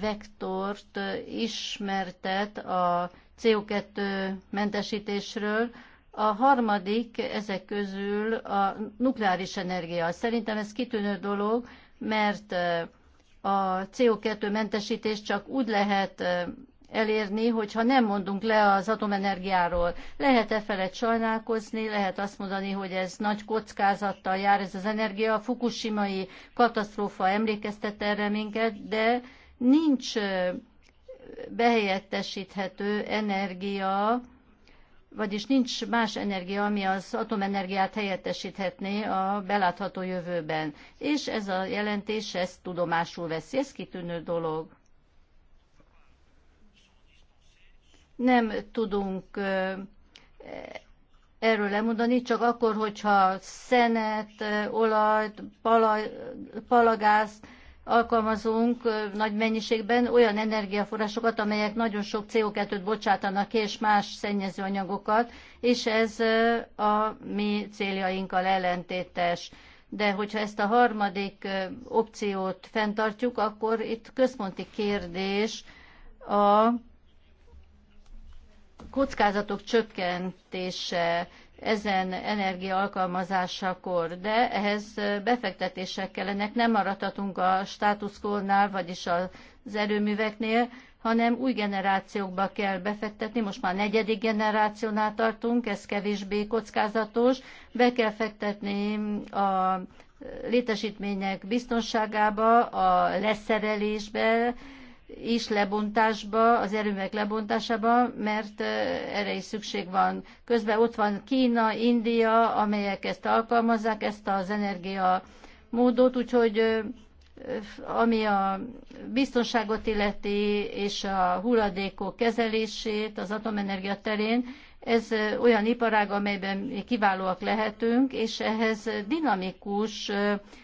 vektort ismertet a CO2 mentesítésről. A harmadik ezek közül a nukleáris energia. Szerintem ez kitűnő dolog, mert a CO2 mentesítést csak úgy lehet elérni, hogyha nem mondunk le az atomenergiáról. Lehet e felett sajnálkozni, lehet azt mondani, hogy ez nagy kockázattal jár ez az energia. A fukushimai katasztrófa emlékeztet erre minket, de nincs behelyettesíthető energia vagyis nincs más energia, ami az atomenergiát helyettesíthetné a belátható jövőben. És ez a jelentés ezt tudomásul veszi, ez kitűnő dolog. Nem tudunk erről lemondani, csak akkor, hogyha szenet, olajt, pala, alkalmazunk nagy mennyiségben olyan energiaforrásokat, amelyek nagyon sok co 2 bocsátanak ki, és más szennyezőanyagokat, és ez a mi céljainkkal ellentétes. De hogyha ezt a harmadik opciót fenntartjuk, akkor itt központi kérdés a kockázatok csökkentése, ezen energia alkalmazásakor, de ehhez befektetések kellenek, nem maradhatunk a státuszkornál, vagyis az erőműveknél, hanem új generációkba kell befektetni, most már negyedik generációnál tartunk, ez kevésbé kockázatos, be kell fektetni a létesítmények biztonságába, a leszerelésbe, is lebontásba, az erőmek lebontásába, mert erre is szükség van. Közben ott van Kína, India, amelyek ezt alkalmazzák, ezt az energia módot, úgyhogy ami a biztonságot illeti és a hulladékok kezelését az atomenergia terén, ez olyan iparág, amelyben kiválóak lehetünk, és ehhez dinamikus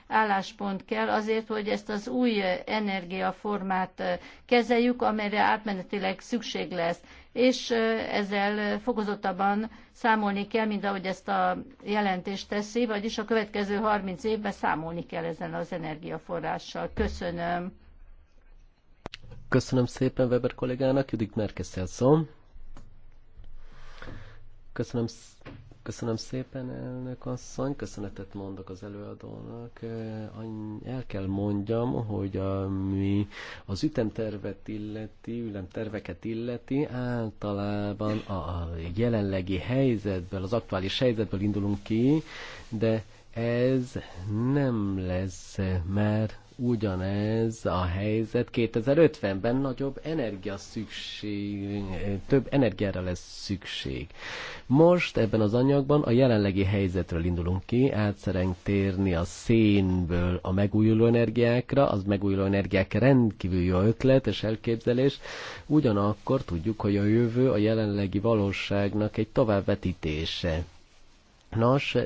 álláspont kell azért, hogy ezt az új energiaformát kezeljük, amelyre átmenetileg szükség lesz és ezzel fokozottabban számolni kell, mint ahogy ezt a jelentést teszi, vagyis a következő 30 évben számolni kell ezen az energiaforrással. Köszönöm. Köszönöm szépen Weber kollégának, Judit Merkeszelszom. Köszönöm, köszönöm szépen, elnök asszony, köszönetet mondok az előadónak. El kell mondjam, hogy ami az ütemtervet illeti, ütemterveket illeti, általában a jelenlegi helyzetből, az aktuális helyzetből indulunk ki, de ez nem lesz már ugyanez a helyzet 2050-ben nagyobb energia szükség, több energiára lesz szükség. Most ebben az anyagban a jelenlegi helyzetről indulunk ki, átszerenk térni a szénből a megújuló energiákra, az megújuló energiák rendkívül jó ötlet és elképzelés, ugyanakkor tudjuk, hogy a jövő a jelenlegi valóságnak egy továbbvetítése Nos,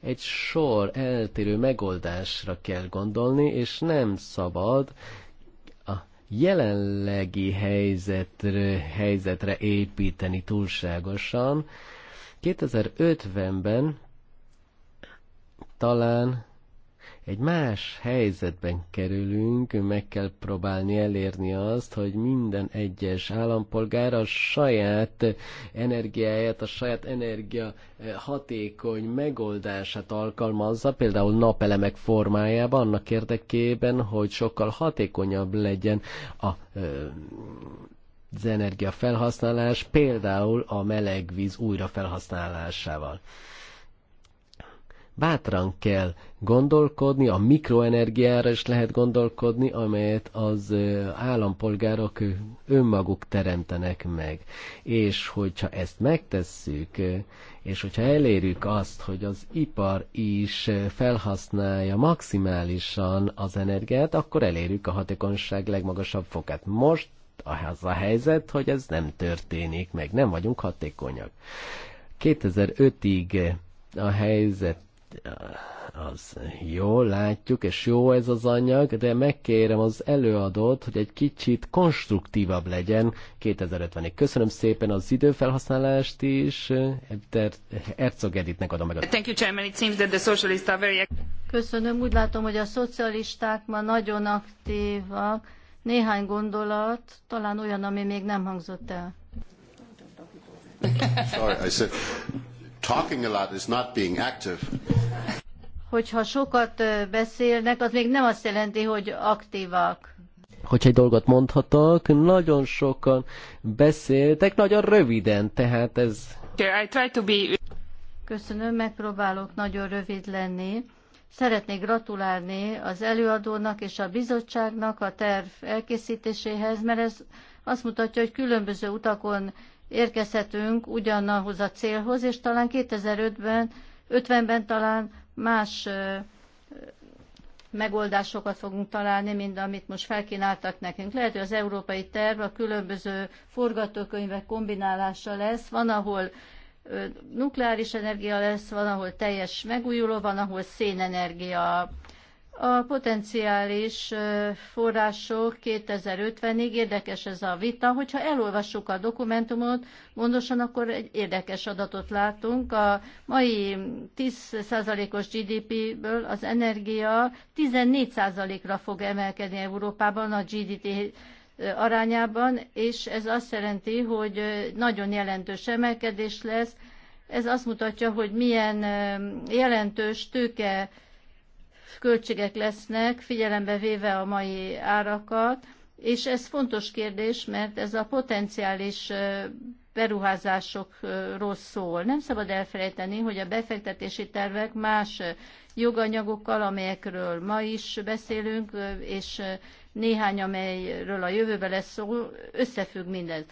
egy sor eltérő megoldásra kell gondolni, és nem szabad a jelenlegi helyzetre, helyzetre építeni túlságosan. 2050-ben talán egy más helyzetben kerülünk, meg kell próbálni elérni azt, hogy minden egyes állampolgár a saját energiáját, a saját energia eh, hatékony megoldását alkalmazza, például napelemek formájában, annak érdekében, hogy sokkal hatékonyabb legyen a eh, az energiafelhasználás, például a melegvíz újrafelhasználásával. Bátran kell gondolkodni, a mikroenergiára is lehet gondolkodni, amelyet az állampolgárok önmaguk teremtenek meg. És hogyha ezt megtesszük, és hogyha elérjük azt, hogy az ipar is felhasználja maximálisan az energiát, akkor elérjük a hatékonyság legmagasabb fokát. Most az a helyzet, hogy ez nem történik meg, nem vagyunk hatékonyak. 2005-ig a helyzet az jó, látjuk, és jó ez az anyag, de megkérem az előadót, hogy egy kicsit konstruktívabb legyen 2050-ig. Köszönöm szépen az időfelhasználást is, Erzog Editnek adom meg a... Thank you, Chairman. It seems that the socialists are very... Köszönöm, úgy látom, hogy a szocialisták ma nagyon aktívak. Néhány gondolat, talán olyan, ami még nem hangzott el. Sorry, I said, talking a lot is not being active. Hogyha sokat beszélnek, az még nem azt jelenti, hogy aktívak. Hogyha egy dolgot mondhatok, nagyon sokan beszéltek, nagyon röviden, tehát ez... I try to be... Köszönöm, megpróbálok nagyon rövid lenni. Szeretnék gratulálni az előadónak és a bizottságnak a terv elkészítéséhez, mert ez azt mutatja, hogy különböző utakon érkezhetünk ugyanahoz a célhoz, és talán 2005-ben, 50-ben talán más megoldásokat fogunk találni, mint amit most felkínáltak nekünk. Lehet, hogy az európai terv a különböző forgatókönyvek kombinálása lesz. Van, ahol nukleáris energia lesz, van, ahol teljes megújuló, van, ahol szénenergia a potenciális források 2050-ig érdekes ez a vita. Hogyha elolvassuk a dokumentumot, mondosan akkor egy érdekes adatot látunk. A mai 10%-os GDP-ből az energia 14%-ra fog emelkedni Európában a GDP arányában, és ez azt jelenti, hogy nagyon jelentős emelkedés lesz. Ez azt mutatja, hogy milyen jelentős tőke költségek lesznek, figyelembe véve a mai árakat, és ez fontos kérdés, mert ez a potenciális beruházásokról szól. Nem szabad elfelejteni, hogy a befektetési tervek más joganyagokkal, amelyekről ma is beszélünk, és néhány, amelyről a jövőbe lesz szó, összefügg mindez.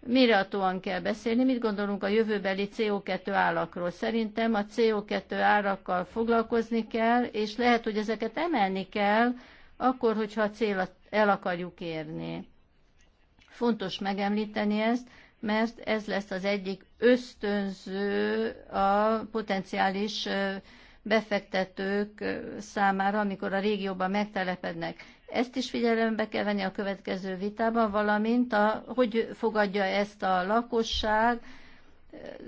Miratóan kell beszélni, mit gondolunk a jövőbeli CO2 árakról. Szerintem a CO2 árakkal foglalkozni kell, és lehet, hogy ezeket emelni kell, akkor, hogyha a célt el akarjuk érni. Fontos megemlíteni ezt, mert ez lesz az egyik ösztönző a potenciális befektetők számára, amikor a régióban megtelepednek. Ezt is figyelembe kell venni a következő vitában, valamint a, hogy fogadja ezt a lakosság,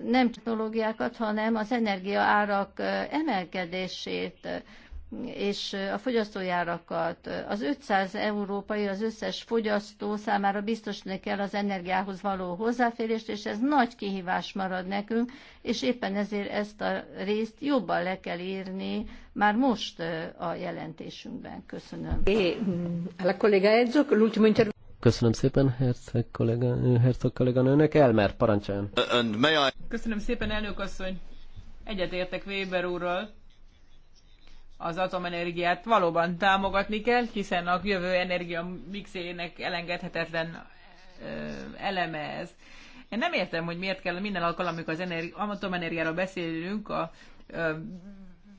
nem technológiákat, hanem az energiaárak emelkedését és a fogyasztójárakat. Az 500 európai az összes fogyasztó számára biztosni kell az energiához való hozzáférést, és ez nagy kihívás marad nekünk, és éppen ezért ezt a részt jobban le kell írni már most a jelentésünkben. Köszönöm. Köszönöm szépen, Herceg kollega, herceg kollega nőnek, Elmer, parancsán. Köszönöm szépen, elnök asszony. Egyetértek Weber úrral az atomenergiát valóban támogatni kell, hiszen a jövő energia mixének elengedhetetlen eleme ez. Én nem értem, hogy miért kell minden alkalom, amikor az atomenergiáról beszélünk, a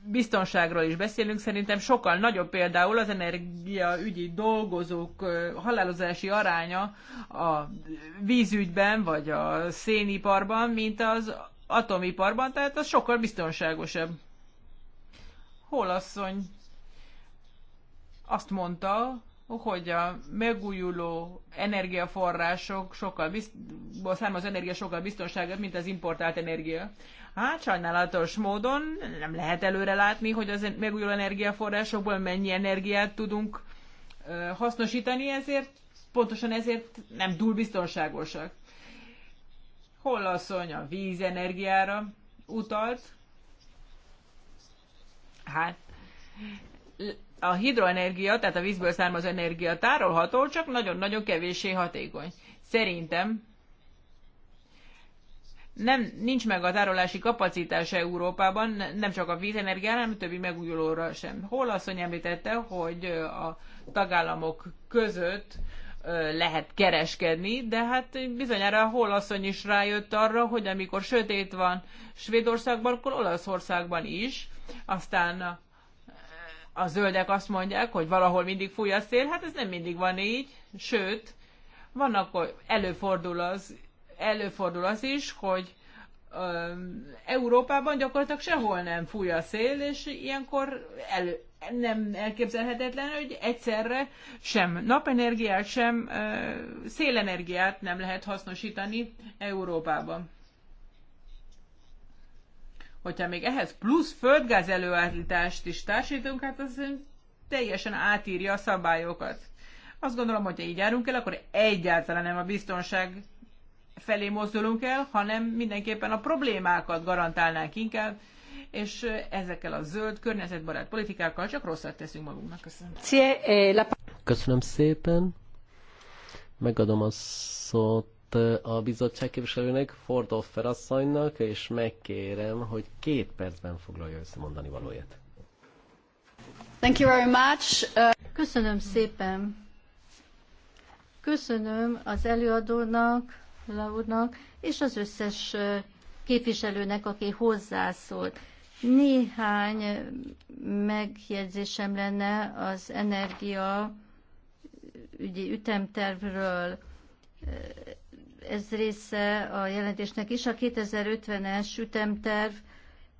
biztonságról is beszélünk, szerintem sokkal nagyobb például az energiaügyi dolgozók halálozási aránya a vízügyben, vagy a széniparban, mint az atomiparban, tehát az sokkal biztonságosabb asszony azt mondta, hogy a megújuló energiaforrások sokkal bizt- származó energia sokkal biztonságabb, mint az importált energia. Hát sajnálatos módon nem lehet előre látni, hogy az megújuló energiaforrásokból mennyi energiát tudunk ö, hasznosítani, ezért pontosan ezért nem túl biztonságosak. asszony a vízenergiára utalt, hát a hidroenergia, tehát a vízből származó energia tárolható, csak nagyon-nagyon kevéssé hatékony. Szerintem nem, nincs meg a tárolási kapacitása Európában, nem csak a vízenergia, hanem többi megújulóra sem. Hol asszony említette, hogy a tagállamok között lehet kereskedni, de hát bizonyára hol asszony is rájött arra, hogy amikor sötét van Svédországban, akkor Olaszországban is, aztán a zöldek azt mondják, hogy valahol mindig fúj a szél, hát ez nem mindig van így, sőt, akkor előfordul az, előfordul az is, hogy ö, Európában gyakorlatilag sehol nem fúj a szél, és ilyenkor elő, nem elképzelhetetlen, hogy egyszerre sem napenergiát, sem ö, szélenergiát nem lehet hasznosítani Európában. Hogyha még ehhez plusz földgáz előállítást is társítunk, hát az teljesen átírja a szabályokat. Azt gondolom, hogyha így járunk el, akkor egyáltalán nem a biztonság felé mozdulunk el, hanem mindenképpen a problémákat garantálnánk inkább, és ezekkel a zöld környezetbarát politikákkal csak rosszat teszünk magunknak. Köszönöm. Köszönöm szépen. Megadom a szót a bizottság képviselőnek, Ford Offer asszonynak, és megkérem, hogy két percben foglalja össze mondani valóját. Thank you very much. Uh... Köszönöm szépen. Köszönöm az előadónak, Laurnak, és az összes képviselőnek, aki hozzászólt. Néhány megjegyzésem lenne az energia ügyi ütemtervről ez része a jelentésnek is. A 2050-es ütemterv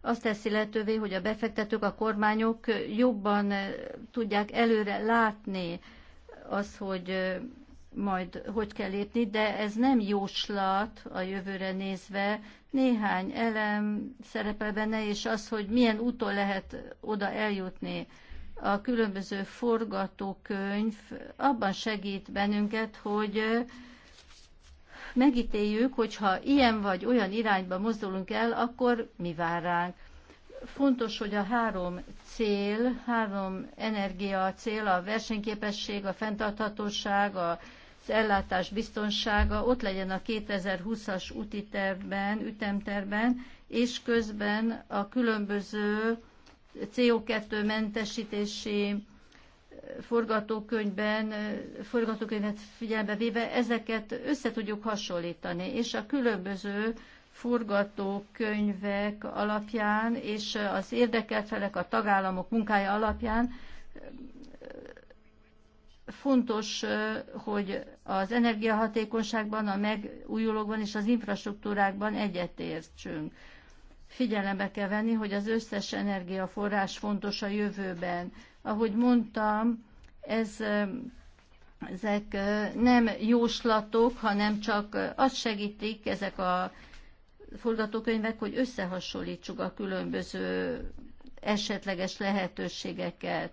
azt teszi lehetővé, hogy a befektetők, a kormányok jobban tudják előre látni az, hogy majd hogy kell lépni, de ez nem jóslat a jövőre nézve. Néhány elem szerepel benne, és az, hogy milyen úton lehet oda eljutni. A különböző forgatókönyv abban segít bennünket, hogy megítéljük, hogyha ilyen vagy olyan irányba mozdulunk el, akkor mi vár ránk. Fontos, hogy a három cél, három energia cél, a versenyképesség, a fenntarthatóság, a az ellátás biztonsága ott legyen a 2020-as úti tervben, ütemterben, és közben a különböző CO2 mentesítési forgatókönyvben, forgatókönyvet figyelembe véve ezeket össze tudjuk hasonlítani, és a különböző forgatókönyvek alapján és az érdekelt felek a tagállamok munkája alapján fontos, hogy az energiahatékonyságban, a megújulókban és az infrastruktúrákban egyetértsünk. Figyelembe kell venni, hogy az összes energiaforrás fontos a jövőben, ahogy mondtam, ez, ezek nem jóslatok, hanem csak azt segítik ezek a forgatókönyvek, hogy összehasonlítsuk a különböző esetleges lehetőségeket.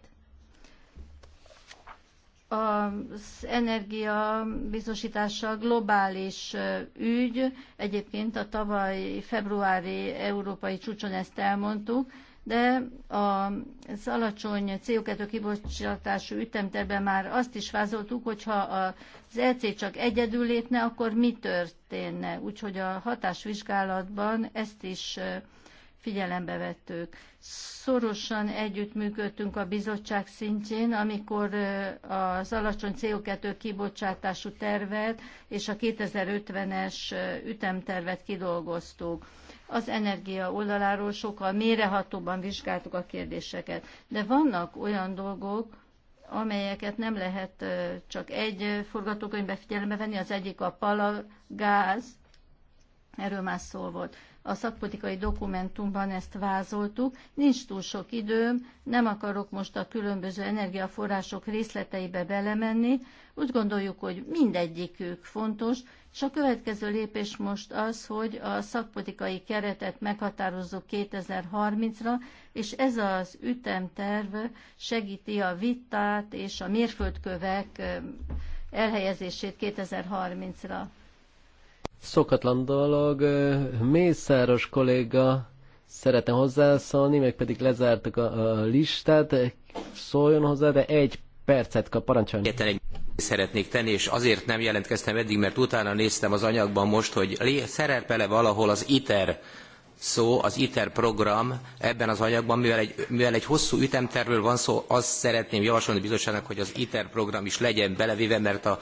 Az energia biztosítása globális ügy, egyébként a tavaly februári európai csúcson ezt elmondtuk, de az alacsony CO2 kibocsátású ütemterben már azt is vázoltuk, hogyha az EC csak egyedül lépne, akkor mi történne. Úgyhogy a hatásvizsgálatban ezt is figyelembe vettük. Szorosan együttműködtünk a bizottság szintjén, amikor az alacsony CO2 kibocsátású tervet és a 2050-es ütemtervet kidolgoztuk az energia oldaláról sokkal mérehatóban vizsgáltuk a kérdéseket. De vannak olyan dolgok, amelyeket nem lehet csak egy forgatókönyvbe figyelembe venni, az egyik a palagáz, erről már szó volt. A szakpolitikai dokumentumban ezt vázoltuk. Nincs túl sok időm, nem akarok most a különböző energiaforrások részleteibe belemenni. Úgy gondoljuk, hogy mindegyikük fontos, és a következő lépés most az, hogy a szakpolitikai keretet meghatározzuk 2030-ra, és ez az ütemterv segíti a vitát és a mérföldkövek elhelyezését 2030-ra. Szokatlan dolog, Mészáros kolléga szeretne hozzászólni, meg pedig lezártak a, a listát, szóljon hozzá, de egy percet kap, parancsoljon szeretnék tenni, és azért nem jelentkeztem eddig, mert utána néztem az anyagban most, hogy szerepele valahol az ITER szó, az ITER program ebben az anyagban, mivel egy, mivel egy hosszú ütemtervről van szó, azt szeretném javasolni a bizottságnak, hogy az ITER program is legyen belevéve, mert a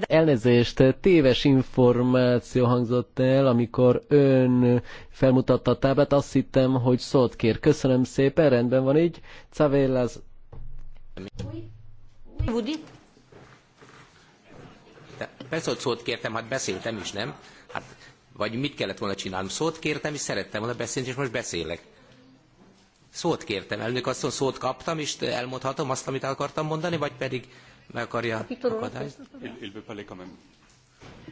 Elnézést, téves információ hangzott el, amikor ön felmutatta a táblát, azt hittem, hogy szót kér. Köszönöm szépen, rendben van így. Cavellas. Persze, hogy szót kértem, hát beszéltem is, nem? Hát, vagy mit kellett volna csinálnom? Szót kértem, és szerettem volna beszélni, és most beszélek. Szót kértem, elnök asszony, szót kaptam, és elmondhatom azt, amit el akartam mondani, vagy pedig meg akarja akadályozni?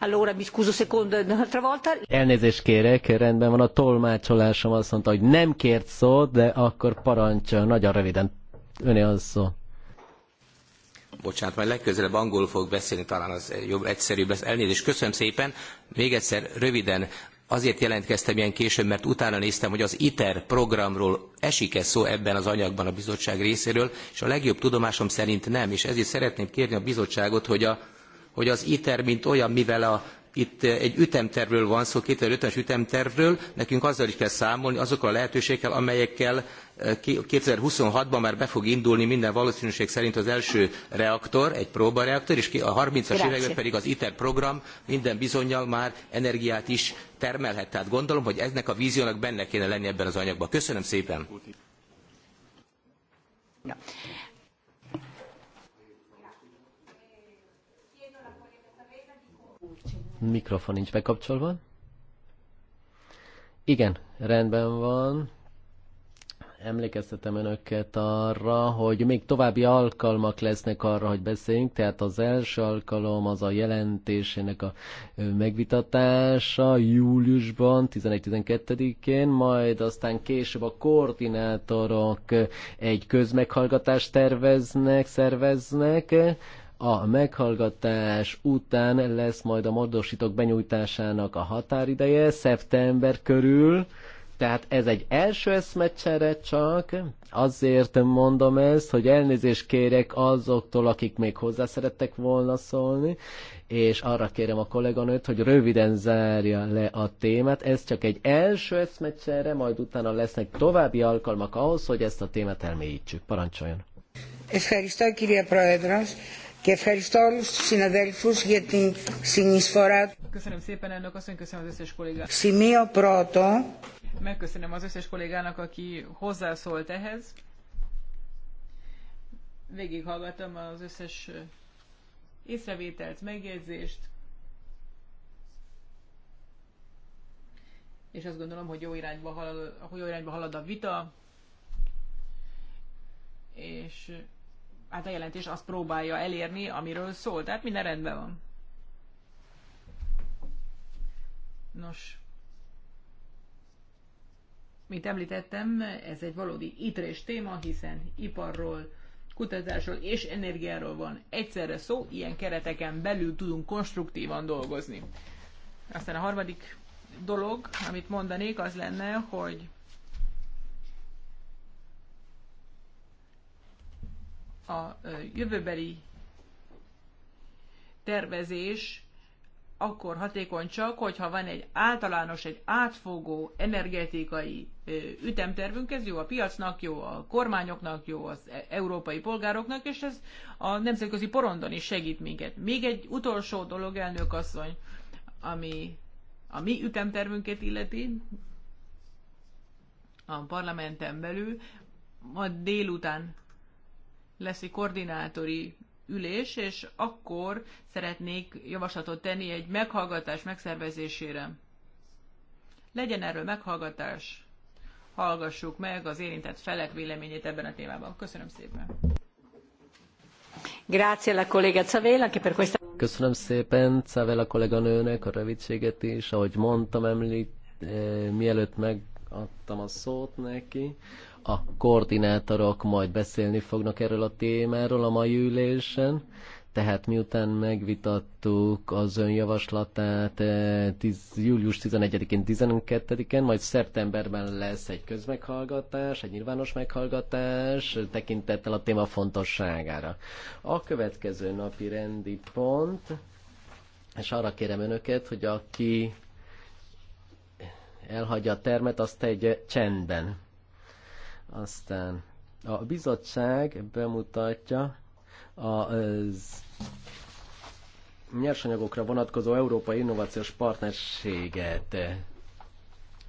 Allora, mi scuso secondo un'altra volta. Elnézést kérek, rendben van, a tolmácsolásom azt mondta, hogy nem kért szót, de akkor parancsol, nagyon röviden. Öné az szó. Bocsánat, majd legközelebb angolul fog beszélni, talán az jobb, egyszerűbb lesz. Elnézést, köszönöm szépen. Még egyszer röviden azért jelentkeztem ilyen későn, mert utána néztem, hogy az ITER programról esik-e szó ebben az anyagban a bizottság részéről, és a legjobb tudomásom szerint nem, és ezért szeretném kérni a bizottságot, hogy, a, hogy az ITER, mint olyan, mivel a itt eh, egy ütemtervről van szó, 2050-es ütemtervről, nekünk azzal is kell számolni, azokkal a lehetőségekkel, amelyekkel 2026-ban eh, már be fog indulni minden valószínűség szerint az első reaktor, egy próbareaktor, és a 30-as években pedig az ITER program minden bizonyal már energiát is termelhet. Tehát gondolom, hogy ennek a víziónak benne kéne lenni ebben az anyagban. Köszönöm szépen! mikrofon nincs bekapcsolva. Igen, rendben van. Emlékeztetem önöket arra, hogy még további alkalmak lesznek arra, hogy beszéljünk, tehát az első alkalom az a jelentésének a megvitatása júliusban, 11-12-én, majd aztán később a koordinátorok egy közmeghallgatást terveznek, szerveznek, a meghallgatás után lesz majd a módosítók benyújtásának a határideje, szeptember körül, tehát ez egy első eszmecsere csak, azért mondom ezt, hogy elnézést kérek azoktól, akik még hozzá szerettek volna szólni, és arra kérem a kolléganőt, hogy röviden zárja le a témát. Ez csak egy első eszmecsere, majd utána lesznek további alkalmak ahhoz, hogy ezt a témát elmélyítsük. Parancsoljon! És και ευχαριστώ όλους τους συναδέλφους για την συνεισφορά szépen, az összes Σημείο πρώτο. Megköszönöm az összes kollégának, aki hozzászólt ehhez. Végighallgattam az összes észrevételt, megjegyzést, és azt gondolom, hogy jó irányba halad, jó irányba halad a vita, és hát a jelentés azt próbálja elérni, amiről szól. Tehát minden rendben van. Nos, mint említettem, ez egy valódi itrés téma, hiszen iparról, kutatásról és energiáról van egyszerre szó, ilyen kereteken belül tudunk konstruktívan dolgozni. Aztán a harmadik dolog, amit mondanék, az lenne, hogy a jövőbeli tervezés akkor hatékony csak, hogyha van egy általános, egy átfogó energetikai ütemtervünk, ez jó a piacnak, jó a kormányoknak, jó az e, európai polgároknak, és ez a nemzetközi porondon is segít minket. Még egy utolsó dolog, elnök asszony, ami a mi ütemtervünket illeti, a parlamenten belül, ma délután lesz egy koordinátori ülés, és akkor szeretnék javaslatot tenni egy meghallgatás megszervezésére. Legyen erről meghallgatás, hallgassuk meg az érintett felek véleményét ebben a témában. Köszönöm szépen! Grazie alla collega Zavella che per questa... Köszönöm szépen Cavella kolléganőnek a rövidséget is, ahogy mondtam, említ, eh, mielőtt megadtam a szót neki a koordinátorok majd beszélni fognak erről a témáról a mai ülésen, tehát miután megvitattuk az ön javaslatát 10, eh, július 11-én, 12-én, majd szeptemberben lesz egy közmeghallgatás, egy nyilvános meghallgatás eh, tekintettel a téma fontosságára. A következő napi rendi pont, és arra kérem önöket, hogy aki elhagyja a termet, azt tegye csendben. Aztán a bizottság bemutatja az nyersanyagokra vonatkozó Európai Innovációs Partnerséget.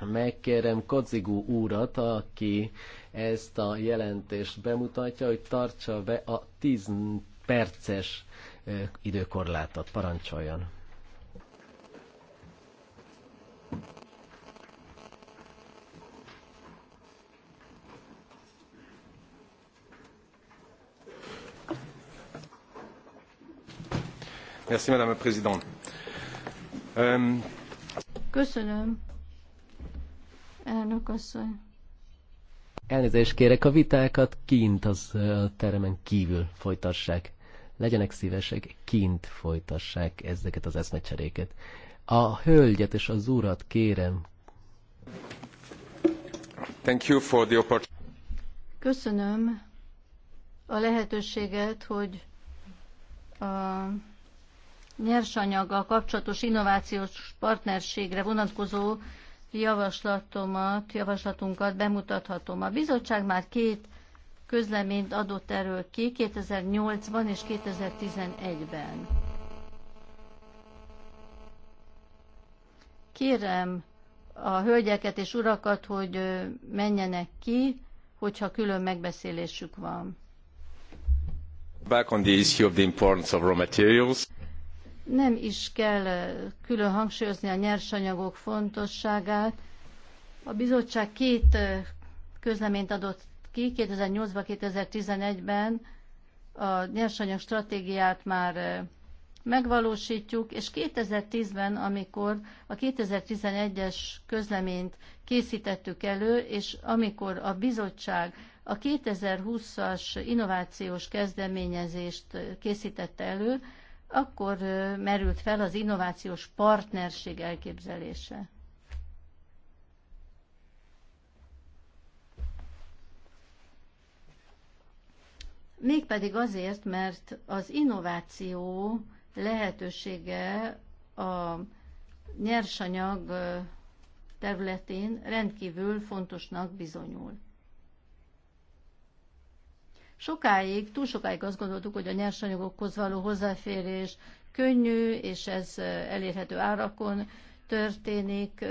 Megkérem Kozigú úrat, aki ezt a jelentést bemutatja, hogy tartsa be a 10 perces eh, időkorlátot. Parancsoljon! Madame la Présidente. Euh, Elnézést kérek, a vitákat kint az a teremen kívül folytassák. Legyenek szívesek, kint folytassák ezeket az eszmecseréket. A hölgyet és az urat kérem. Thank you for the opportunity. Köszönöm a lehetőséget, hogy a nyersanyaggal kapcsolatos innovációs partnerségre vonatkozó javaslatomat, javaslatunkat bemutathatom. A bizottság már két közleményt adott erről ki 2008-ban és 2011-ben. Kérem a hölgyeket és urakat, hogy menjenek ki, hogyha külön megbeszélésük van. Back on the issue of the importance of raw materials nem is kell eh, külön hangsúlyozni a nyersanyagok fontosságát. A bizottság két eh, közleményt adott ki, 2008-ban, 2011-ben a nyersanyag stratégiát már eh, megvalósítjuk, és 2010-ben, amikor a 2011-es közleményt készítettük elő, és amikor a bizottság a 2020-as innovációs kezdeményezést készítette elő, akkor merült fel az innovációs partnerség elképzelése. Mégpedig azért, mert az innováció lehetősége a nyersanyag területén rendkívül fontosnak bizonyul. Sokáig, túl sokáig azt gondoltuk, hogy a nyersanyagokhoz való hozzáférés könnyű, és ez elérhető árakon történik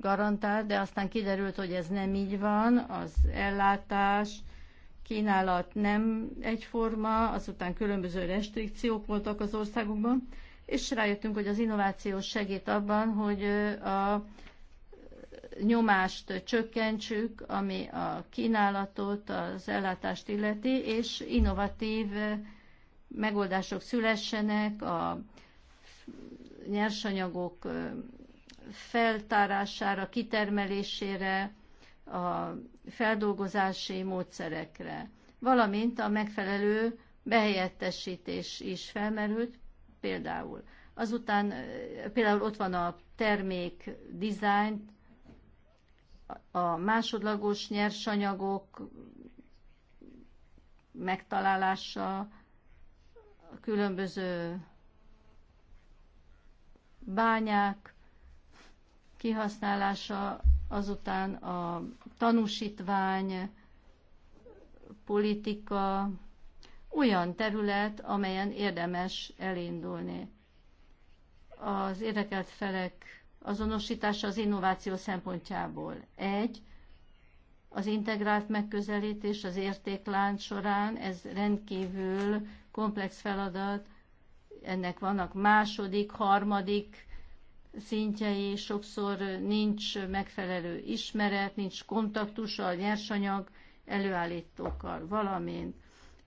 garantált, de aztán kiderült, hogy ez nem így van, az ellátás, kínálat nem egyforma, azután különböző restrikciók voltak az országokban, és rájöttünk, hogy az innováció segít abban, hogy a nyomást csökkentsük, ami a kínálatot, az ellátást illeti, és innovatív megoldások szülessenek a nyersanyagok feltárására, kitermelésére, a feldolgozási módszerekre, valamint a megfelelő behelyettesítés is felmerült, például. Azután például ott van a termék design, a másodlagos nyersanyagok megtalálása, a különböző bányák kihasználása, azután a tanúsítvány, politika, olyan terület, amelyen érdemes elindulni. Az érdekelt felek azonosítása az innováció szempontjából. Egy, az integrált megközelítés az értéklánc során, ez rendkívül komplex feladat, ennek vannak második, harmadik szintjei, sokszor nincs megfelelő ismeret, nincs kontaktusa a nyersanyag előállítókkal, valamint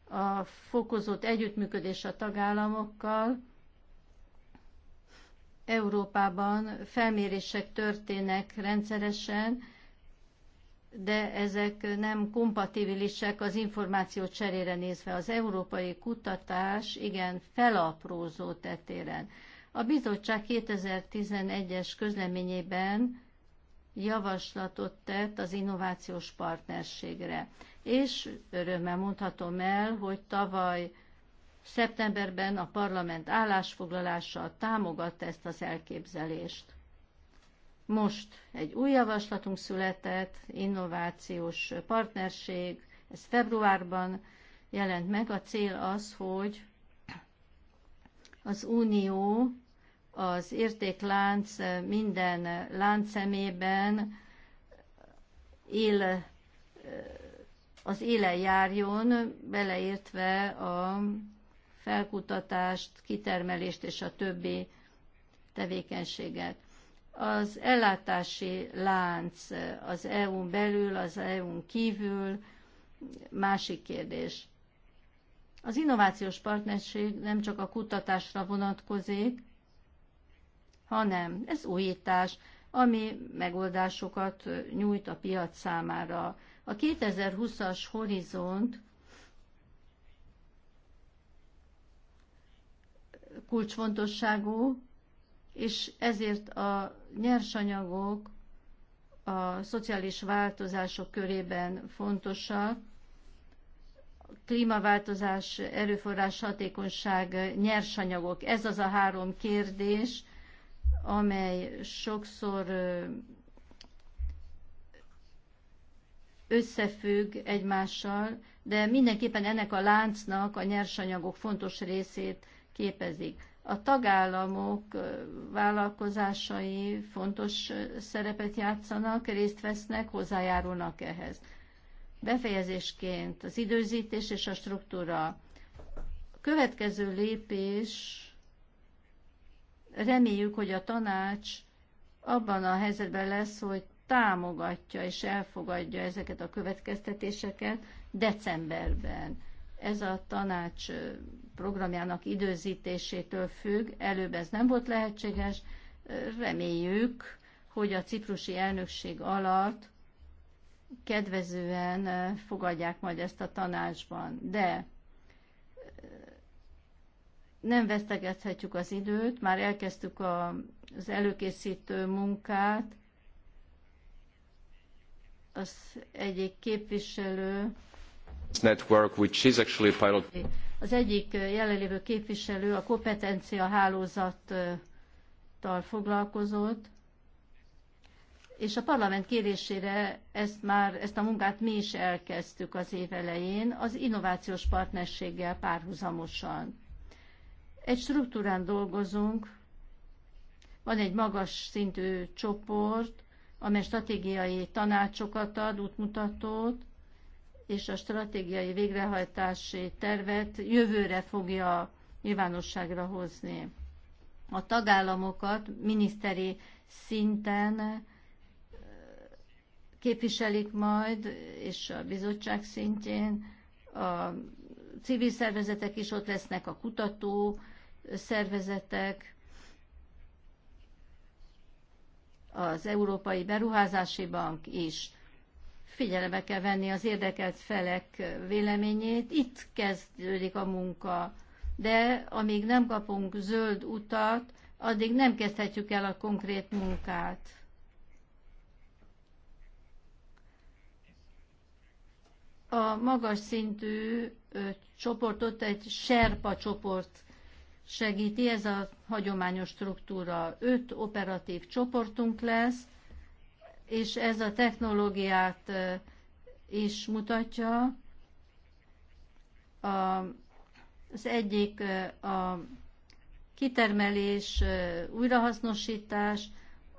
a fokozott együttműködés a tagállamokkal, Európában felmérések történnek rendszeresen, de ezek nem kompatibilisek az információ cserére nézve. Az európai kutatás igen felaprózó tetéren. A bizottság 2011-es közleményében javaslatot tett az innovációs partnerségre, és örömmel mondhatom el, hogy tavaly Szeptemberben a parlament állásfoglalással támogatta ezt az elképzelést. Most egy új javaslatunk született, innovációs partnerség, ez februárban jelent meg. A cél az, hogy az Unió az értéklánc minden láncemében él, az élen járjon, beleértve a felkutatást, kitermelést és a többi tevékenységet. Az ellátási lánc az EU-n belül, az EU-n kívül, másik kérdés. Az innovációs partnerség nem csak a kutatásra vonatkozik, hanem ez újítás, ami megoldásokat nyújt a piac számára. A 2020-as horizont kulcsfontosságú, és ezért a nyersanyagok a szociális változások körében fontosak. A klímaváltozás, erőforrás hatékonyság, nyersanyagok. Ez az a három kérdés, amely sokszor összefügg egymással, de mindenképpen ennek a láncnak a nyersanyagok fontos részét képezik. A tagállamok vállalkozásai fontos szerepet játszanak, részt vesznek, hozzájárulnak ehhez. Befejezésként az időzítés és a struktúra. A következő lépés, reméljük, hogy a tanács abban a helyzetben lesz, hogy támogatja és elfogadja ezeket a következtetéseket decemberben. Ez a tanács programjának időzítésétől függ, előbb ez nem volt lehetséges, reméljük, hogy a ciprusi elnökség alatt kedvezően fogadják majd ezt a tanácsban. De nem vesztegethetjük az időt, már elkezdtük az előkészítő munkát. Az egyik képviselő Network, which is actually pilot. Az egyik jelenlévő képviselő a kompetencia hálózattal foglalkozott, és a parlament kérésére ezt már, ezt a munkát mi is elkezdtük az év elején, az innovációs partnerséggel párhuzamosan. Egy struktúrán dolgozunk, van egy magas szintű csoport, amely stratégiai tanácsokat ad, útmutatót, és a stratégiai végrehajtási tervet jövőre fogja nyilvánosságra hozni. A tagállamokat miniszteri szinten képviselik majd, és a bizottság szintjén a civil szervezetek is ott lesznek, a kutató szervezetek, az Európai Beruházási Bank is figyelembe kell venni az érdekelt felek véleményét. Itt kezdődik a munka, de amíg nem kapunk zöld utat, addig nem kezdhetjük el a konkrét munkát. A magas szintű csoportot egy serpa csoport segíti, ez a hagyományos struktúra. Öt operatív csoportunk lesz, és ez a technológiát is mutatja. A, az egyik a kitermelés, újrahasznosítás,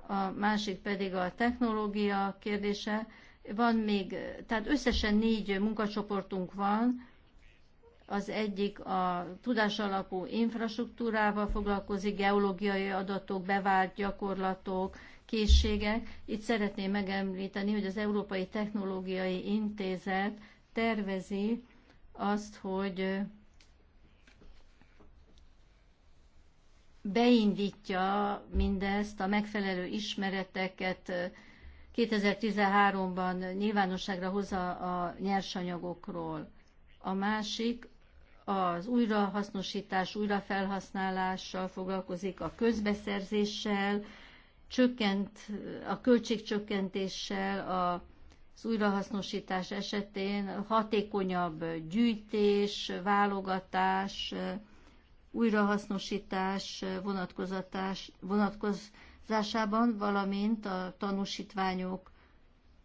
a másik pedig a technológia kérdése. Van még, tehát összesen négy munkacsoportunk van, az egyik a tudásalapú infrastruktúrával foglalkozik, geológiai adatok, bevált gyakorlatok, készségek. Itt szeretném megemlíteni, hogy az Európai Technológiai Intézet tervezi azt, hogy beindítja mindezt, a megfelelő ismereteket 2013-ban nyilvánosságra hozza a nyersanyagokról. A másik az újrahasznosítás, újrafelhasználással foglalkozik, a közbeszerzéssel, csökkent a költségcsökkentéssel, a az újrahasznosítás esetén hatékonyabb gyűjtés, válogatás, újrahasznosítás vonatkozatás, vonatkozásában, valamint a tanúsítványok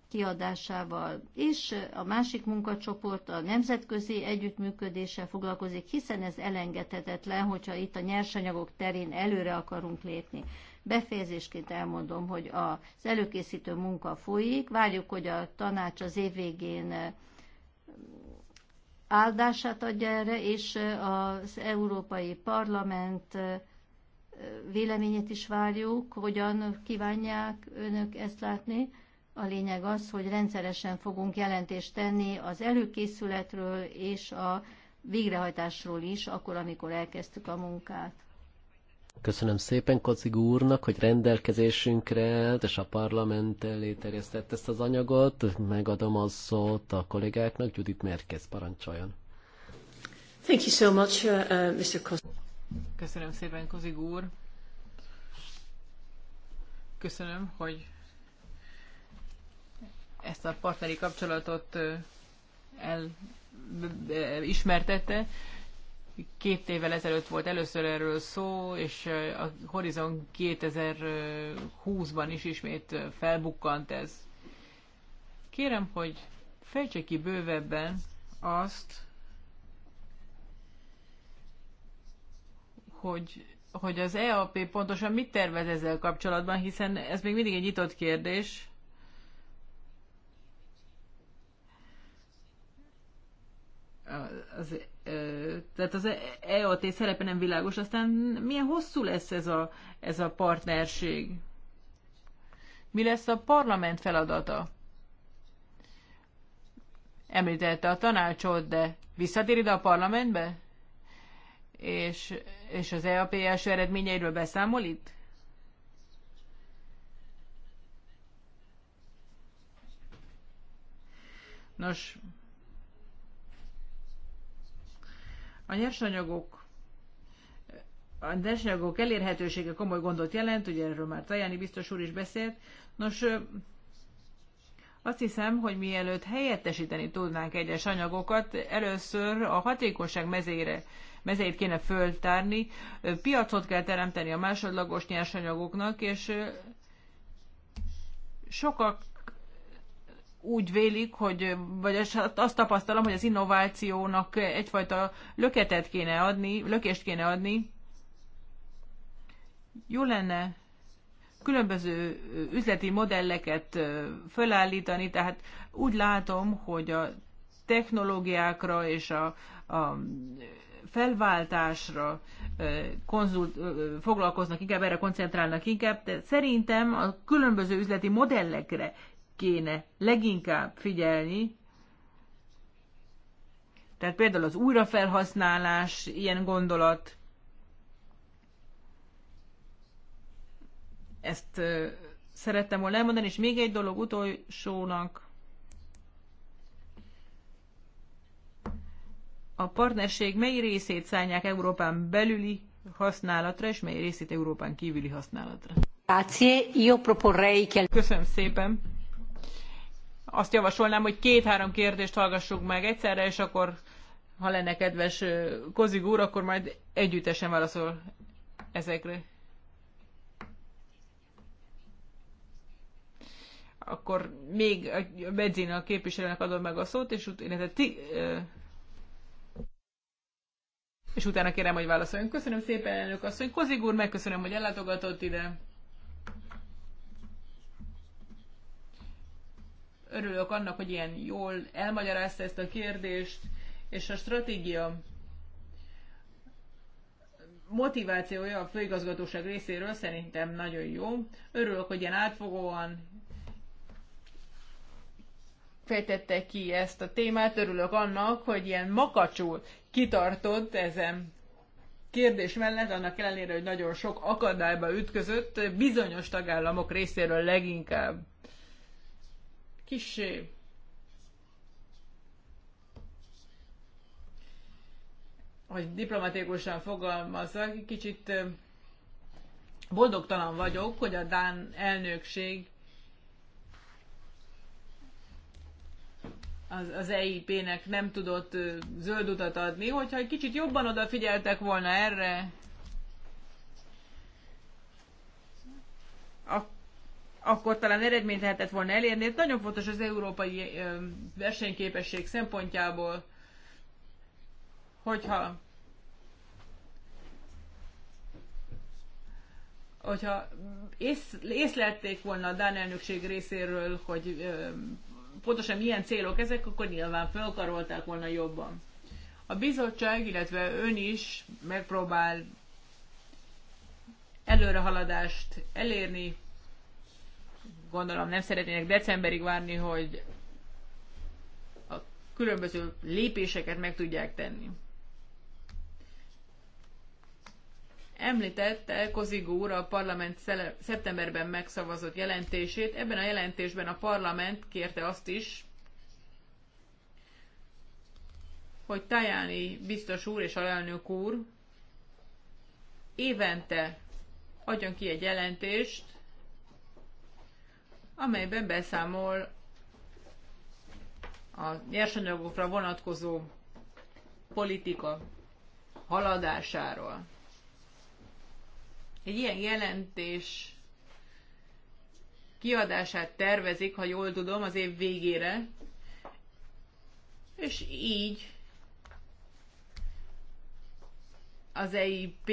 kiadásával. És a másik munkacsoport a nemzetközi együttműködéssel foglalkozik, hiszen ez elengedhetetlen, hogyha itt a nyersanyagok terén előre akarunk lépni. Befejezésként elmondom, hogy az előkészítő munka folyik, várjuk, hogy a tanács az év végén eh, áldását adja erre, és eh, az Európai Parlament eh, véleményét is várjuk, hogyan kívánják önök ezt látni. A lényeg az, hogy rendszeresen fogunk jelentést tenni az előkészületről és a végrehajtásról is, akkor, amikor elkezdtük a munkát. Köszönöm szépen Kocig úrnak, hogy rendelkezésünkre állt, és a parlament elé terjesztett ezt az anyagot. Megadom az szót a kollégáknak, Judit Merkez parancsoljon. Thank you so much, uh, uh Mr. Kos. Köszönöm szépen, Kozig úr. Köszönöm, hogy ezt a partneri kapcsolatot uh, el, ismertette. Két évvel ezelőtt volt először erről szó, és a Horizon 2020-ban is ismét felbukkant ez. Kérem, hogy fejtse ki bővebben azt, hogy, hogy az EAP pontosan mit tervez ezzel kapcsolatban, hiszen ez még mindig egy nyitott kérdés. az, tehát az EAT szerepe nem világos, aztán milyen hosszú lesz ez a, ez a partnerség? Mi lesz a parlament feladata? Említette a tanácsot, de visszatér ide a parlamentbe? És, és az EAP első eredményeiről beszámol itt? Nos, A nyersanyagok a nyersanyagok elérhetősége komoly gondot jelent, ugye erről már Tajani biztos úr is beszélt. Nos, azt hiszem, hogy mielőtt helyettesíteni tudnánk egyes anyagokat, először a hatékonyság mezére, mezeit kéne föltárni, piacot kell teremteni a másodlagos nyersanyagoknak, és sokak úgy vélik, hogy, vagy azt tapasztalom, hogy az innovációnak egyfajta löketet kéne adni, lökést kéne adni. Jó lenne különböző üzleti modelleket fölállítani, tehát úgy látom, hogy a technológiákra és a, a felváltásra konzult, foglalkoznak inkább, erre koncentrálnak inkább, de szerintem a különböző üzleti modellekre kéne leginkább figyelni, tehát például az újrafelhasználás, ilyen gondolat, ezt szerettem volna elmondani, és még egy dolog utolsónak. A partnerség mely részét szállják Európán belüli használatra, és mely részét Európán kívüli használatra? Köszönöm szépen! azt javasolnám, hogy két-három kérdést hallgassuk meg egyszerre, és akkor, ha lenne kedves Kozig úr, akkor majd együttesen válaszol ezekre. Akkor még a Bedzina a képviselőnek adom meg a szót, és, ut- illetve ti, és utána kérem, hogy válaszoljon. Köszönöm szépen, elnök asszony. Kozig úr, megköszönöm, hogy ellátogatott ide. örülök annak, hogy ilyen jól elmagyarázta ezt a kérdést, és a stratégia motivációja a főigazgatóság részéről szerintem nagyon jó. Örülök, hogy ilyen átfogóan fejtette ki ezt a témát. Örülök annak, hogy ilyen makacsul kitartott ezen kérdés mellett, annak ellenére, hogy nagyon sok akadályba ütközött, bizonyos tagállamok részéről leginkább kisé hogy diplomatikusan fogalmazzak, kicsit boldogtalan vagyok, hogy a Dán elnökség az, az EIP-nek nem tudott zöld utat adni, hogyha egy kicsit jobban odafigyeltek volna erre, akkor akkor talán eredményt lehetett volna elérni. Ez nagyon fontos az európai versenyképesség szempontjából, hogyha hogyha ész, észlelték volna a Dán elnökség részéről, hogy ö, pontosan milyen célok ezek, akkor nyilván felkarolták volna jobban. A bizottság, illetve ön is megpróbál előrehaladást elérni, gondolom nem szeretnének decemberig várni, hogy a különböző lépéseket meg tudják tenni. Említette Kozigó úr a parlament szeptemberben megszavazott jelentését. Ebben a jelentésben a parlament kérte azt is, hogy Tajáni biztos úr és alelnök úr évente adjon ki egy jelentést amelyben beszámol a nyersanyagokra vonatkozó politika haladásáról. Egy ilyen jelentés kiadását tervezik, ha jól tudom, az év végére, és így az EIP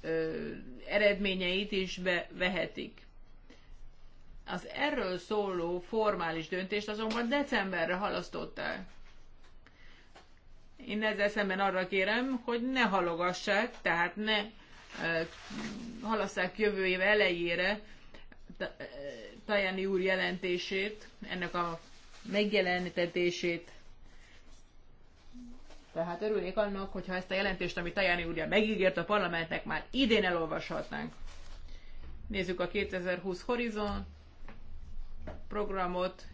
ö, eredményeit is bevehetik. Az erről szóló formális döntést azonban decemberre halasztotta. Én ezzel szemben arra kérem, hogy ne halogassák, tehát ne e, halasszák jövő év elejére Tajani úr jelentését, ennek a megjelenítetését. Tehát örülnék annak, hogyha ezt a jelentést, amit Tajani úrja, megígért a parlamentnek, már idén elolvashatnánk. Nézzük a 2020 horizont programot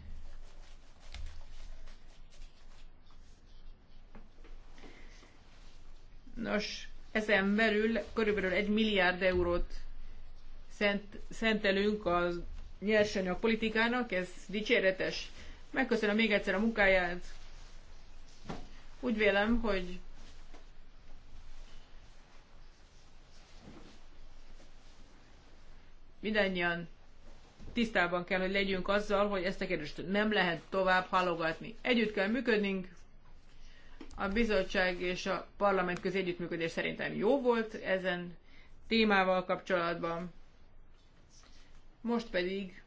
Nos, ezen belül körülbelül egy milliárd eurót szent, szentelünk a nyersanyag politikának, ez dicséretes. Megköszönöm még egyszer a munkáját. Úgy vélem, hogy mindannyian tisztában kell, hogy legyünk azzal, hogy ezt a kérdést nem lehet tovább halogatni. Együtt kell működnünk, a bizottság és a parlament közé együttműködés szerintem jó volt ezen témával kapcsolatban. Most pedig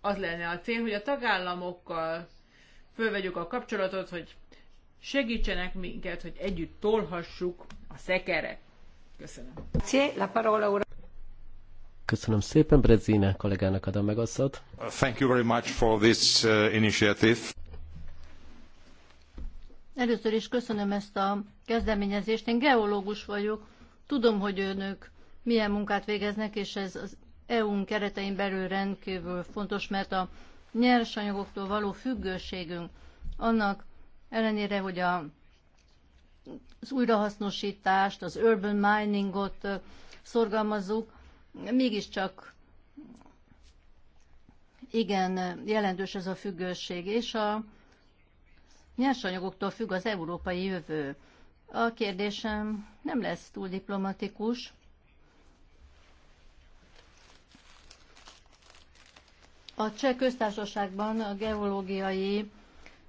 az lenne a cél, hogy a tagállamokkal fölvegyük a kapcsolatot, hogy segítsenek minket, hogy együtt tolhassuk a szekeret. Köszönöm. la parola Köszönöm szépen, Brezina kollégának adom meg a szót. Thank you very much for this uh, initiative. Először is köszönöm ezt a kezdeményezést. Én geológus vagyok, tudom, hogy önök milyen munkát végeznek, és ez az EU-n keretein belül rendkívül fontos, mert a nyersanyagoktól való függőségünk annak ellenére, hogy a, az újrahasznosítást, az urban miningot uh, szorgalmazzuk, mégiscsak igen jelentős ez a függőség, és a nyersanyagoktól függ az európai jövő. A kérdésem nem lesz túl diplomatikus. A cseh köztársaságban a geológiai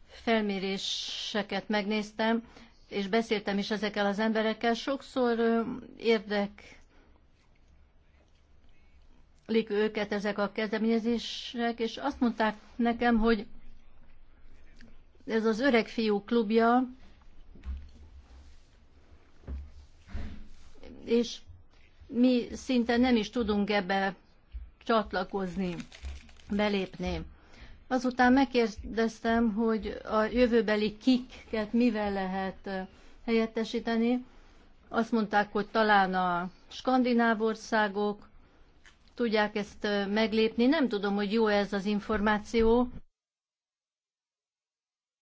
felméréseket megnéztem, és beszéltem is ezekkel az emberekkel. Sokszor érdek őket ezek a kezdeményezések, és azt mondták nekem, hogy ez az öreg fiú klubja, és mi szinte nem is tudunk ebbe csatlakozni, belépni. Azután megkérdeztem, hogy a jövőbeli kikket mivel lehet eh, helyettesíteni. Azt mondták, hogy talán a skandináv országok, tudják ezt meglépni. Nem tudom, hogy jó ez az információ,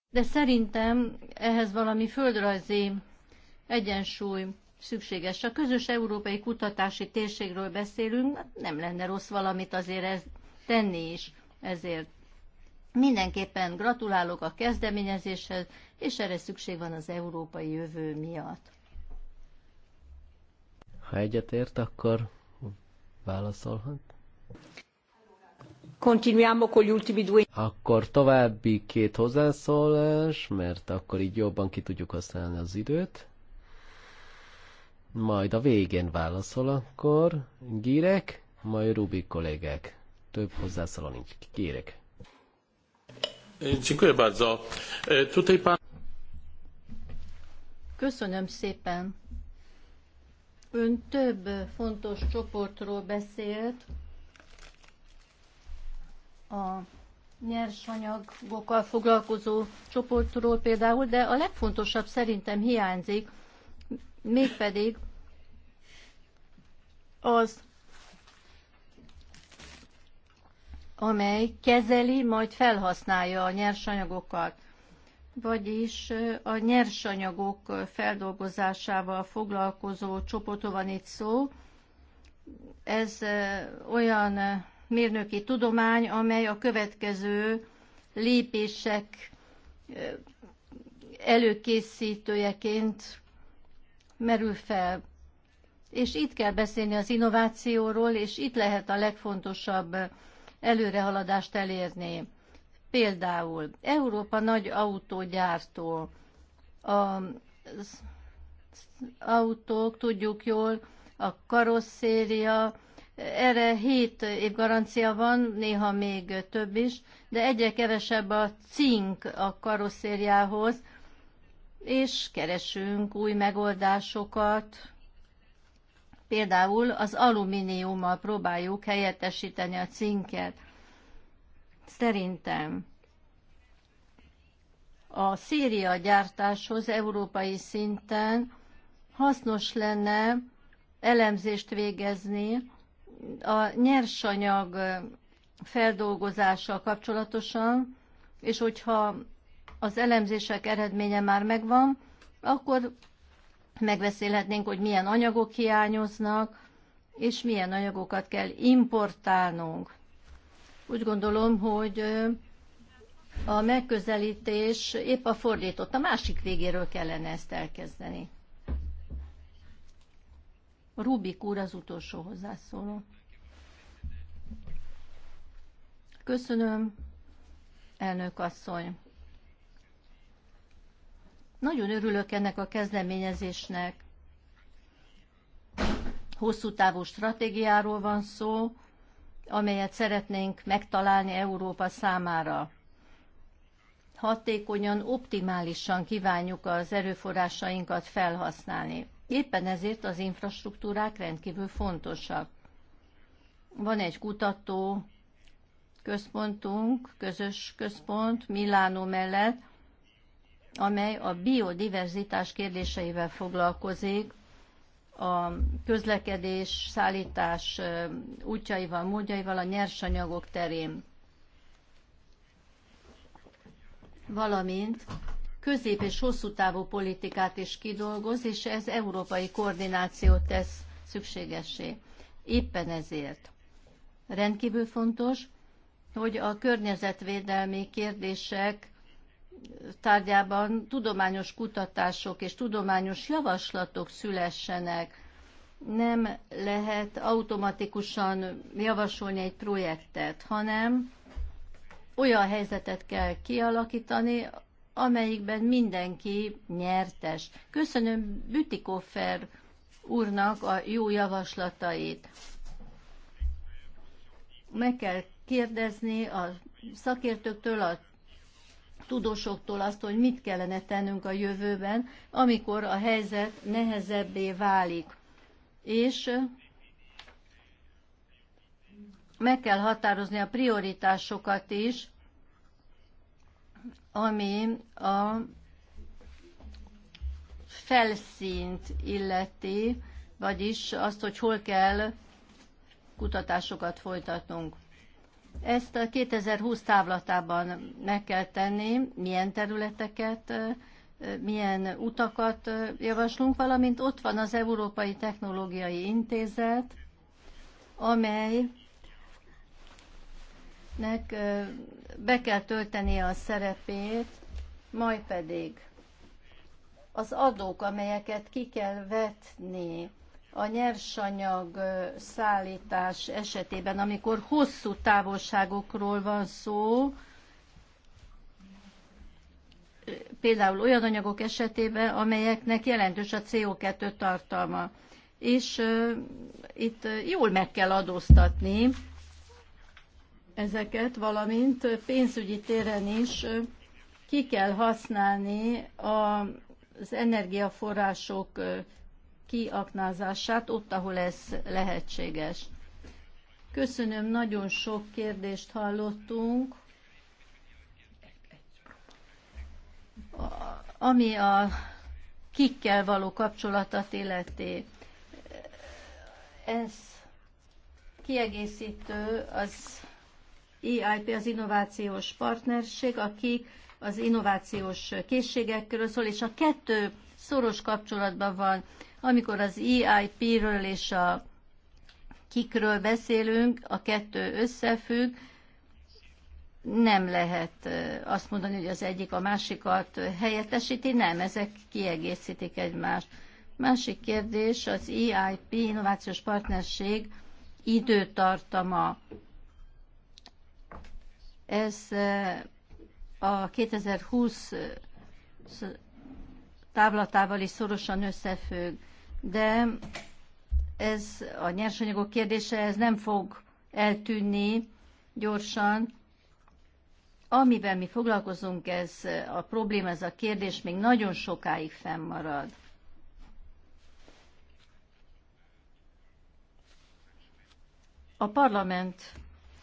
de szerintem ehhez valami földrajzi egyensúly szükséges. A közös európai kutatási térségről beszélünk, hát nem lenne rossz valamit azért ez tenni is ezért. Mindenképpen gratulálok a kezdeményezéshez, és erre szükség van az európai jövő miatt. Ha egyetért, akkor válaszolhat. Akkor további két hozzászólás, mert akkor így jobban ki tudjuk használni az időt. Majd a végén válaszol akkor Gírek, majd Rubi kollégák. Több hozzászóló nincs. Gírek. E, e, Köszönöm szépen. Ön több fontos csoportról beszélt, a nyersanyagokkal foglalkozó csoportról például, de a legfontosabb szerintem hiányzik, mégpedig az, amely kezeli, majd felhasználja a nyersanyagokat vagyis a nyersanyagok feldolgozásával foglalkozó csoportról van itt szó. Ez olyan mérnöki tudomány, amely a következő lépések előkészítőjeként merül fel. És itt kell beszélni az innovációról, és itt lehet a legfontosabb előrehaladást elérni. Például Európa nagy autógyártó. Az autók, tudjuk jól, a karosszéria, erre 7 év garancia van, néha még több is, de egyre kevesebb a cink a karosszériához, és keresünk új megoldásokat. Például az alumíniummal próbáljuk helyettesíteni a cinket. Szerintem a Szíria gyártáshoz európai szinten hasznos lenne elemzést végezni a nyersanyag feldolgozással kapcsolatosan, és hogyha az elemzések eredménye már megvan, akkor megbeszélhetnénk, hogy milyen anyagok hiányoznak, és milyen anyagokat kell importálnunk. Úgy gondolom, hogy a megközelítés épp a fordított, a másik végéről kellene ezt elkezdeni. Rubik úr az utolsó hozzászóló. Köszönöm, elnök asszony. Nagyon örülök ennek a kezdeményezésnek. Hosszú távú stratégiáról van szó, amelyet szeretnénk megtalálni Európa számára. Hatékonyan, optimálisan kívánjuk az erőforrásainkat felhasználni. Éppen ezért az infrastruktúrák rendkívül fontosak. Van egy kutató központunk, közös központ Milánó mellett, amely a biodiverzitás kérdéseivel foglalkozik, a közlekedés, szállítás útjaival, módjaival, a nyersanyagok terén, valamint közép- és hosszú távú politikát is kidolgoz, és ez európai koordinációt tesz szükségessé. Éppen ezért rendkívül fontos, hogy a környezetvédelmi kérdések tárgyában tudományos kutatások és tudományos javaslatok szülessenek. Nem lehet automatikusan javasolni egy projektet, hanem olyan helyzetet kell kialakítani, amelyikben mindenki nyertes. Köszönöm Bütikoffer úrnak a jó javaslatait. Meg kell kérdezni a szakértőktől, a tudósoktól azt, hogy mit kellene tennünk a jövőben, amikor a helyzet nehezebbé válik. És meg kell határozni a prioritásokat is, ami a felszínt illeti, vagyis azt, hogy hol kell kutatásokat folytatnunk. Ezt a 2020 távlatában meg kell tenni, milyen területeket, milyen utakat javaslunk, valamint ott van az Európai Technológiai Intézet, amely nek be kell tölteni a szerepét, majd pedig az adók, amelyeket ki kell vetni a nyersanyag szállítás esetében, amikor hosszú távolságokról van szó, például olyan anyagok esetében, amelyeknek jelentős a CO2 tartalma. És uh, itt jól meg kell adóztatni ezeket, valamint pénzügyi téren is ki kell használni az energiaforrások kiaknázását ott, ahol ez lehetséges. Köszönöm, nagyon sok kérdést hallottunk. Ami a kikkel való kapcsolatat illeti, ez kiegészítő az EIP, az innovációs partnerség, akik az innovációs készségekről szól, és a kettő szoros kapcsolatban van amikor az EIP-ről és a kikről beszélünk, a kettő összefügg, nem lehet azt mondani, hogy az egyik a másikat helyettesíti, nem, ezek kiegészítik egymást. Másik kérdés, az EIP, Innovációs Partnerség időtartama. Ez a 2020 táblatával is szorosan összefügg de ez a nyersanyagok kérdése, ez nem fog eltűnni gyorsan. Amivel mi foglalkozunk, ez a probléma, ez a kérdés még nagyon sokáig fennmarad. A parlament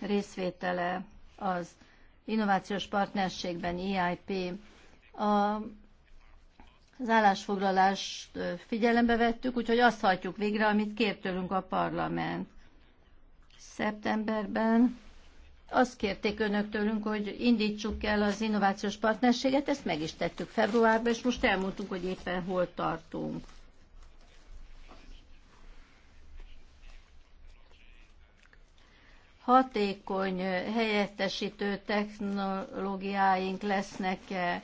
részvétele az innovációs partnerségben, EIP, a az állásfoglalást figyelembe vettük, úgyhogy azt hajtjuk végre, amit kér tőlünk a parlament. Szeptemberben azt kérték önök tőlünk, hogy indítsuk el az innovációs partnerséget, ezt meg is tettük februárban, és most elmondtuk, hogy éppen hol tartunk. Hatékony helyettesítő technológiáink lesznek-e,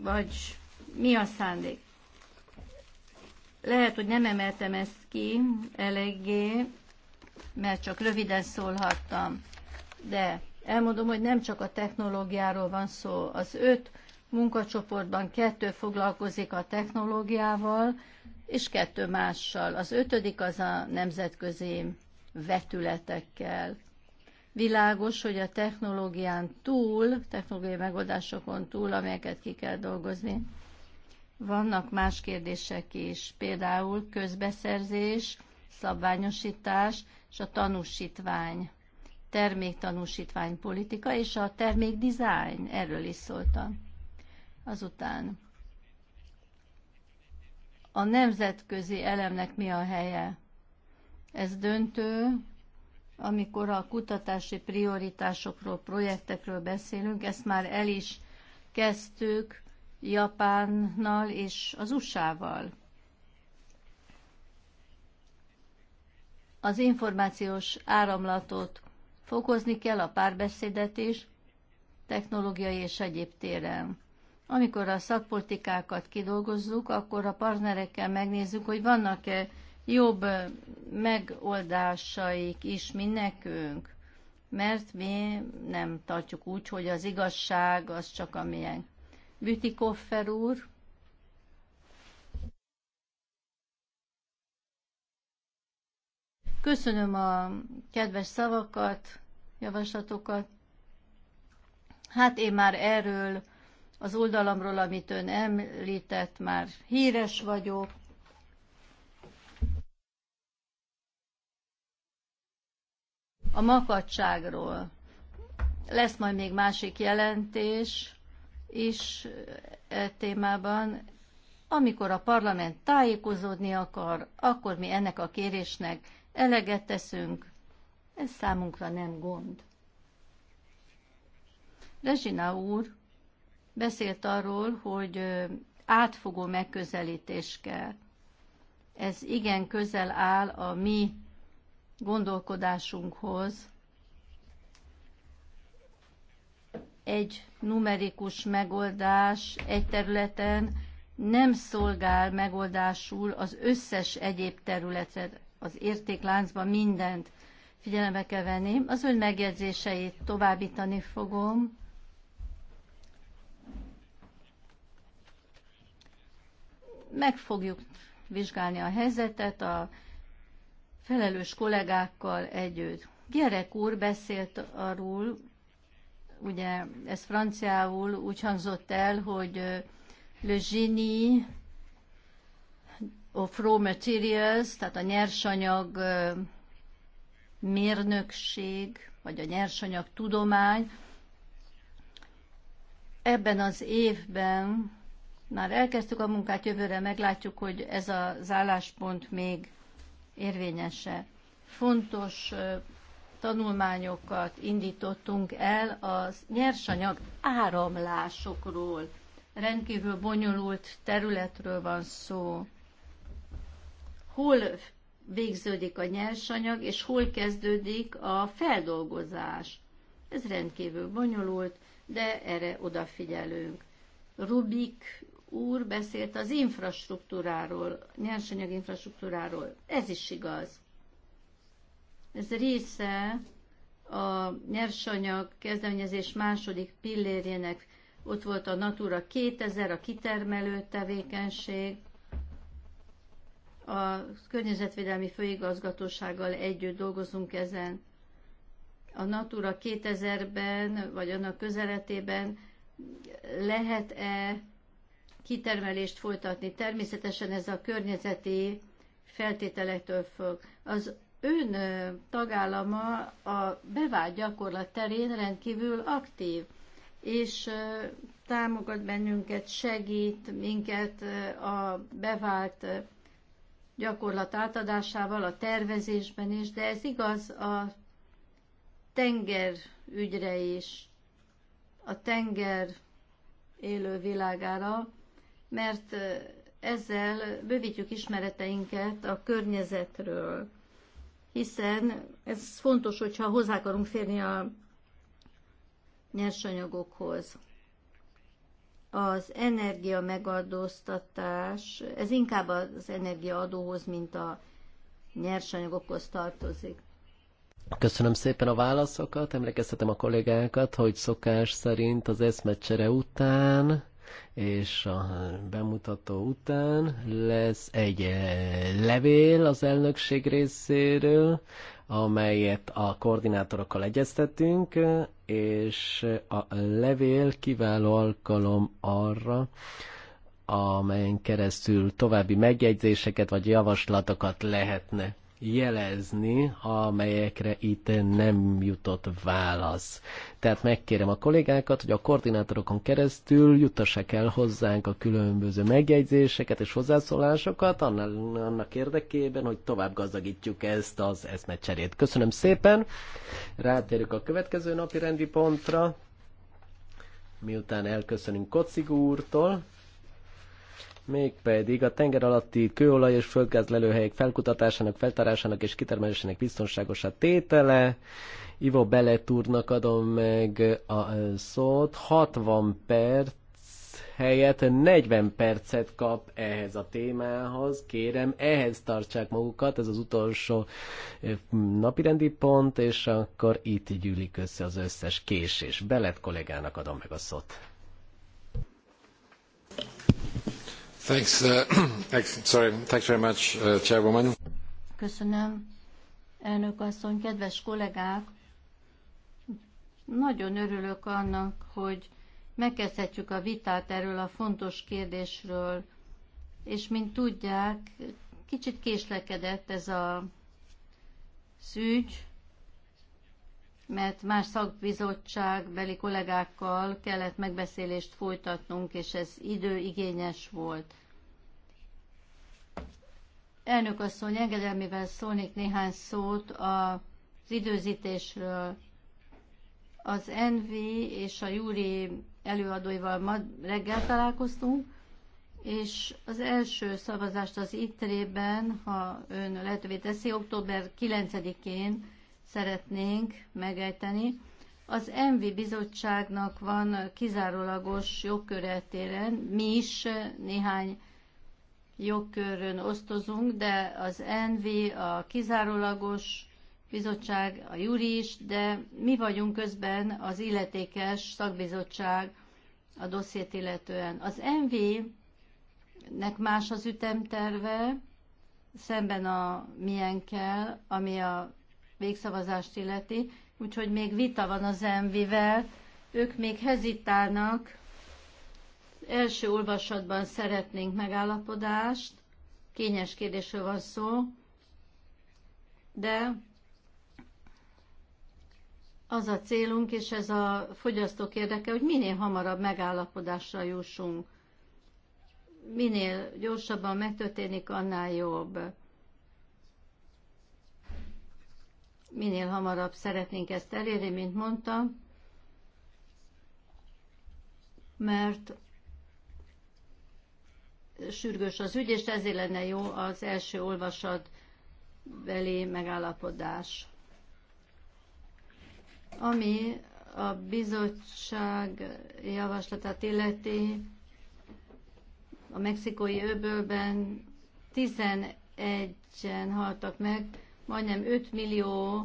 vagy mi a szándék. Lehet, hogy nem emeltem ezt ki eléggé, mert csak röviden szólhattam, de elmondom, hogy nem csak a technológiáról van szó. Az öt munkacsoportban kettő foglalkozik a technológiával, és kettő mással. Az ötödik az a nemzetközi vetületekkel. Világos, hogy a technológián túl, technológiai megoldásokon túl, amelyeket ki kell dolgozni, vannak más kérdések is, például közbeszerzés, szabványosítás és a tanúsítvány, terméktanúsítvány politika és a termékdizájn, erről is szóltam. Azután a nemzetközi elemnek mi a helye? Ez döntő, amikor a kutatási prioritásokról, projektekről beszélünk, ezt már el is kezdtük Japánnal és az USA-val. Az információs áramlatot fokozni kell, a párbeszédet is, technológiai és egyéb téren. Amikor a szakpolitikákat kidolgozzuk, akkor a partnerekkel megnézzük, hogy vannak-e jobb megoldásaik is, mint nekünk, mert mi nem tartjuk úgy, hogy az igazság az csak amilyen. Bütikoffer úr. Köszönöm a kedves szavakat, javaslatokat. Hát én már erről az oldalamról, amit ön említett, már híres vagyok. A makadságról lesz majd még másik jelentés, is e témában. Amikor a parlament tájékozódni akar, akkor mi ennek a kérésnek eleget teszünk. Ez számunkra nem gond. Rezsina úr beszélt arról, hogy átfogó megközelítés kell. Ez igen közel áll a mi gondolkodásunkhoz, egy numerikus megoldás egy területen nem szolgál megoldásul az összes egyéb területre, az értékláncban mindent figyelembe kell venni. Az ön megjegyzéseit továbbítani fogom. Meg fogjuk vizsgálni a helyzetet a felelős kollégákkal együtt. Gyerek úr beszélt arról, ugye ez franciául úgy hangzott el, hogy le génie of raw materials, tehát a nyersanyag mérnökség, vagy a nyersanyag tudomány. Ebben az évben már elkezdtük a munkát, jövőre meglátjuk, hogy ez az álláspont még érvényese. Fontos tanulmányokat indítottunk el az nyersanyag áramlásokról. Rendkívül bonyolult területről van szó. Hol végződik a nyersanyag, és hol kezdődik a feldolgozás. Ez rendkívül bonyolult, de erre odafigyelünk. Rubik úr beszélt az infrastruktúráról, nyersanyag infrastruktúráról. Ez is igaz. Ez része a nyersanyag kezdeményezés második pillérjének. Ott volt a Natura 2000, a kitermelő tevékenység, a Környezetvédelmi Főigazgatósággal együtt dolgozunk ezen. A Natura 2000-ben, vagy annak közeletében lehet-e kitermelést folytatni? Természetesen ez a környezeti feltételektől függ. Az ön tagállama a bevált gyakorlat terén rendkívül aktív, és támogat bennünket, segít minket a bevált gyakorlat átadásával, a tervezésben is, de ez igaz a tengerügyre is, a tenger élő világára, mert ezzel bővítjük ismereteinket a környezetről hiszen ez fontos, hogyha hozzá akarunk férni a nyersanyagokhoz. Az energia megadóztatás, ez inkább az energiaadóhoz, mint a nyersanyagokhoz tartozik. Köszönöm szépen a válaszokat, emlékeztetem a kollégákat, hogy szokás szerint az eszmecsere után és a bemutató után lesz egy eh, levél az elnökség részéről, amelyet a koordinátorokkal egyeztetünk, és a levél kiváló alkalom arra, amelyen keresztül további megjegyzéseket vagy javaslatokat lehetne jelezni, amelyekre itt nem jutott válasz. Tehát megkérem a kollégákat, hogy a koordinátorokon keresztül juttassák el hozzánk a különböző megjegyzéseket és hozzászólásokat annak érdekében, hogy tovább gazdagítjuk ezt az eszmecserét. Köszönöm szépen, rátérjük a következő napi rendi pontra, miután elköszönünk Kocig úrtól mégpedig a tenger alatti kőolaj és földgázlelőhelyek felkutatásának, feltárásának és kitermelésének biztonságos a tétele. Ivo Beletúrnak adom meg a szót. 60 perc helyett 40 percet kap ehhez a témához. Kérem, ehhez tartsák magukat, ez az utolsó eh, napirendi pont, és akkor itt gyűlik össze az összes késés. Belet kollégának adom meg a szót. Thanks, uh, sorry, thanks very much, uh, Chairwoman. Köszönöm, elnök asszony, kedves kollégák! Nagyon örülök annak, hogy megkezdhetjük a vitát erről a fontos kérdésről, és mint tudják, kicsit késlekedett ez a szügy, mert más szakbizottságbeli kollégákkal kellett megbeszélést folytatnunk, és ez időigényes volt. Elnök asszony, engedelmével szólnék néhány szót az időzítésről. Az NV és a Júri előadóival ma reggel találkoztunk, és az első szavazást az ITRE-ben, ha ön lehetővé teszi, október 9-én szeretnénk megejteni. Az ENVI bizottságnak van kizárólagos jogköretéren, mi is néhány jogkörön osztozunk, de az ENVI, a kizárólagos bizottság, a júri is, de mi vagyunk közben az illetékes szakbizottság a dossziét illetően. Az ENVI-nek más az ütemterve, szemben a milyen kell, ami a végszavazást illeti, úgyhogy még vita van az MV-vel, ők még hezitálnak, első olvasatban szeretnénk megállapodást, kényes kérdésről van szó, de az a célunk, és ez a fogyasztók érdeke, hogy minél hamarabb megállapodásra jussunk. Minél gyorsabban megtörténik, annál jobb. minél hamarabb szeretnénk ezt elérni, mint mondtam, mert sürgős az ügy, és ezért lenne jó az első olvasat belé megállapodás. Ami a bizottság javaslatát illeti, a mexikói öbölben 11-en haltak meg, majdnem 5 millió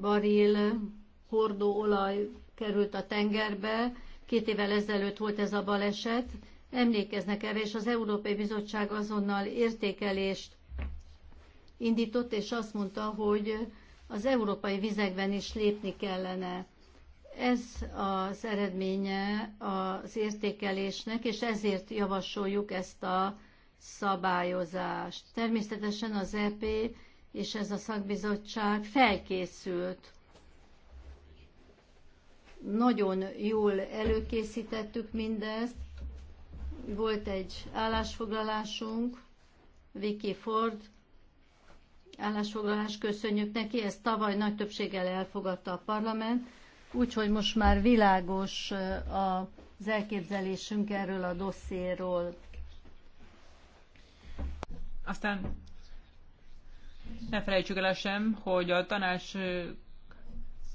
baril hordóolaj került a tengerbe. Két évvel ezelőtt volt ez a baleset. Emlékeznek erre, és az Európai Bizottság azonnal értékelést indított, és azt mondta, hogy az európai vizekben is lépni kellene. Ez az eredménye az értékelésnek, és ezért javasoljuk ezt a szabályozást. Természetesen az EP és ez a szakbizottság felkészült. Nagyon jól előkészítettük mindezt. Volt egy állásfoglalásunk, Vicky Ford állásfoglalás, köszönjük neki, ezt tavaly nagy többséggel elfogadta a parlament, úgyhogy most már világos az elképzelésünk erről a dosszéről. Aztán ne felejtsük el sem, hogy a tanács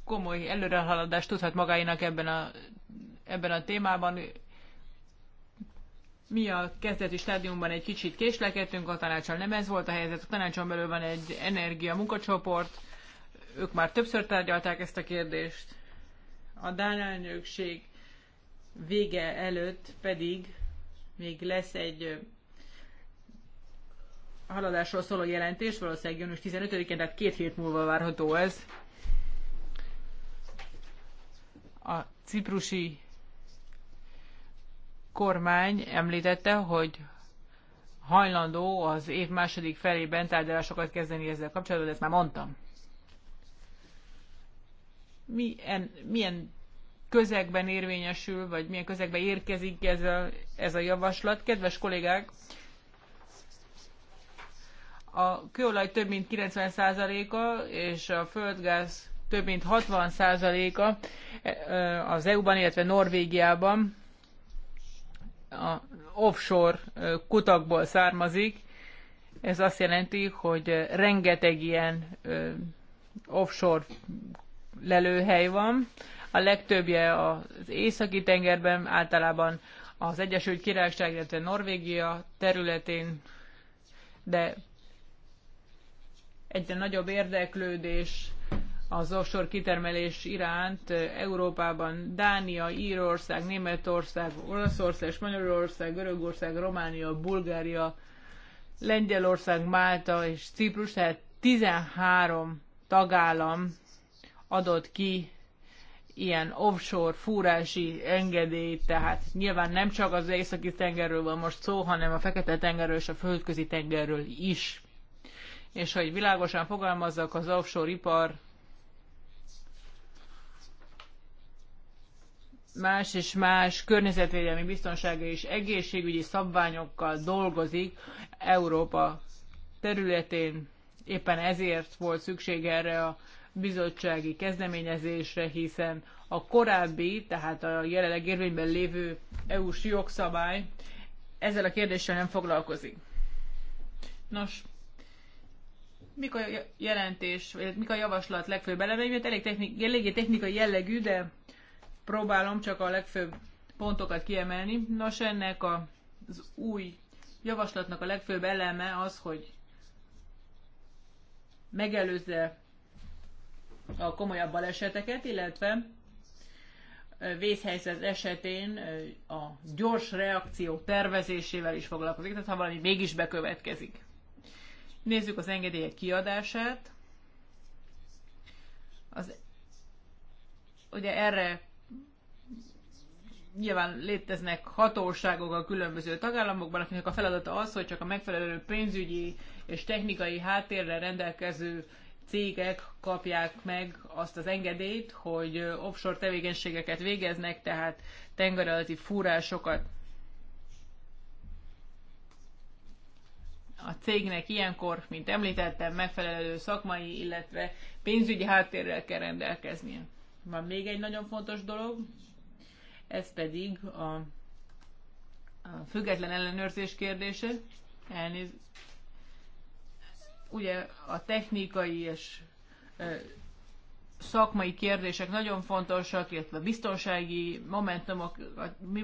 komoly előrehaladást tudhat magáinak ebben a, ebben a témában. Mi a kezdeti stádiumban egy kicsit késlekedtünk, a tanácsal nem ez volt a helyzet, a tanácson belül van egy energia munkacsoport, ők már többször tárgyalták ezt a kérdést. A Dán elnökség vége előtt pedig még lesz egy haladásról szóló jelentés, valószínűleg június 15-én, tehát két hét múlva várható ez. A ciprusi kormány említette, hogy hajlandó az év második felében tárgyalásokat kezdeni ezzel kapcsolatban, de ezt már mondtam. Milyen, milyen közegben érvényesül, vagy milyen közegben érkezik ez a, ez a javaslat? Kedves kollégák, a kőolaj több mint 90%-a és a földgáz több mint 60%-a e, az EU-ban, illetve Norvégiában a offshore kutakból származik. Ez azt jelenti, hogy rengeteg ilyen offshore lelőhely van. A legtöbbje az északi tengerben, általában az Egyesült Királyság, illetve Norvégia területén, de egyre nagyobb érdeklődés az offshore kitermelés iránt eh, Európában Dánia, Írország, Németország, Olaszország, Spanyolország, Görögország, Románia, Bulgária, Lengyelország, Málta és Ciprus, tehát 13 tagállam adott ki ilyen offshore fúrási engedélyt, tehát nyilván nem csak az északi tengerről van most szó, hanem a fekete tengerről és a földközi tengerről is és hogy világosan fogalmazzak, az offshore ipar más és más környezetvédelmi biztonsági és egészségügyi szabványokkal dolgozik Európa területén. Éppen ezért volt szükség erre a bizottsági kezdeményezésre, hiszen a korábbi, tehát a jelenleg érvényben lévő EU-s jogszabály ezzel a kérdéssel nem foglalkozik. Nos, mik a jelentés, vagy mik a javaslat legfőbb mert elég techni, eléggé technikai jellegű, de próbálom csak a legfőbb pontokat kiemelni. Nos, ennek a, az új javaslatnak a legfőbb eleme az, hogy megelőzze a komolyabb baleseteket, illetve vészhelyzet esetén a gyors reakció tervezésével is foglalkozik, tehát ha valami mégis bekövetkezik. Nézzük az engedélyek kiadását. Az, ugye erre nyilván léteznek hatóságok a különböző tagállamokban, akinek a feladata az, hogy csak a megfelelő pénzügyi és technikai háttérrel rendelkező cégek kapják meg azt az engedélyt, hogy offshore tevékenységeket végeznek, tehát tengeralatti fúrásokat. A cégnek ilyenkor, mint említettem, megfelelő szakmai, illetve pénzügyi háttérrel kell rendelkeznie. Van még egy nagyon fontos dolog, ez pedig a, a független ellenőrzés kérdése. Elnéz... Ugye a technikai és szakmai kérdések nagyon fontosak, illetve biztonsági momentumok,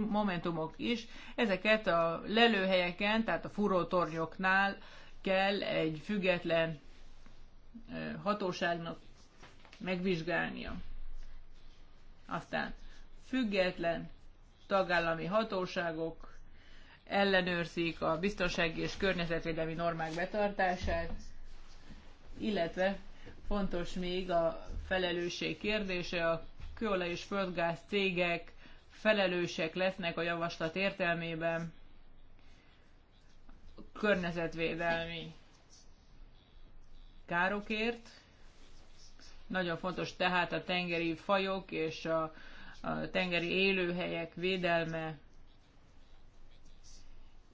momentumok is. Ezeket a lelőhelyeken, tehát a furótornyoknál kell egy független hatóságnak megvizsgálnia. Aztán független tagállami hatóságok ellenőrzik a biztonsági és környezetvédelmi normák betartását, illetve Fontos még a felelősség kérdése, a kőolaj és földgáz cégek felelősek lesznek a javaslat értelmében környezetvédelmi károkért. Nagyon fontos tehát a tengeri fajok és a, a tengeri élőhelyek védelme.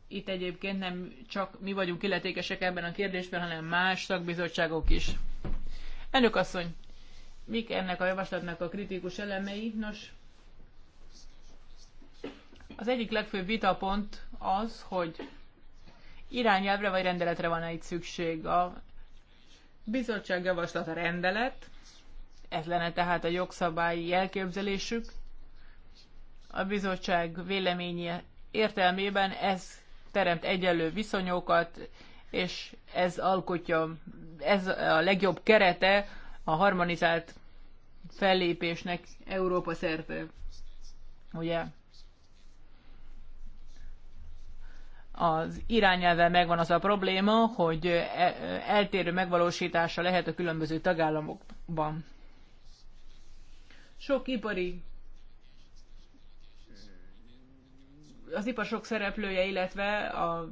Itt egyébként nem csak mi vagyunk illetékesek ebben a kérdésben, hanem más szakbizottságok is. Elnök asszony, mik ennek a javaslatnak a kritikus elemei? Nos, az egyik legfőbb vitapont az, hogy irányelvre vagy rendeletre van -e itt szükség. A bizottság javaslata rendelet, ez lenne tehát a jogszabályi elképzelésük. A bizottság véleménye értelmében ez teremt egyenlő viszonyokat, és ez alkotja, ez a legjobb kerete a harmonizált fellépésnek Európa szerte. Ugye? Az irányelve megvan az a probléma, hogy e-, eltérő megvalósítása lehet a különböző tagállamokban. Sok ipari az ipar sok szereplője, illetve a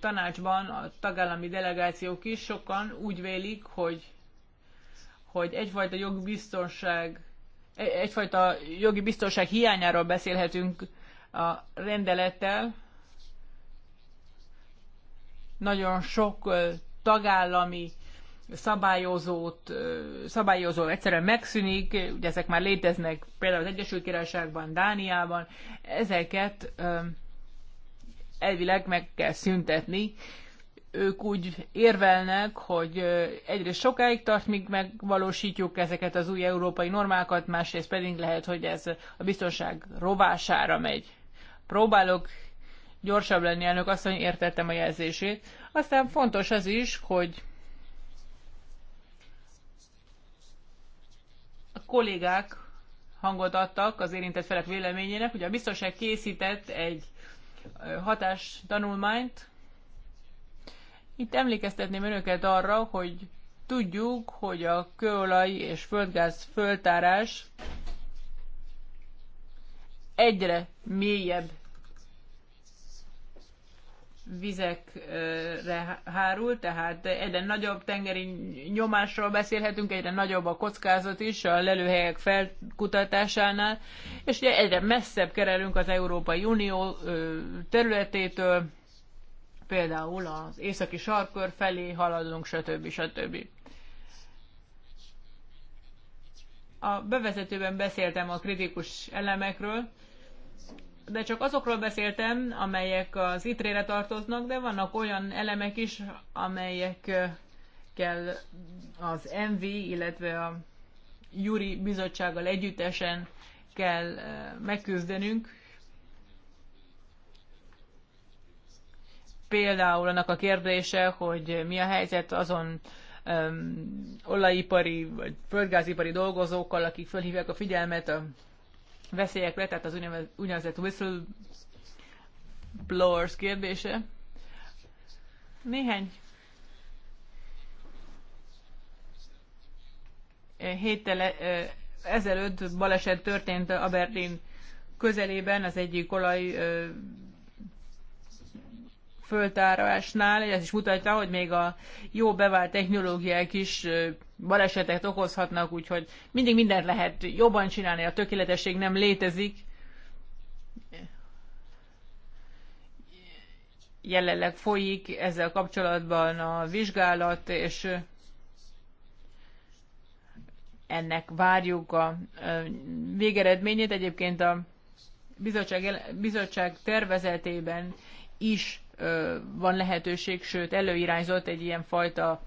tanácsban a tagállami delegációk is sokan úgy vélik, hogy, hogy egyfajta jogbiztonság, e, egyfajta jogi biztonság hiányáról beszélhetünk a rendelettel. Nagyon sok tagállami szabályozót, szabályozó egyszerűen megszűnik, ugye ezek már léteznek például az Egyesült Királyságban, Dániában, ezeket elvileg meg kell szüntetni. Ők úgy érvelnek, hogy egyrészt sokáig tart, míg megvalósítjuk ezeket az új európai normákat, másrészt pedig lehet, hogy ez a biztonság rovására megy. Próbálok gyorsabb lenni, elnök hogy értettem a jelzését. Aztán fontos az is, hogy kollégák hangot adtak az érintett felek véleményének, hogy a biztonság készített egy hatás tanulmányt. Itt emlékeztetném önöket arra, hogy tudjuk, hogy a kőolaj és földgáz föltárás egyre mélyebb vizekre hárul, tehát egyre nagyobb tengeri nyomásról beszélhetünk, egyre nagyobb a kockázat is a lelőhelyek felkutatásánál, és ugye egyre messzebb kerelünk az Európai Unió területétől, például az északi sarkör felé haladunk, stb. stb. A bevezetőben beszéltem a kritikus elemekről, de csak azokról beszéltem, amelyek az itrére tartoznak, de vannak olyan elemek is, amelyekkel az MV, illetve a Juri bizottsággal együttesen kell megküzdenünk. Például annak a kérdése, hogy mi a helyzet azon olajipari vagy földgázipari dolgozókkal, akik felhívják a figyelmet a veszélyekre, tehát az úgynevezett whistleblowers kérdése. Néhány héttel eh, ezelőtt baleset történt Aberdeen közelében az egyik olaj eh, föltárásnál, ez is mutatja, hogy még a jó bevált technológiák is eh, balesetet okozhatnak, úgyhogy mindig mindent lehet jobban csinálni, a tökéletesség nem létezik. Jelenleg folyik ezzel kapcsolatban a vizsgálat, és ennek várjuk a végeredményét. Egyébként a bizottság, bizottság tervezetében is van lehetőség, sőt előirányzott egy ilyen fajta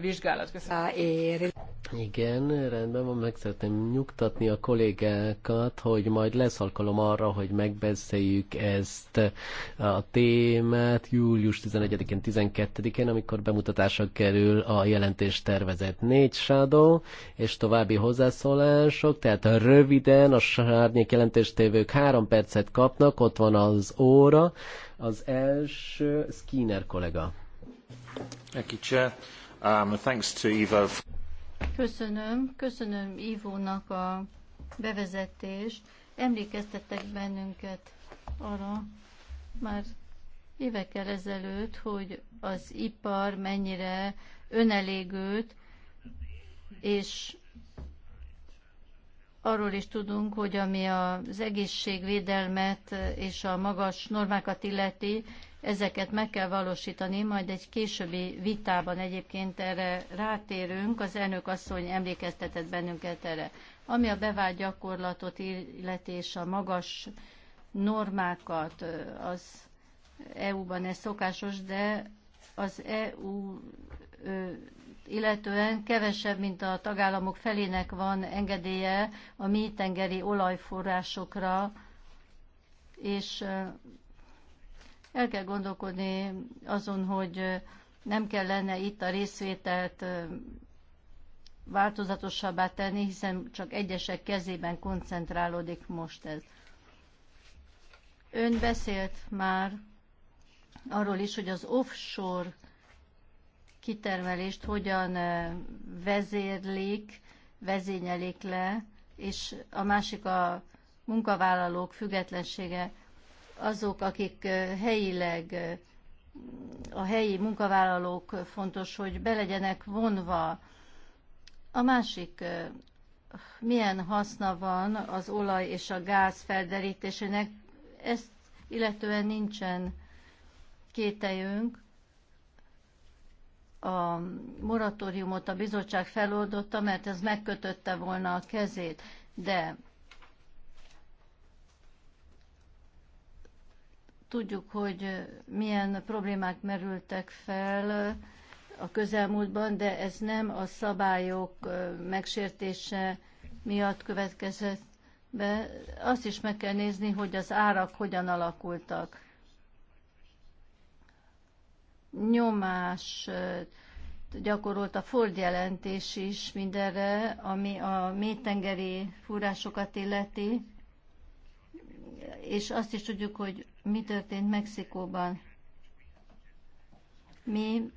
vizsgálat. Köszönöm. Igen, rendben van, meg szeretném nyugtatni a kollégákat, hogy majd lesz alkalom arra, hogy megbeszéljük ezt a témát július 11-én, 12-én, amikor bemutatásra kerül a jelentés tervezett négy shadow, és további hozzászólások, tehát röviden a sárnyék jelentéstévők három percet kapnak, ott van az óra, az első Skinner kollega. Neki Um, thanks to Ivo. Köszönöm, köszönöm Ivónak a bevezetést. Emlékeztettek bennünket arra már évekkel ezelőtt, hogy az ipar mennyire önelégült, és arról is tudunk, hogy ami az egészségvédelmet és a magas normákat illeti, ezeket meg kell valósítani, majd egy későbbi vitában egyébként erre rátérünk, az elnök asszony emlékeztetett bennünket erre. Ami a bevált gyakorlatot illeti és a magas normákat, az EU-ban ez szokásos, de az EU illetően kevesebb, mint a tagállamok felének van engedélye a mélytengeri olajforrásokra, és el kell gondolkodni azon, hogy nem kellene itt a részvételt változatosabbá tenni, hiszen csak egyesek kezében koncentrálódik most ez. Ön beszélt már arról is, hogy az offshore kitermelést hogyan vezérlik, vezényelik le, és a másik a munkavállalók függetlensége azok, akik helyileg a helyi munkavállalók fontos, hogy belegyenek vonva. A másik, milyen haszna van az olaj és a gáz felderítésének, ezt illetően nincsen kételjünk. A moratóriumot a bizottság feloldotta, mert ez megkötötte volna a kezét, de Tudjuk, hogy milyen problémák merültek fel a közelmúltban, de ez nem a szabályok megsértése miatt következett be. Azt is meg kell nézni, hogy az árak hogyan alakultak. Nyomás gyakorolt a Ford jelentés is mindenre, ami a mélytengeri fúrásokat illeti, és azt is tudjuk, hogy mi történt Mexikóban. Mi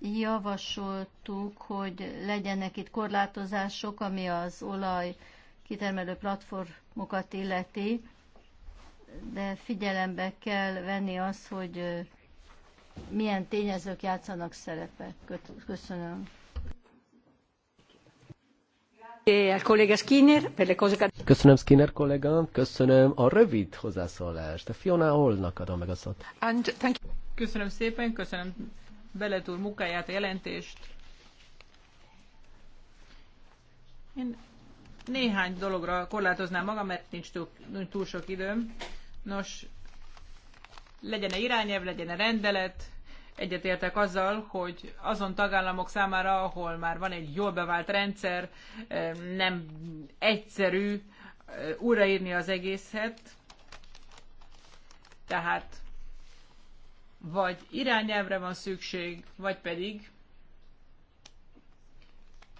javasoltuk, hogy legyenek itt korlátozások, ami az olaj kitermelő platformokat illeti, de figyelembe kell venni azt, hogy milyen tényezők játszanak szerepet. Köszönöm. E köszönöm Skinner kollégám, köszönöm a rövid hozzászólást. A Fiona Olnak adom meg a szót. Köszönöm szépen, köszönöm Beletúr munkáját, a jelentést. Én néhány dologra korlátoznám magam, mert nincs túl, nincs túl sok időm. Nos, legyen-e irányelv, legyen-e rendelet, Egyetértek azzal, hogy azon tagállamok számára, ahol már van egy jól bevált rendszer, eh, nem egyszerű eh, újraírni az egészet, tehát vagy irányelvre van szükség, vagy pedig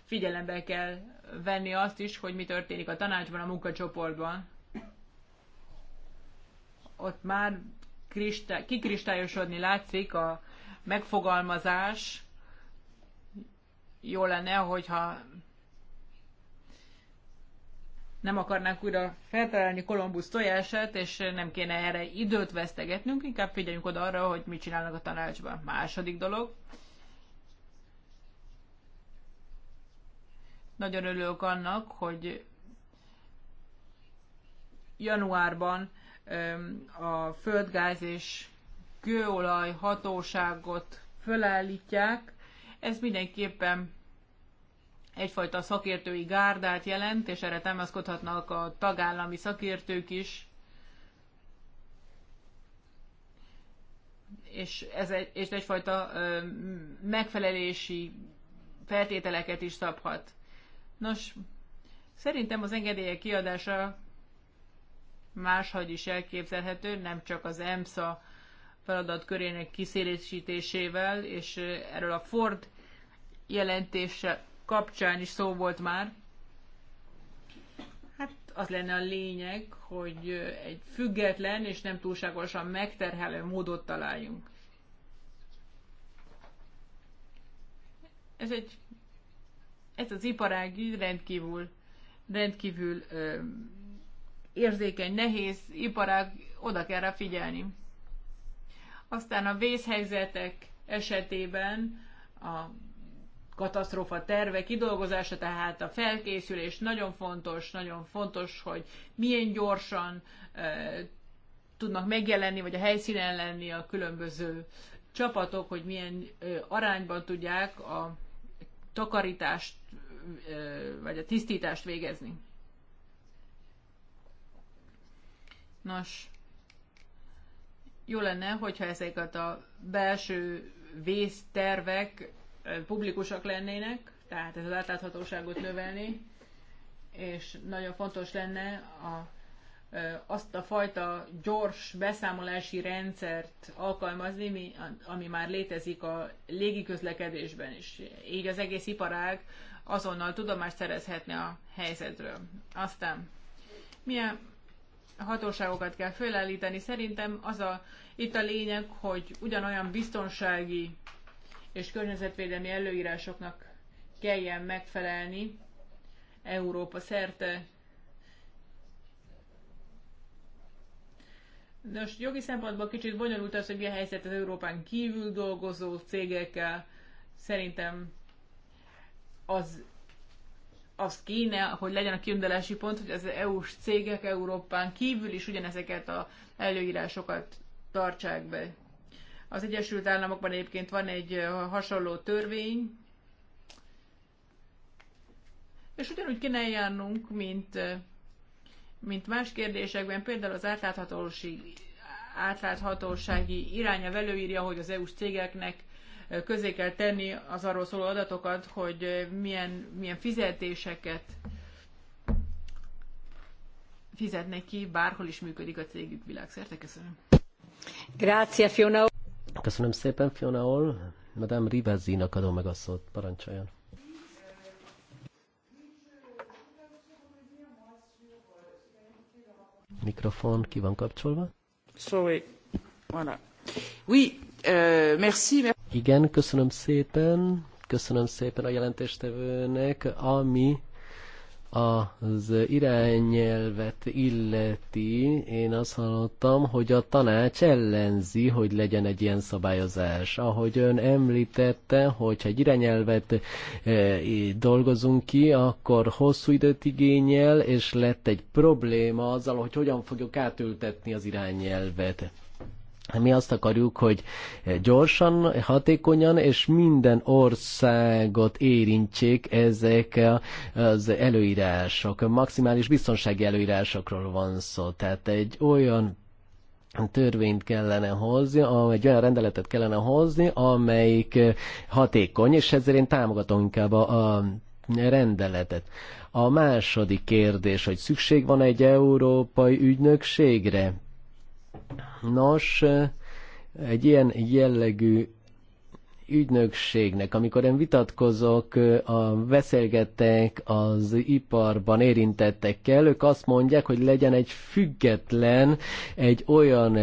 figyelembe kell venni azt is, hogy mi történik a tanácsban, a munkacsoportban. Ott már kristály, kikristályosodni látszik a megfogalmazás. Jó lenne, hogyha nem akarnánk újra feltalálni Kolumbusz tojását, és nem kéne erre időt vesztegetnünk, inkább figyeljünk oda arra, hogy mit csinálnak a tanácsban. Második dolog. Nagyon örülök annak, hogy januárban a földgáz és kőolaj hatóságot fölállítják, ez mindenképpen egyfajta szakértői gárdát jelent, és erre támaszkodhatnak a tagállami szakértők is. És ez egy, és egyfajta ö, megfelelési feltételeket is szabhat. Nos, szerintem az engedélyek kiadása máshogy is elképzelhető, nem csak az EMSA feladatkörének kiszélesítésével, és erről a Ford jelentése kapcsán is szó volt már. Hát az lenne a lényeg, hogy egy független és nem túlságosan megterhelő módot találjunk. Ez egy ez az iparág rendkívül rendkívül ö, érzékeny, nehéz iparág, oda kell rá figyelni. Aztán a vészhelyzetek esetében a katasztrófa terve kidolgozása, tehát a felkészülés nagyon fontos, nagyon fontos, hogy milyen gyorsan e, tudnak megjelenni, vagy a helyszínen lenni a különböző csapatok, hogy milyen e, arányban tudják a takarítást, e, vagy a tisztítást végezni. Nos, jó lenne, hogyha ezeket a belső vésztervek publikusak lennének, tehát ez az átláthatóságot növelni, és nagyon fontos lenne a, azt a fajta gyors beszámolási rendszert alkalmazni, ami már létezik a légiközlekedésben is. Így az egész iparág azonnal tudomást szerezhetne a helyzetről. Aztán milyen hatóságokat kell fölállítani. Szerintem az a, itt a lényeg, hogy ugyanolyan biztonsági és környezetvédelmi előírásoknak kelljen megfelelni Európa szerte. Nos, jogi szempontból kicsit bonyolult az, hogy mi a helyzet az Európán kívül dolgozó cégekkel. Szerintem az az kéne, hogy legyen a kiindulási pont, hogy az EU-s cégek Európán kívül is ugyanezeket a előírásokat tartsák be. Az Egyesült Államokban egyébként van egy hasonló törvény, és ugyanúgy kéne járnunk, mint, mint más kérdésekben, például az átláthatósági, átláthatósági irányelv előírja, hogy az EU-s cégeknek közé kell tenni az arról szóló adatokat, hogy milyen, milyen fizetéseket fizetnek ki, bárhol is működik a cégük világszerte. Köszönöm. Grazie, Fiona. Köszönöm szépen, Fiona Ol. Madame Rivezzi-nak adom meg a szót. Parancsoljon. Mikrofon ki van kapcsolva? Sorry. Voilà. Oui, euh, merci, merci. Igen, köszönöm szépen. Köszönöm szépen a jelentéstevőnek, ami az irányelvet illeti, én azt hallottam, hogy a tanács ellenzi, hogy legyen egy ilyen szabályozás. Ahogy ön említette, hogyha egy irányelvet eh, dolgozunk ki, akkor hosszú időt igényel, és lett egy probléma azzal, hogy hogyan fogjuk átültetni az irányelvet. Mi azt akarjuk, hogy gyorsan, hatékonyan és minden országot érintsék ezek az előírások. Maximális biztonsági előírásokról van szó. Tehát egy olyan törvényt kellene hozni, egy olyan rendeletet kellene hozni, amelyik hatékony, és ezzel én támogatom inkább a, a rendeletet. A második kérdés, hogy szükség van egy európai ügynökségre? Nos, egy ilyen jellegű ügynökségnek, amikor én vitatkozok, a, beszélgetek az iparban érintettekkel, ők azt mondják, hogy legyen egy független, egy olyan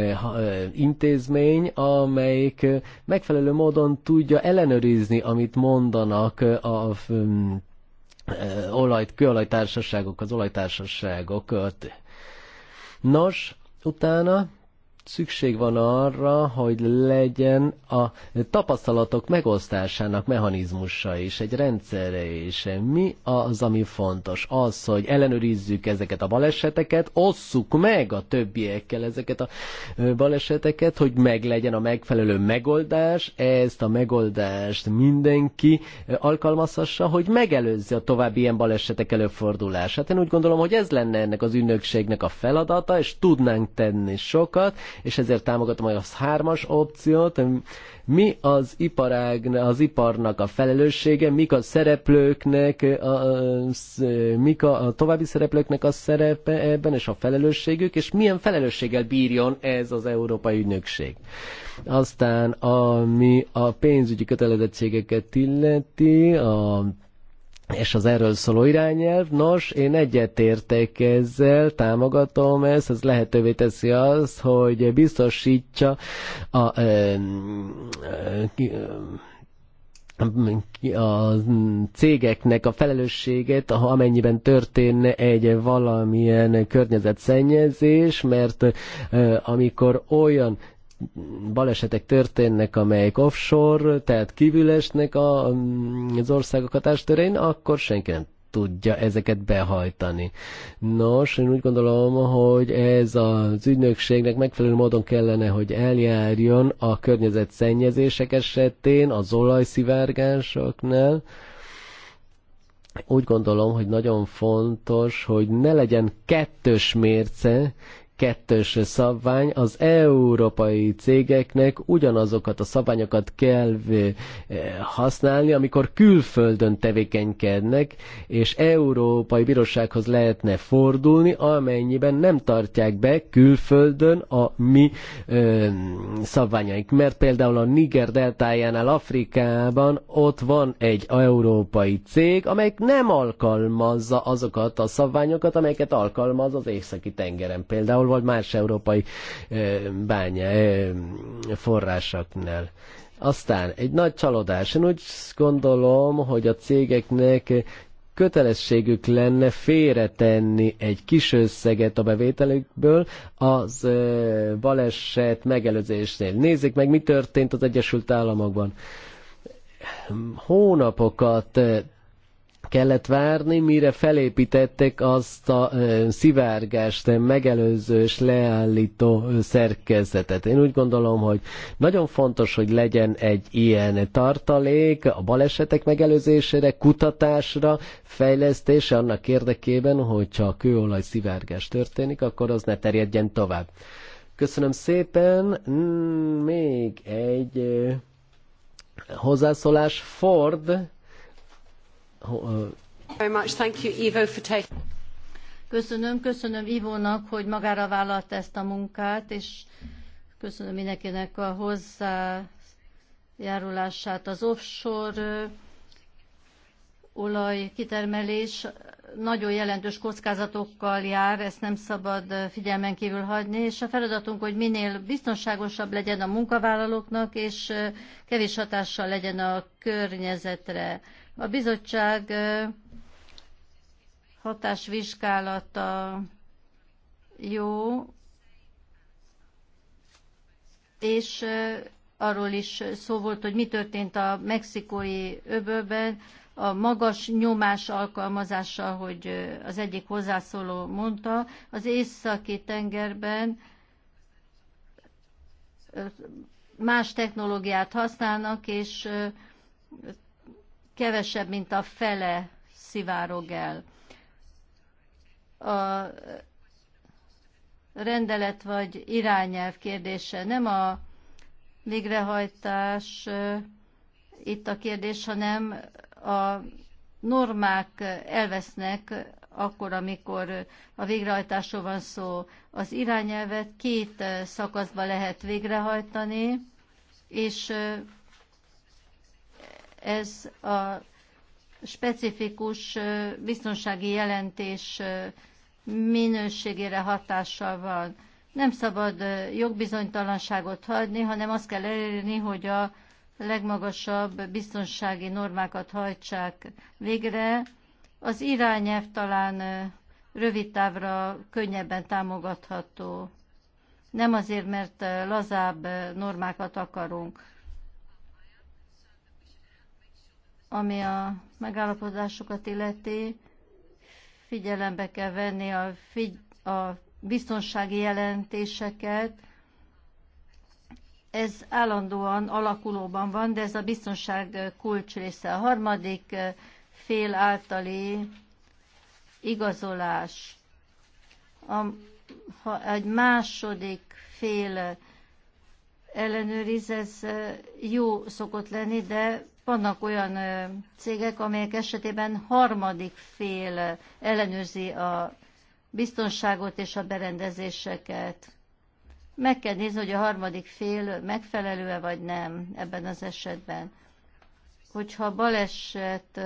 intézmény, amelyik megfelelő módon tudja ellenőrizni, amit mondanak a olajt, kőolajtársaságok, az olajtársaságokat. Nos, utána szükség van arra, hogy legyen a tapasztalatok megosztásának mechanizmusa is, egy rendszere is. Mi az, ami fontos? Az, hogy ellenőrizzük ezeket a baleseteket, osszuk meg a többiekkel ezeket a baleseteket, hogy meg legyen a megfelelő megoldás, ezt a megoldást mindenki alkalmazhassa, hogy megelőzze a további ilyen balesetek előfordulását. Hát én úgy gondolom, hogy ez lenne ennek az ünnökségnek a feladata, és tudnánk tenni sokat, és ezért támogatom a hármas opciót. Mi az, iparág, az iparnak a felelőssége, mik a szereplőknek, a, a, mik a, a további szereplőknek a szerepe ebben, és a felelősségük, és milyen felelősséggel bírjon ez az Európai Ügynökség. Aztán ami a pénzügyi kötelezettségeket illeti, a és az erről szóló irányelv. Nos, én egyetértek ezzel, támogatom ezt, ez lehetővé teszi azt, hogy biztosítsa a ö, ö, a cégeknek a felelősséget, amennyiben történne egy valamilyen környezetszennyezés, mert amikor olyan balesetek történnek, amelyek offshore, tehát esnek a, az országok hatástörén, akkor senki nem tudja ezeket behajtani. Nos, én úgy gondolom, hogy ez az ügynökségnek megfelelő módon kellene, hogy eljárjon a környezetszennyezések esetén, az olajszivárgásoknál, úgy gondolom, hogy nagyon fontos, hogy ne legyen kettős mérce, kettős szabvány az európai cégeknek ugyanazokat a szabványokat kell eh, használni, amikor külföldön tevékenykednek, és európai bírósághoz lehetne fordulni, amennyiben nem tartják be külföldön a mi ö, eh, szabványaink. Mert például a Niger deltájánál Afrikában ott van egy európai cég, amelyik nem alkalmazza azokat a szabványokat, amelyeket alkalmaz az északi tengeren például, volt más európai bánya forrásoknál. Aztán egy nagy csalódás. Én úgy gondolom, hogy a cégeknek kötelességük lenne félretenni egy kis összeget a bevételükből az baleset megelőzésnél. Nézzék meg, mi történt az Egyesült Államokban. Hónapokat kellett várni, mire felépítettek azt a szivárgást, megelőző és leállító szerkezetet. Én úgy gondolom, hogy nagyon fontos, hogy legyen egy ilyen tartalék a balesetek megelőzésére, kutatásra, fejlesztése annak érdekében, hogyha a kőolaj szivárgás történik, akkor az ne terjedjen tovább. Köszönöm szépen. Még egy hozzászólás Ford Köszönöm, köszönöm Ivónak, hogy magára vállalta ezt a munkát, és köszönöm mindenkinek a hozzájárulását. Az offshore olajkitermelés kitermelés nagyon jelentős kockázatokkal jár, ezt nem szabad figyelmen kívül hagyni, és a feladatunk, hogy minél biztonságosabb legyen a munkavállalóknak, és kevés hatással legyen a környezetre. A bizottság hatásvizsgálata jó, és arról is szó volt, hogy mi történt a mexikói öbölben, a magas nyomás alkalmazása, hogy az egyik hozzászóló mondta, az északi tengerben más technológiát használnak, és kevesebb, mint a fele szivárog el. A rendelet vagy irányelv kérdése nem a végrehajtás itt a kérdés, hanem a normák elvesznek akkor, amikor a végrehajtásról van szó. Az irányelvet két szakaszba lehet végrehajtani, és ez a specifikus biztonsági jelentés minőségére hatással van. Nem szabad jogbizonytalanságot hagyni, hanem azt kell elérni, hogy a legmagasabb biztonsági normákat hajtsák végre. Az irányelv talán rövid távra könnyebben támogatható. Nem azért, mert lazább normákat akarunk. ami a megállapodásokat illeti, figyelembe kell venni a, figy- a biztonsági jelentéseket. Ez állandóan alakulóban van, de ez a biztonság kulcs része. A harmadik eh, fél általi igazolás. A, ha egy második fél ellenőriz, ez eh, jó szokott lenni, de vannak olyan cégek, amelyek esetében harmadik fél ellenőrzi a biztonságot és a berendezéseket. Meg kell nézni, hogy a harmadik fél megfelelő-e vagy nem ebben az esetben. Hogyha baleset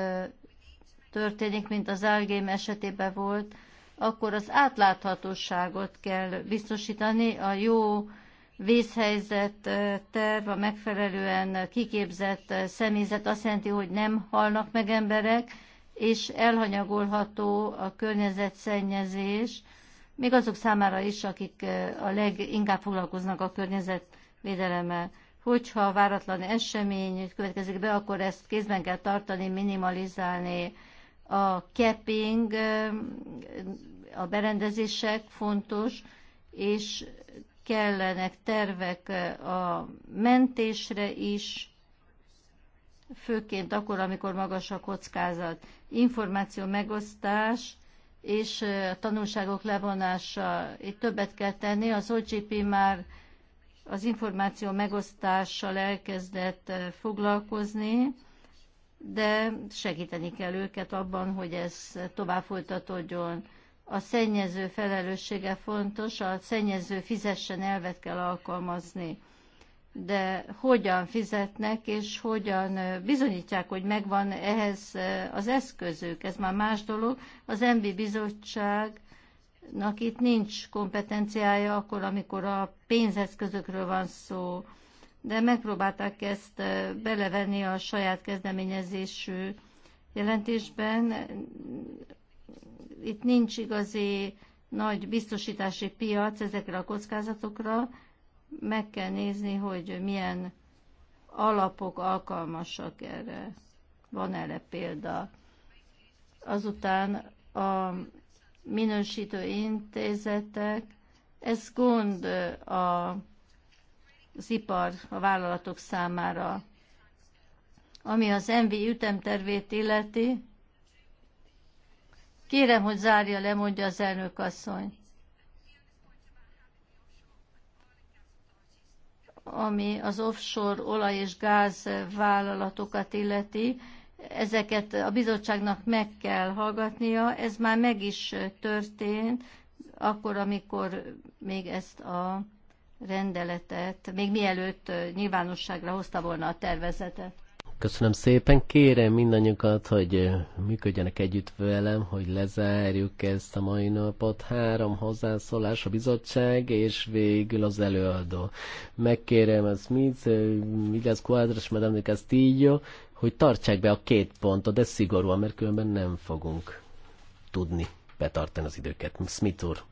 történik, mint az Algém esetében volt, akkor az átláthatóságot kell biztosítani, a jó vészhelyzet terv, a megfelelően kiképzett személyzet azt jelenti, hogy nem halnak meg emberek, és elhanyagolható a környezetszennyezés, még azok számára is, akik a leginkább foglalkoznak a környezetvédelemmel. Hogyha váratlan esemény következik be, akkor ezt kézben kell tartani, minimalizálni. A capping, a berendezések fontos, és kellenek tervek a mentésre is, főként akkor, amikor magas a kockázat. Információ megosztás és a tanulságok levonása. Itt többet kell tenni. Az OGP már az információ megosztással elkezdett foglalkozni, de segíteni kell őket abban, hogy ez tovább folytatódjon a szennyező felelőssége fontos, a szennyező fizessen elvet kell alkalmazni. De hogyan fizetnek, és hogyan bizonyítják, hogy megvan ehhez az eszközük, ez már más dolog. Az MB bizottságnak itt nincs kompetenciája, akkor, amikor a pénzeszközökről van szó, de megpróbálták ezt belevenni a saját kezdeményezésű jelentésben itt nincs igazi nagy biztosítási piac ezekre a kockázatokra, meg kell nézni, hogy milyen alapok alkalmasak erre. Van erre példa. Azután a minősítő intézetek, ez gond a, az ipar, a vállalatok számára. Ami az MV ütemtervét illeti, Kérem, hogy zárja le, mondja az elnök asszony. Ami az offshore olaj és gáz vállalatokat illeti, ezeket a bizottságnak meg kell hallgatnia. Ez már meg is történt, akkor, amikor még ezt a rendeletet, még mielőtt nyilvánosságra hozta volna a tervezetet. Köszönöm szépen, kérem mindannyiukat, hogy működjenek együtt velem, hogy lezárjuk ezt a mai napot. Három hozzászólás a bizottság, és végül az előadó. Megkérem a Smith, Vigyáz Quadras, Madame Castillo, hogy tartsák be a két pontot, de szigorúan, mert különben nem fogunk tudni betartani az időket. Smith úr.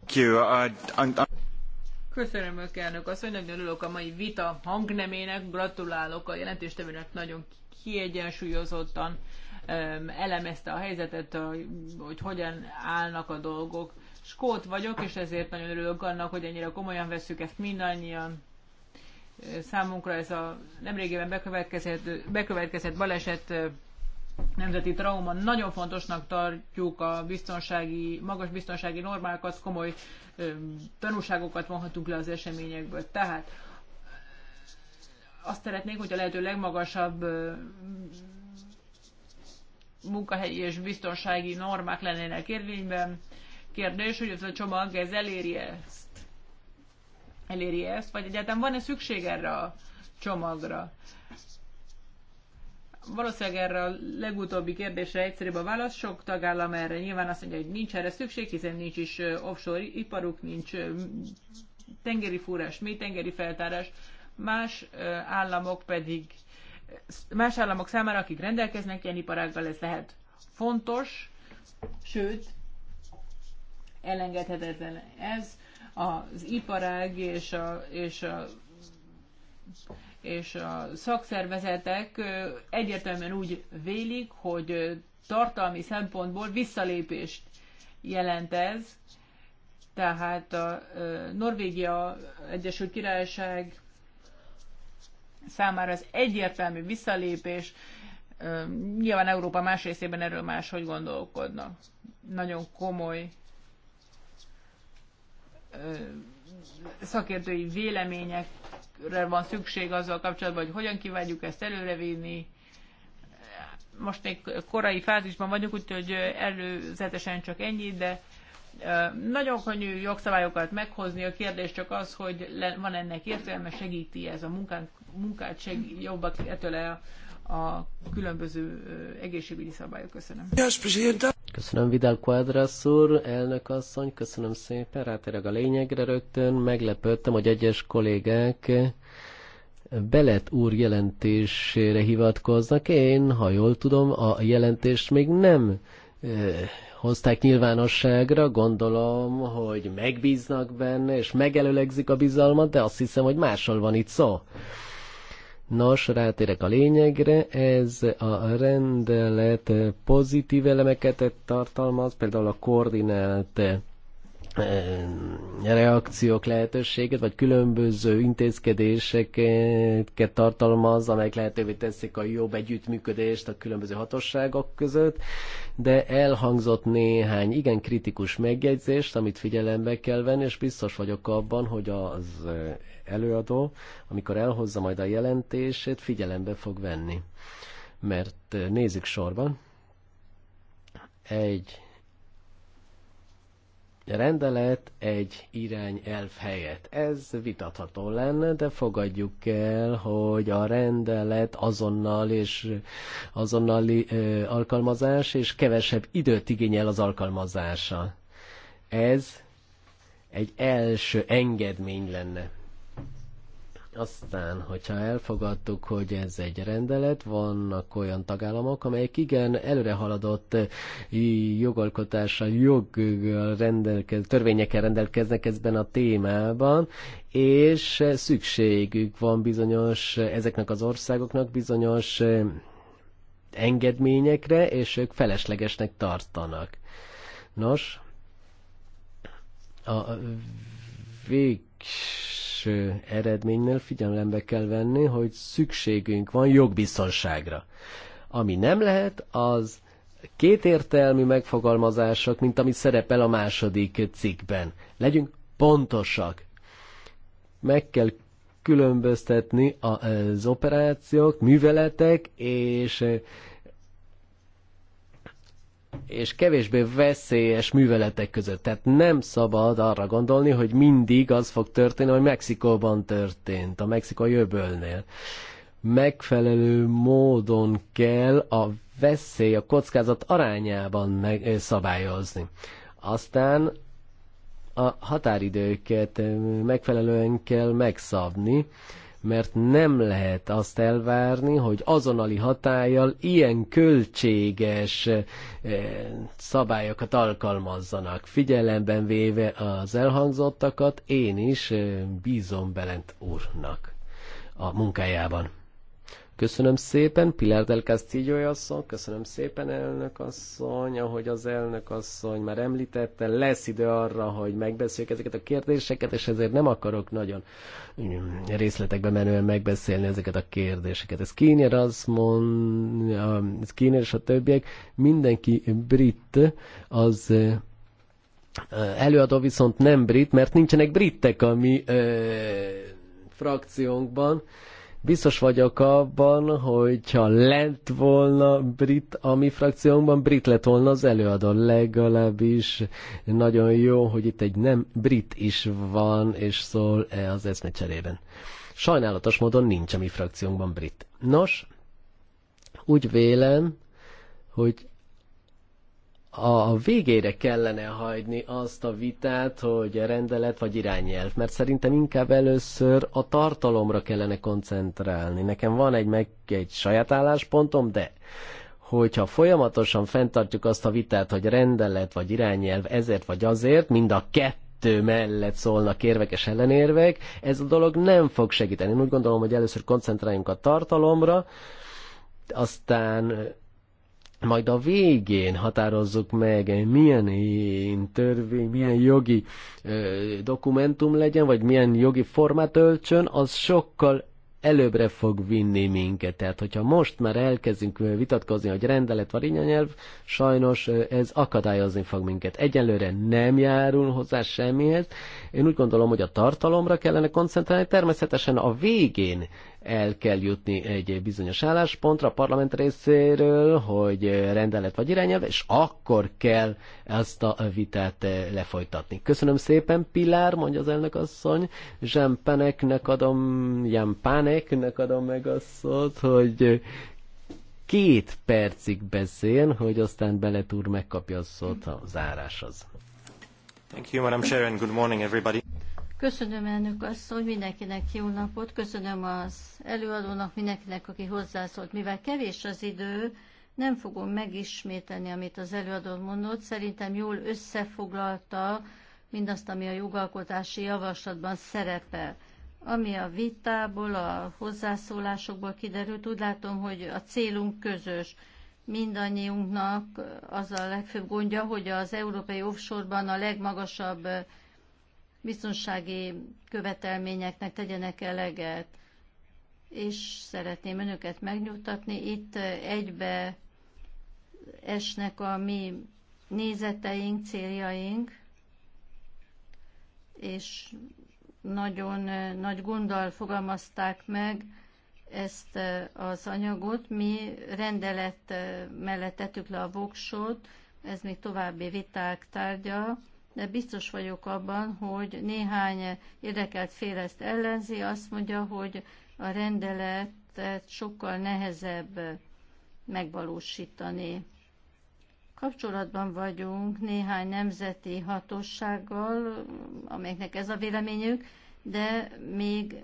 Köszönöm, elnök azt, hogy nagyon örülök a mai vita hangnemének, gratulálok a jelentéstevőnek, nagyon kiegyensúlyozottan elemezte a helyzetet, hogy hogyan állnak a dolgok. Skót vagyok, és ezért nagyon örülök annak, hogy ennyire komolyan veszük ezt mindannyian. Számunkra ez a nemrégében bekövetkezett, bekövetkezett baleset nemzeti trauma. Nagyon fontosnak tartjuk a biztonsági, magas biztonsági normákat, komoly ö, tanulságokat vonhatunk le az eseményekből. Tehát azt szeretnénk, hogy a lehető legmagasabb munkahelyi és biztonsági normák lennének érvényben. Kérdés, hogy ez a csomag ez eléri ezt? Eléri ezt? Vagy egyáltalán van-e szükség erre a csomagra? Valószínűleg erre a legutóbbi kérdésre egyszerűbb a válasz. Sok tagállam erre nyilván azt mondja, hogy nincs erre szükség, hiszen nincs is offshore iparuk, nincs tengeri fúrás, mély tengeri feltárás más államok pedig, más államok számára, akik rendelkeznek ilyen iparággal, ez lehet fontos, sőt, elengedhetetlen ez az iparág és a, és a és a szakszervezetek egyértelműen úgy vélik, hogy tartalmi szempontból visszalépést jelent ez. Tehát a Norvégia Egyesült Királyság számára az egyértelmű visszalépés, nyilván Európa más részében erről máshogy gondolkodnak. Nagyon komoly szakértői véleményekre van szükség azzal kapcsolatban, hogy hogyan kívánjuk ezt előrevinni. Most még korai fázisban vagyunk, úgyhogy előzetesen csak ennyi, de nagyon könnyű jogszabályokat meghozni, a kérdés csak az, hogy van ennek értelme, segíti ez a munkánk munkát seg, jobbak ettől el a különböző egészségügyi szabályok. Köszönöm. Köszönöm Vidal Quadras úr, elnök asszony, köszönöm szépen, rátérek a lényegre rögtön, meglepődtem, hogy egyes kollégák Belet úr jelentésére hivatkoznak. Én, ha jól tudom, a jelentést még nem hozták nyilvánosságra, gondolom, hogy megbíznak benne, és megelőlegzik a bizalmat, de azt hiszem, hogy máshol van itt szó. Nos, rátérek a lényegre, ez a rendelet pozitív elemeket tartalmaz, például a koordinált reakciók lehetőséget, vagy különböző intézkedéseket tartalmaz, amelyek lehetővé teszik a jobb együttműködést a különböző hatóságok között, de elhangzott néhány igen kritikus megjegyzést, amit figyelembe kell venni, és biztos vagyok abban, hogy az előadó, amikor elhozza majd a jelentését, figyelembe fog venni. Mert nézzük sorban. Egy rendelet egy irányelv helyett. Ez vitatható lenne, de fogadjuk el, hogy a rendelet azonnal és azonnali ö, alkalmazás, és kevesebb időt igényel az alkalmazása. Ez egy első engedmény lenne. Aztán, hogyha elfogadtuk, hogy ez egy rendelet, vannak olyan tagállamok, amelyek igen haladott eh, jogalkotással, joggal rendelkez, törvényekkel rendelkeznek ezben a témában, és eh, szükségük van bizonyos, eh, ezeknek az országoknak bizonyos engedményekre, és ők feleslegesnek tartanak. Nos, a végső végső eredménynél figyelembe kell venni, hogy szükségünk van jogbiztonságra. Ami nem lehet, az kétértelmű megfogalmazások, mint amit szerepel a második cikkben. Legyünk pontosak. Meg kell különböztetni az operációk, műveletek és és kevésbé veszélyes műveletek között. Tehát nem szabad arra gondolni, hogy mindig az fog történni, hogy Mexikóban történt, a Mexikó öbölnél. Megfelelő módon kell a veszély, a kockázat arányában meg, eh, szabályozni. Aztán a határidőket eh, megfelelően kell megszabni, mert nem lehet azt elvárni, hogy azonnali hatállyal ilyen költséges eh, szabályokat alkalmazzanak. Figyelemben véve az elhangzottakat, én is eh, bízom Belent úrnak a munkájában. Köszönöm szépen, Pilar del Castillo asszony, köszönöm szépen elnök asszony, ahogy az elnök asszony már említette, lesz idő arra, hogy megbeszéljük ezeket a kérdéseket, és ezért nem akarok nagyon mm, részletekbe menően megbeszélni ezeket a kérdéseket. Ez Kínér, az mond, ez Kínér és a többiek, mindenki brit, az előadó viszont nem brit, mert nincsenek britek a mi ö, frakciónkban, Biztos vagyok abban, hogyha lett volna brit a mi frakciónkban, brit lett volna az előadó legalábbis. Nagyon jó, hogy itt egy nem brit is van, és szól e az cserében. Sajnálatos módon nincs a mi frakciónkban brit. Nos, úgy vélem, hogy a végére kellene hagyni azt a vitát, hogy rendelet vagy irányelv, mert szerintem inkább először a tartalomra kellene koncentrálni. Nekem van egy, meg egy saját álláspontom, de hogyha folyamatosan fenntartjuk azt a vitát, hogy rendelet vagy irányelv ezért vagy azért, mind a kettő mellett szólnak érvekes ellenérvek, ez a dolog nem fog segíteni. Én úgy gondolom, hogy először koncentráljunk a tartalomra, aztán majd a végén határozzuk meg, milyen törvény, milyen jogi dokumentum legyen, vagy milyen jogi formát öltsön, az sokkal előbbre fog vinni minket. Tehát, hogyha most már elkezdünk vitatkozni, hogy rendelet vagy irányelv, sajnos ez akadályozni fog minket. Egyelőre nem járul hozzá semmihez. Én úgy gondolom, hogy a tartalomra kellene koncentrálni, természetesen a végén el kell jutni egy bizonyos álláspontra a parlament részéről, hogy rendelet vagy irányelv, és akkor kell ezt a vitát eh, lefolytatni. Köszönöm szépen, Pilár, mondja az elnök asszony. Jean adom, Jean adom meg a szót, hogy két percig beszél, hogy aztán beletúr, megkapja a szót a záráshoz. Thank you, Madam Chair, and good morning, everybody. Köszönöm elnök asszony, mindenkinek jó napot, köszönöm az előadónak, mindenkinek, aki hozzászólt. Mivel kevés az idő, nem fogom megismételni, amit az előadó mondott. Szerintem jól összefoglalta mindazt, ami a jogalkotási javaslatban szerepel. Ami a vitából, a hozzászólásokból kiderült, úgy látom, hogy a célunk közös. Mindannyiunknak az a legfőbb gondja, hogy az európai offshore-ban a legmagasabb biztonsági követelményeknek tegyenek eleget, és szeretném önöket megnyugtatni, itt egybe esnek a mi nézeteink, céljaink, és nagyon nagy gonddal fogalmazták meg ezt az anyagot. Mi rendelet mellett tettük le a voksot, ez még további viták tárgya, de biztos vagyok abban, hogy néhány érdekelt fél ezt ellenzi, azt mondja, hogy a rendeletet sokkal nehezebb megvalósítani. Kapcsolatban vagyunk néhány nemzeti hatossággal, amelyeknek ez a véleményük, de még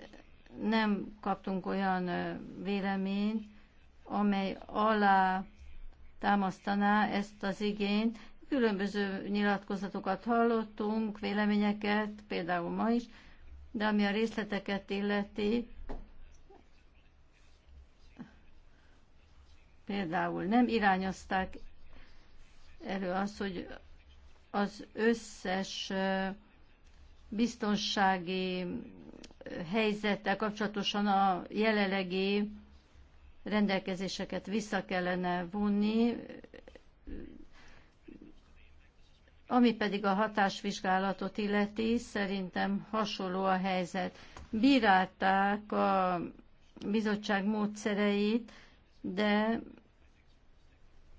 nem kaptunk olyan véleményt, amely alá támasztaná ezt az igényt, Különböző nyilatkozatokat hallottunk, véleményeket, például ma is, de ami a részleteket illeti, például nem irányozták elő azt, hogy az összes biztonsági helyzettel kapcsolatosan a jelenlegi rendelkezéseket vissza kellene vonni, ami pedig a hatásvizsgálatot illeti, szerintem hasonló a helyzet. Bírálták a bizottság módszereit, de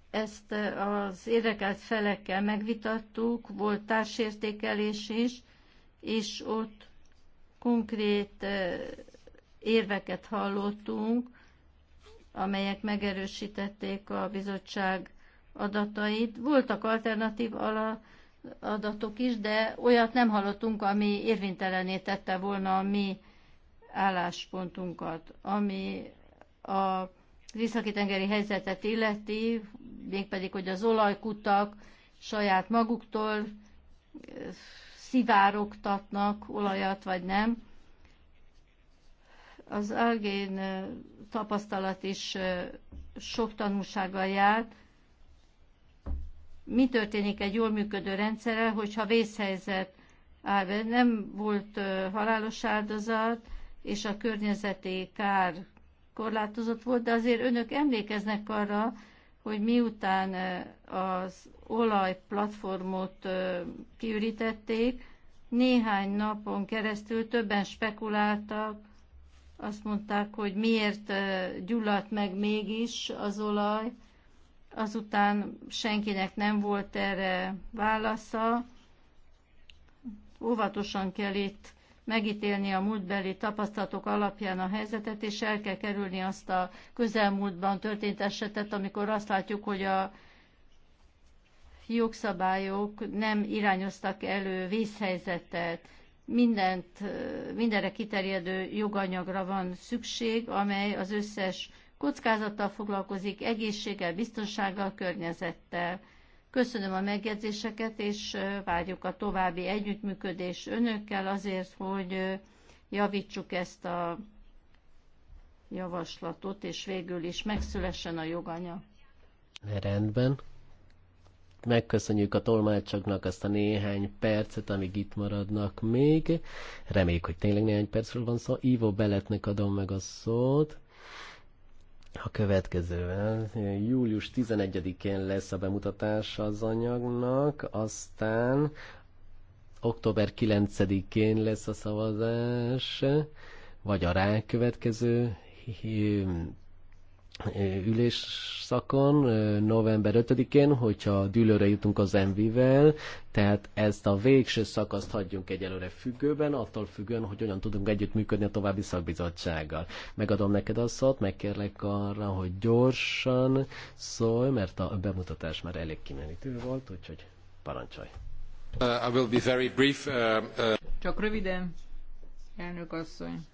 ezt az érdekelt felekkel megvitattuk, volt társértékelés is, és ott konkrét eh, érveket hallottunk, amelyek megerősítették a bizottság adatait. Voltak alternatív ala adatok is, de olyat nem hallottunk, ami érvénytelené tette volna a mi álláspontunkat, ami a északi-tengeri helyzetet illeti, mégpedig, hogy az olajkutak saját maguktól eh, szivárogtatnak olajat, vagy nem. Az algén eh, tapasztalat is eh, sok tanulsággal járt, mi történik egy jól működő rendszerrel, hogyha vészhelyzet áll, nem volt halálos áldozat, és a környezeti kár korlátozott volt, de azért önök emlékeznek arra, hogy miután az olajplatformot kiürítették, néhány napon keresztül többen spekuláltak, azt mondták, hogy miért gyulladt meg mégis az olaj, azután senkinek nem volt erre válasza. Óvatosan kell itt megítélni a múltbeli tapasztalatok alapján a helyzetet, és el kell kerülni azt a közelmúltban történt esetet, amikor azt látjuk, hogy a jogszabályok nem irányoztak elő vészhelyzetet. Mindent, mindenre kiterjedő joganyagra van szükség, amely az összes kockázattal foglalkozik, egészséggel, biztonsággal, környezettel. Köszönöm a megjegyzéseket, és várjuk a további együttműködés önökkel azért, hogy javítsuk ezt a javaslatot, és végül is megszülessen a joganya. Rendben. Megköszönjük a tolmácsoknak azt a néhány percet, amíg itt maradnak még. Reméljük, hogy tényleg néhány percről van szó. Ivo Beletnek adom meg a szót a következővel. Július 11-én lesz a bemutatás az anyagnak, aztán október 9-én lesz a szavazás, vagy a rákövetkező ülésszakon november 5-én, hogyha dűlőre jutunk az MV-vel, tehát ezt a végső szakaszt hagyjunk egyelőre függőben, attól függően, hogy hogyan tudunk együttműködni a további szakbizottsággal. Megadom neked a szót, megkérlek arra, hogy gyorsan szólj, mert a bemutatás már elég kimenítő volt, úgyhogy parancsolj. Uh, I will be very brief. Uh, uh... Csak röviden, elnök asszony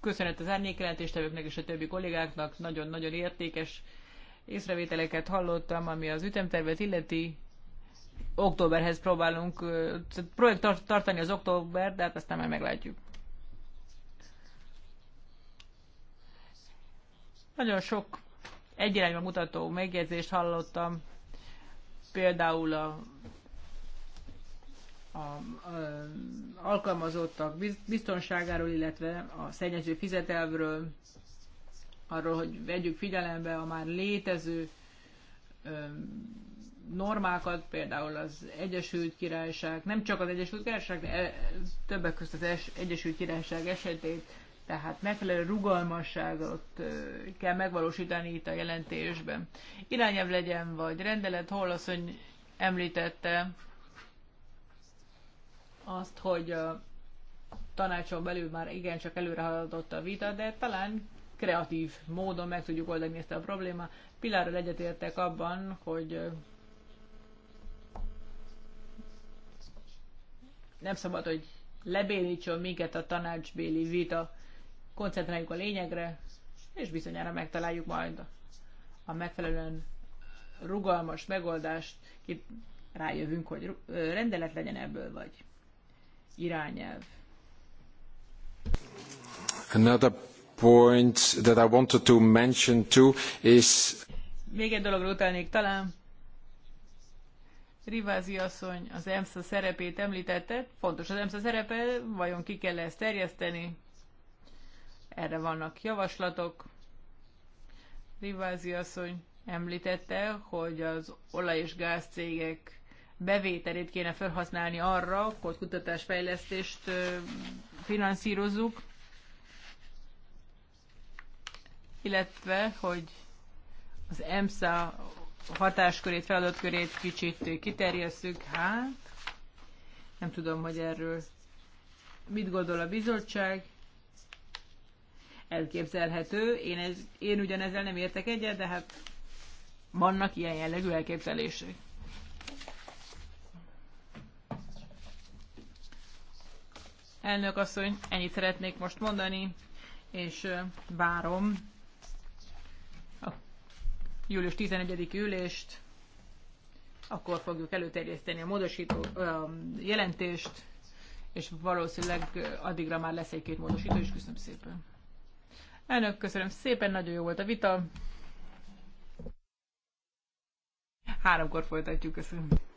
köszönet az árnyékelentéstevőknek és a többi kollégáknak, nagyon-nagyon értékes észrevételeket hallottam, ami az ütemtervet illeti. Októberhez próbálunk projekt tartani az október, de hát aztán már meglátjuk. Nagyon sok egyirányban mutató megjegyzést hallottam, például a a, a alkalmazottak biztonságáról, illetve a szennyező fizetelvről, arról, hogy vegyük figyelembe a már létező normákat, például az Egyesült Királyság, nem csak az Egyesült Királyság, de e, többek között az Egyesült Királyság esetét, tehát megfelelő rugalmasságot kell megvalósítani itt a jelentésben. Irányelv legyen, vagy rendelet, hol hogy említette azt, hogy a tanácson belül már igencsak előre haladott a vita, de talán kreatív módon meg tudjuk oldani ezt a problémát. Pilárral egyetértek abban, hogy nem szabad, hogy lebénítson minket a tanácsbéli vita. Koncentráljuk a lényegre, és bizonyára megtaláljuk majd a megfelelően rugalmas megoldást. Itt rájövünk, hogy rendelet legyen ebből, vagy irányelv. Another point that I wanted to mention too is... Még egy dologra utalnék talán. Rivázi asszony az EMSZA szerepét említette. Fontos az EMSZA szerepe, vajon ki kell ezt terjeszteni? Erre vannak javaslatok. Rivázi asszony említette, hogy az olaj- és gázcégek bevételét kéne felhasználni arra, hogy kutatásfejlesztést finanszírozzuk, illetve, hogy az EMSA hatáskörét, feladatkörét kicsit kiterjesszük, hát nem tudom, hogy erről mit gondol a bizottság. Elképzelhető. Én, ez, én ugyanezzel nem értek egyet, de hát vannak ilyen jellegű elképzelések. Elnök asszony, ennyit szeretnék most mondani, és várom a július 11. ülést, akkor fogjuk előterjeszteni a módosító a jelentést, és valószínűleg addigra már lesz egy-két módosító, és köszönöm szépen. Elnök, köszönöm szépen, nagyon jó volt a vita. Háromkor folytatjuk, köszönöm.